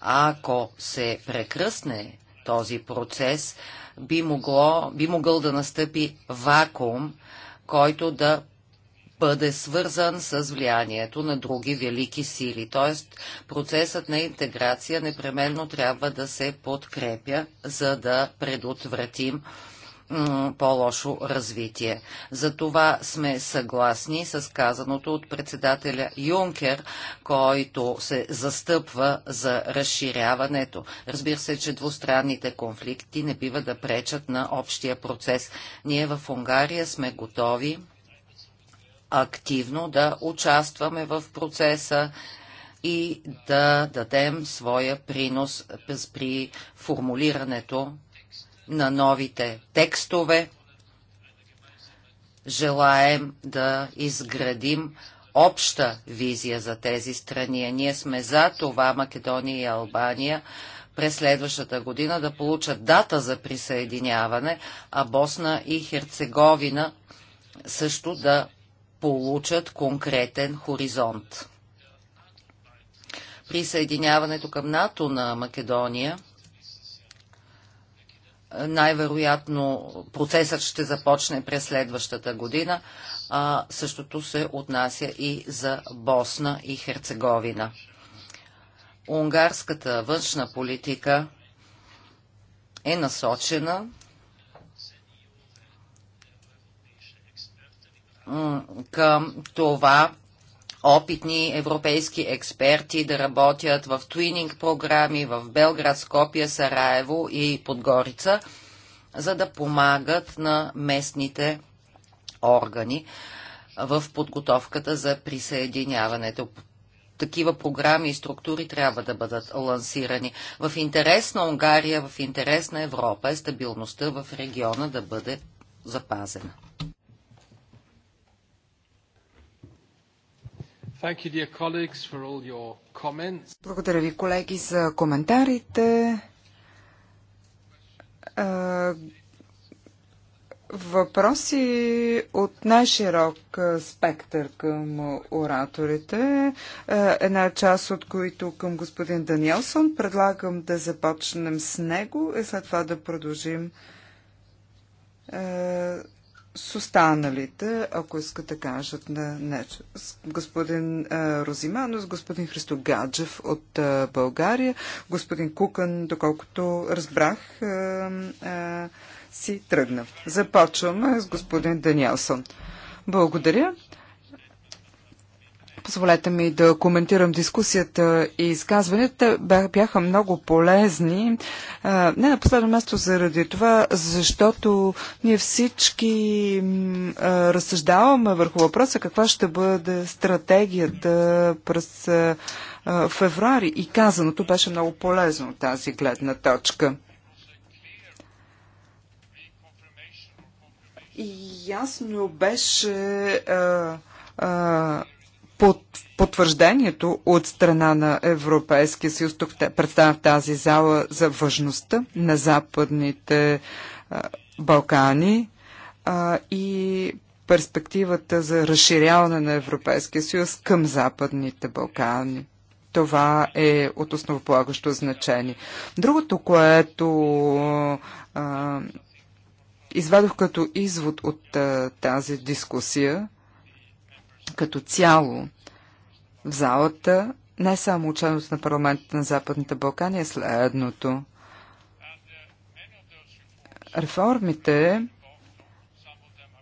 Ако се прекръсне този процес, би, могло, би могъл да настъпи вакуум, който да бъде свързан с влиянието на други велики сили. Тоест, процесът на интеграция непременно трябва да се подкрепя, за да предотвратим по-лошо развитие. Затова сме съгласни с казаното от председателя Юнкер, който се застъпва за разширяването. Разбира се, че двустранните конфликти не бива да пречат на общия процес. Ние в Унгария сме готови активно да участваме в процеса и да дадем своя принос при формулирането на новите текстове. Желаем да изградим обща визия за тези страни. Ние сме за това Македония и Албания през следващата година да получат дата за присъединяване, а Босна и Херцеговина също да получат конкретен хоризонт. Присъединяването към НАТО на Македония – най-вероятно процесът ще започне през следващата година. А, същото се отнася и за Босна и Херцеговина. Унгарската външна политика е насочена към това опитни европейски експерти да работят в твининг програми в Белград, Скопия, Сараево и Подгорица, за да помагат на местните органи в подготовката за присъединяването такива програми и структури трябва да бъдат лансирани. В интерес на Унгария, в интерес на Европа е стабилността в региона да бъде запазена. Благодаря ви, колеги, за коментарите. Въпроси от най-широк спектър към ораторите, една част от които към господин Даниелсон. Предлагам да започнем с него и след това да продължим с останалите, ако искат да кажат на нещо. С господин а, с господин Христо Гаджев от а, България, господин Кукан, доколкото разбрах, а, а, си тръгна. Започваме с господин Даниелсон. Благодаря. Позволете ми да коментирам дискусията и изказванията. Бяха много полезни. Не на последно място заради това, защото ние всички разсъждаваме върху въпроса каква ще бъде стратегията през февруари. И казаното беше много полезно от тази гледна точка. И ясно беше а, а, потвърждението от страна на Европейския съюз, тук представя в тази зала за важността на Западните а, Балкани а, и перспективата за разширяване на Европейския съюз към Западните Балкани. Това е от основополагащо значение. Другото, което а, извадох като извод от а, тази дискусия, като цяло в залата, не само ученост на парламента на Западните Балкани, е следното. Реформите,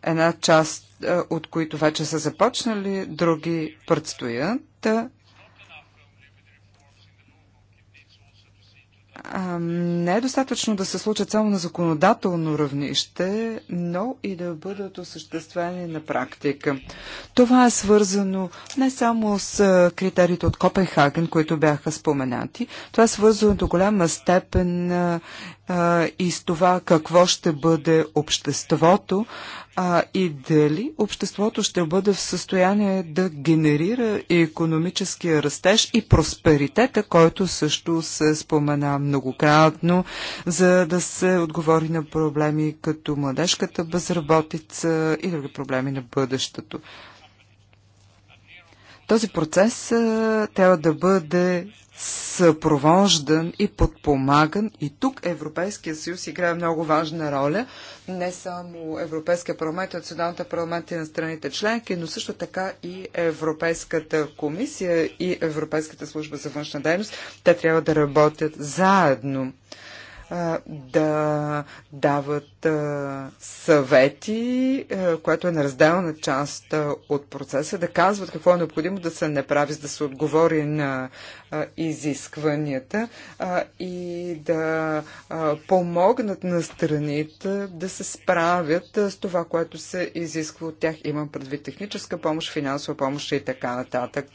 една част е, от които вече са започнали, други предстоят, не е достатъчно да се случат само на законодателно равнище, но и да бъдат осъществени на практика. Това е свързано не само с критериите от Копенхаген, които бяха споменати, това е свързано до голяма степен и с това какво ще бъде обществото а, и дали обществото ще бъде в състояние да генерира и економическия растеж и просперитета, който също се спомена многократно, за да се отговори на проблеми като младежката безработица и други проблеми на бъдещето. Този процес а, трябва да бъде съпровождан и подпомаган. И тук Европейския съюз играе много важна роля, не само Европейския парламент, националните парламенти на страните членки, но също така и Европейската комисия и Европейската служба за външна дейност. Те трябва да работят заедно да дават съвети, което е неразделна част от процеса, да казват какво е необходимо да се направи, за да се отговори на изискванията и да помогнат на страните да се справят с това, което се изисква от тях. Имам предвид техническа помощ, финансова помощ и така нататък.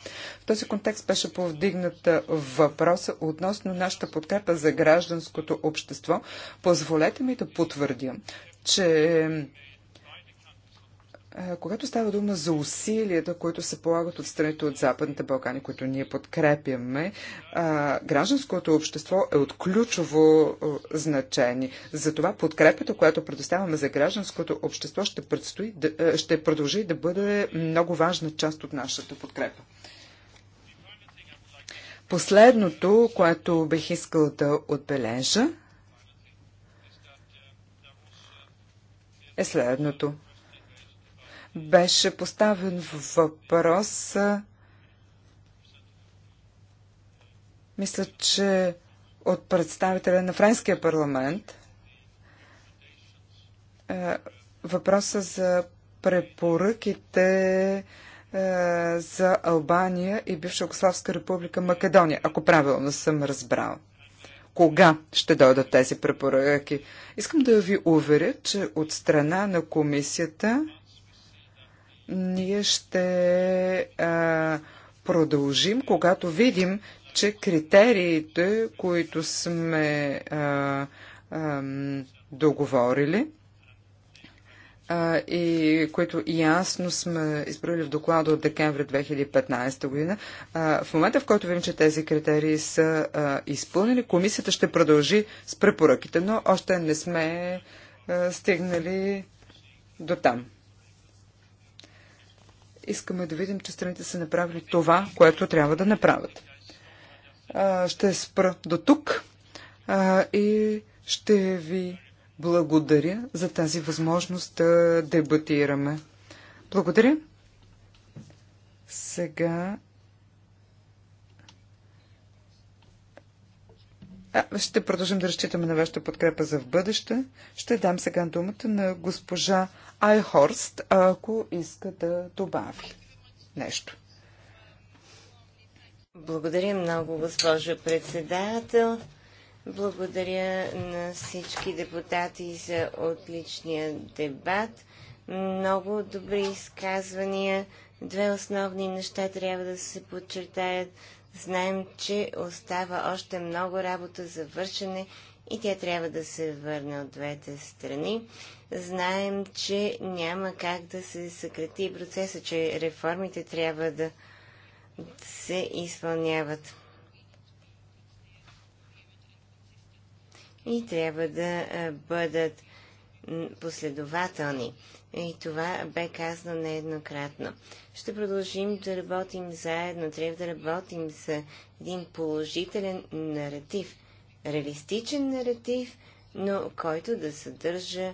В този контекст беше повдигнат въпроса относно нашата подкрепа за гражданското общество. Позволете ми да потвърдя, че е, когато става дума за усилията, които се полагат от страните от Западните Балкани, които ние подкрепяме, е, гражданското общество е от ключово е, значение. Затова подкрепата, която предоставяме за гражданското общество, ще, предстои, ще продължи да бъде много важна част от нашата подкрепа. Последното, което бих искал да отбележа, е следното. Беше поставен въпрос. Мисля, че от представителя на Френския парламент въпроса за препоръките за Албания и бивша Югославска република Македония, ако правилно съм разбрал кога ще дойдат тези препоръки. Искам да ви уверя, че от страна на комисията ние ще а, продължим, когато видим, че критериите, които сме а, а, договорили, и които ясно сме изброили в доклада от декември 2015 година. в момента, в който видим, че тези критерии са изпълнени, комисията ще продължи с препоръките, но още не сме стигнали до там. Искаме да видим, че страните са направили това, което трябва да направят. ще спра до тук и ще ви благодаря за тази възможност да дебатираме. Благодаря. Сега А, ще продължим да разчитаме на вашата подкрепа за в бъдеще. Ще дам сега думата на госпожа Айхорст, ако иска да добави нещо. Благодаря много, госпожо председател. Благодаря на всички депутати за отличния дебат. Много добри изказвания. Две основни неща трябва да се подчертаят. Знаем, че остава още много работа за вършене и тя трябва да се върне от двете страни. Знаем, че няма как да се съкрати процеса, че реформите трябва да се изпълняват. и трябва да бъдат последователни. И това бе казано нееднократно. Ще продължим да работим заедно. Трябва да работим за един положителен наратив. Реалистичен наратив, но който да съдържа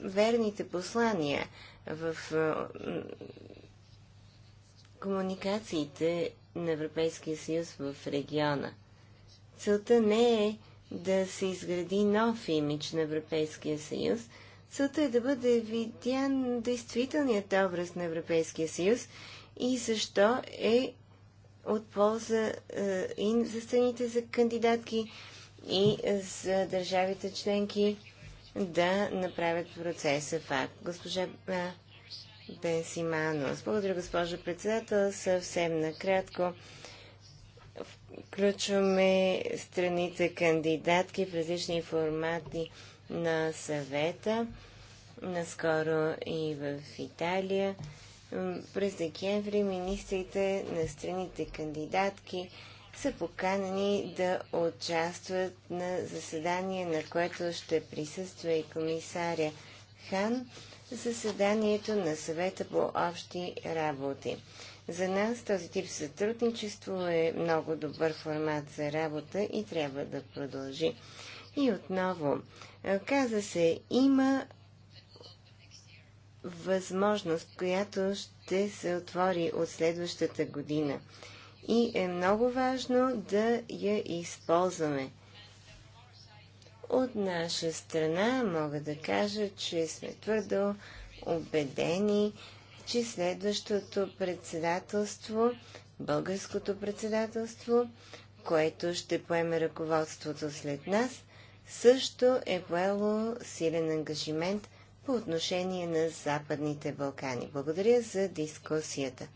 верните послания в комуникациите на Европейския съюз в региона. Целта не е да се изгради нов имидж на Европейския съюз. Целта е да бъде видян действителният образ на Европейския съюз и защо е от полза е, и за страните за кандидатки и е, за държавите членки да направят процеса факт. Госпожа е, Бенсиманос. Благодаря, госпожа председател. Съвсем накратко. Включваме страните кандидатки в различни формати на съвета, наскоро и в Италия. През декември министрите на страните кандидатки са поканени да участват на заседание, на което ще присъства и комисаря Хан, заседанието на съвета по общи работи. За нас този тип сътрудничество е много добър формат за работа и трябва да продължи. И отново, каза се, има възможност, която ще се отвори от следващата година. И е много важно да я използваме. От наша страна мога да кажа, че сме твърдо убедени, че следващото председателство, българското председателство, което ще поеме ръководството след нас, също е поело силен ангажимент по отношение на Западните Балкани. Благодаря за дискусията.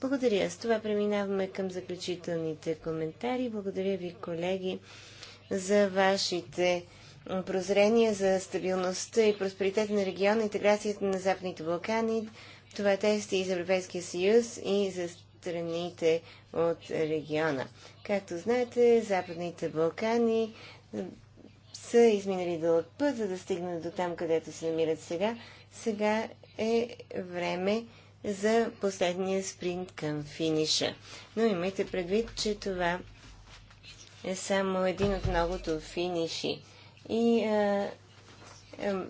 Благодаря. С това преминаваме към заключителните коментари. Благодаря ви, колеги, за вашите прозрения за стабилността и просперитет на региона, интеграцията на Западните Балкани. Това е тест и за Европейския съюз, и за страните от региона. Както знаете, Западните Балкани са изминали дълъг път, за да стигнат до там, където се намират сега. Сега е време за последния спринт към финиша. Но имайте предвид, че това е само един от многото финиши. И а, а,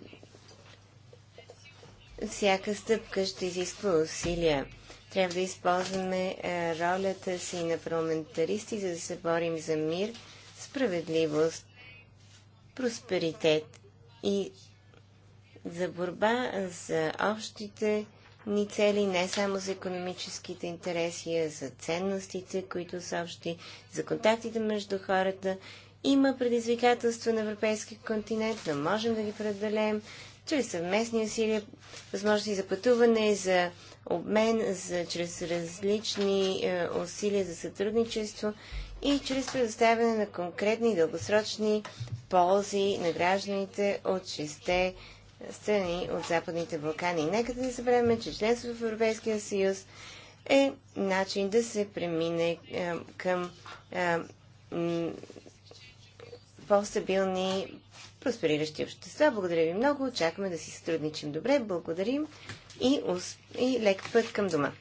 всяка стъпка ще изисква усилия. Трябва да използваме е, ролята си на парламентаристи, за да се борим за мир, справедливост, просперитет и за борба за общите ни цели, не само за економическите интереси, а за ценностите, които са общи, за контактите между хората. Има предизвикателства на европейския континент, но можем да ги преодолеем чрез съвместни усилия, възможности за пътуване, за обмен, за, чрез различни е, усилия за сътрудничество и чрез предоставяне на конкретни дългосрочни ползи на гражданите от шесте е, страни от Западните Балкани. Нека да не забравяме, че членството в Европейския съюз е начин да се премине е, към е, по-стабилни проспериращи общества. Благодаря ви много. Очакваме да си сътрудничим добре. Благодарим и, усп... и лек път към дома.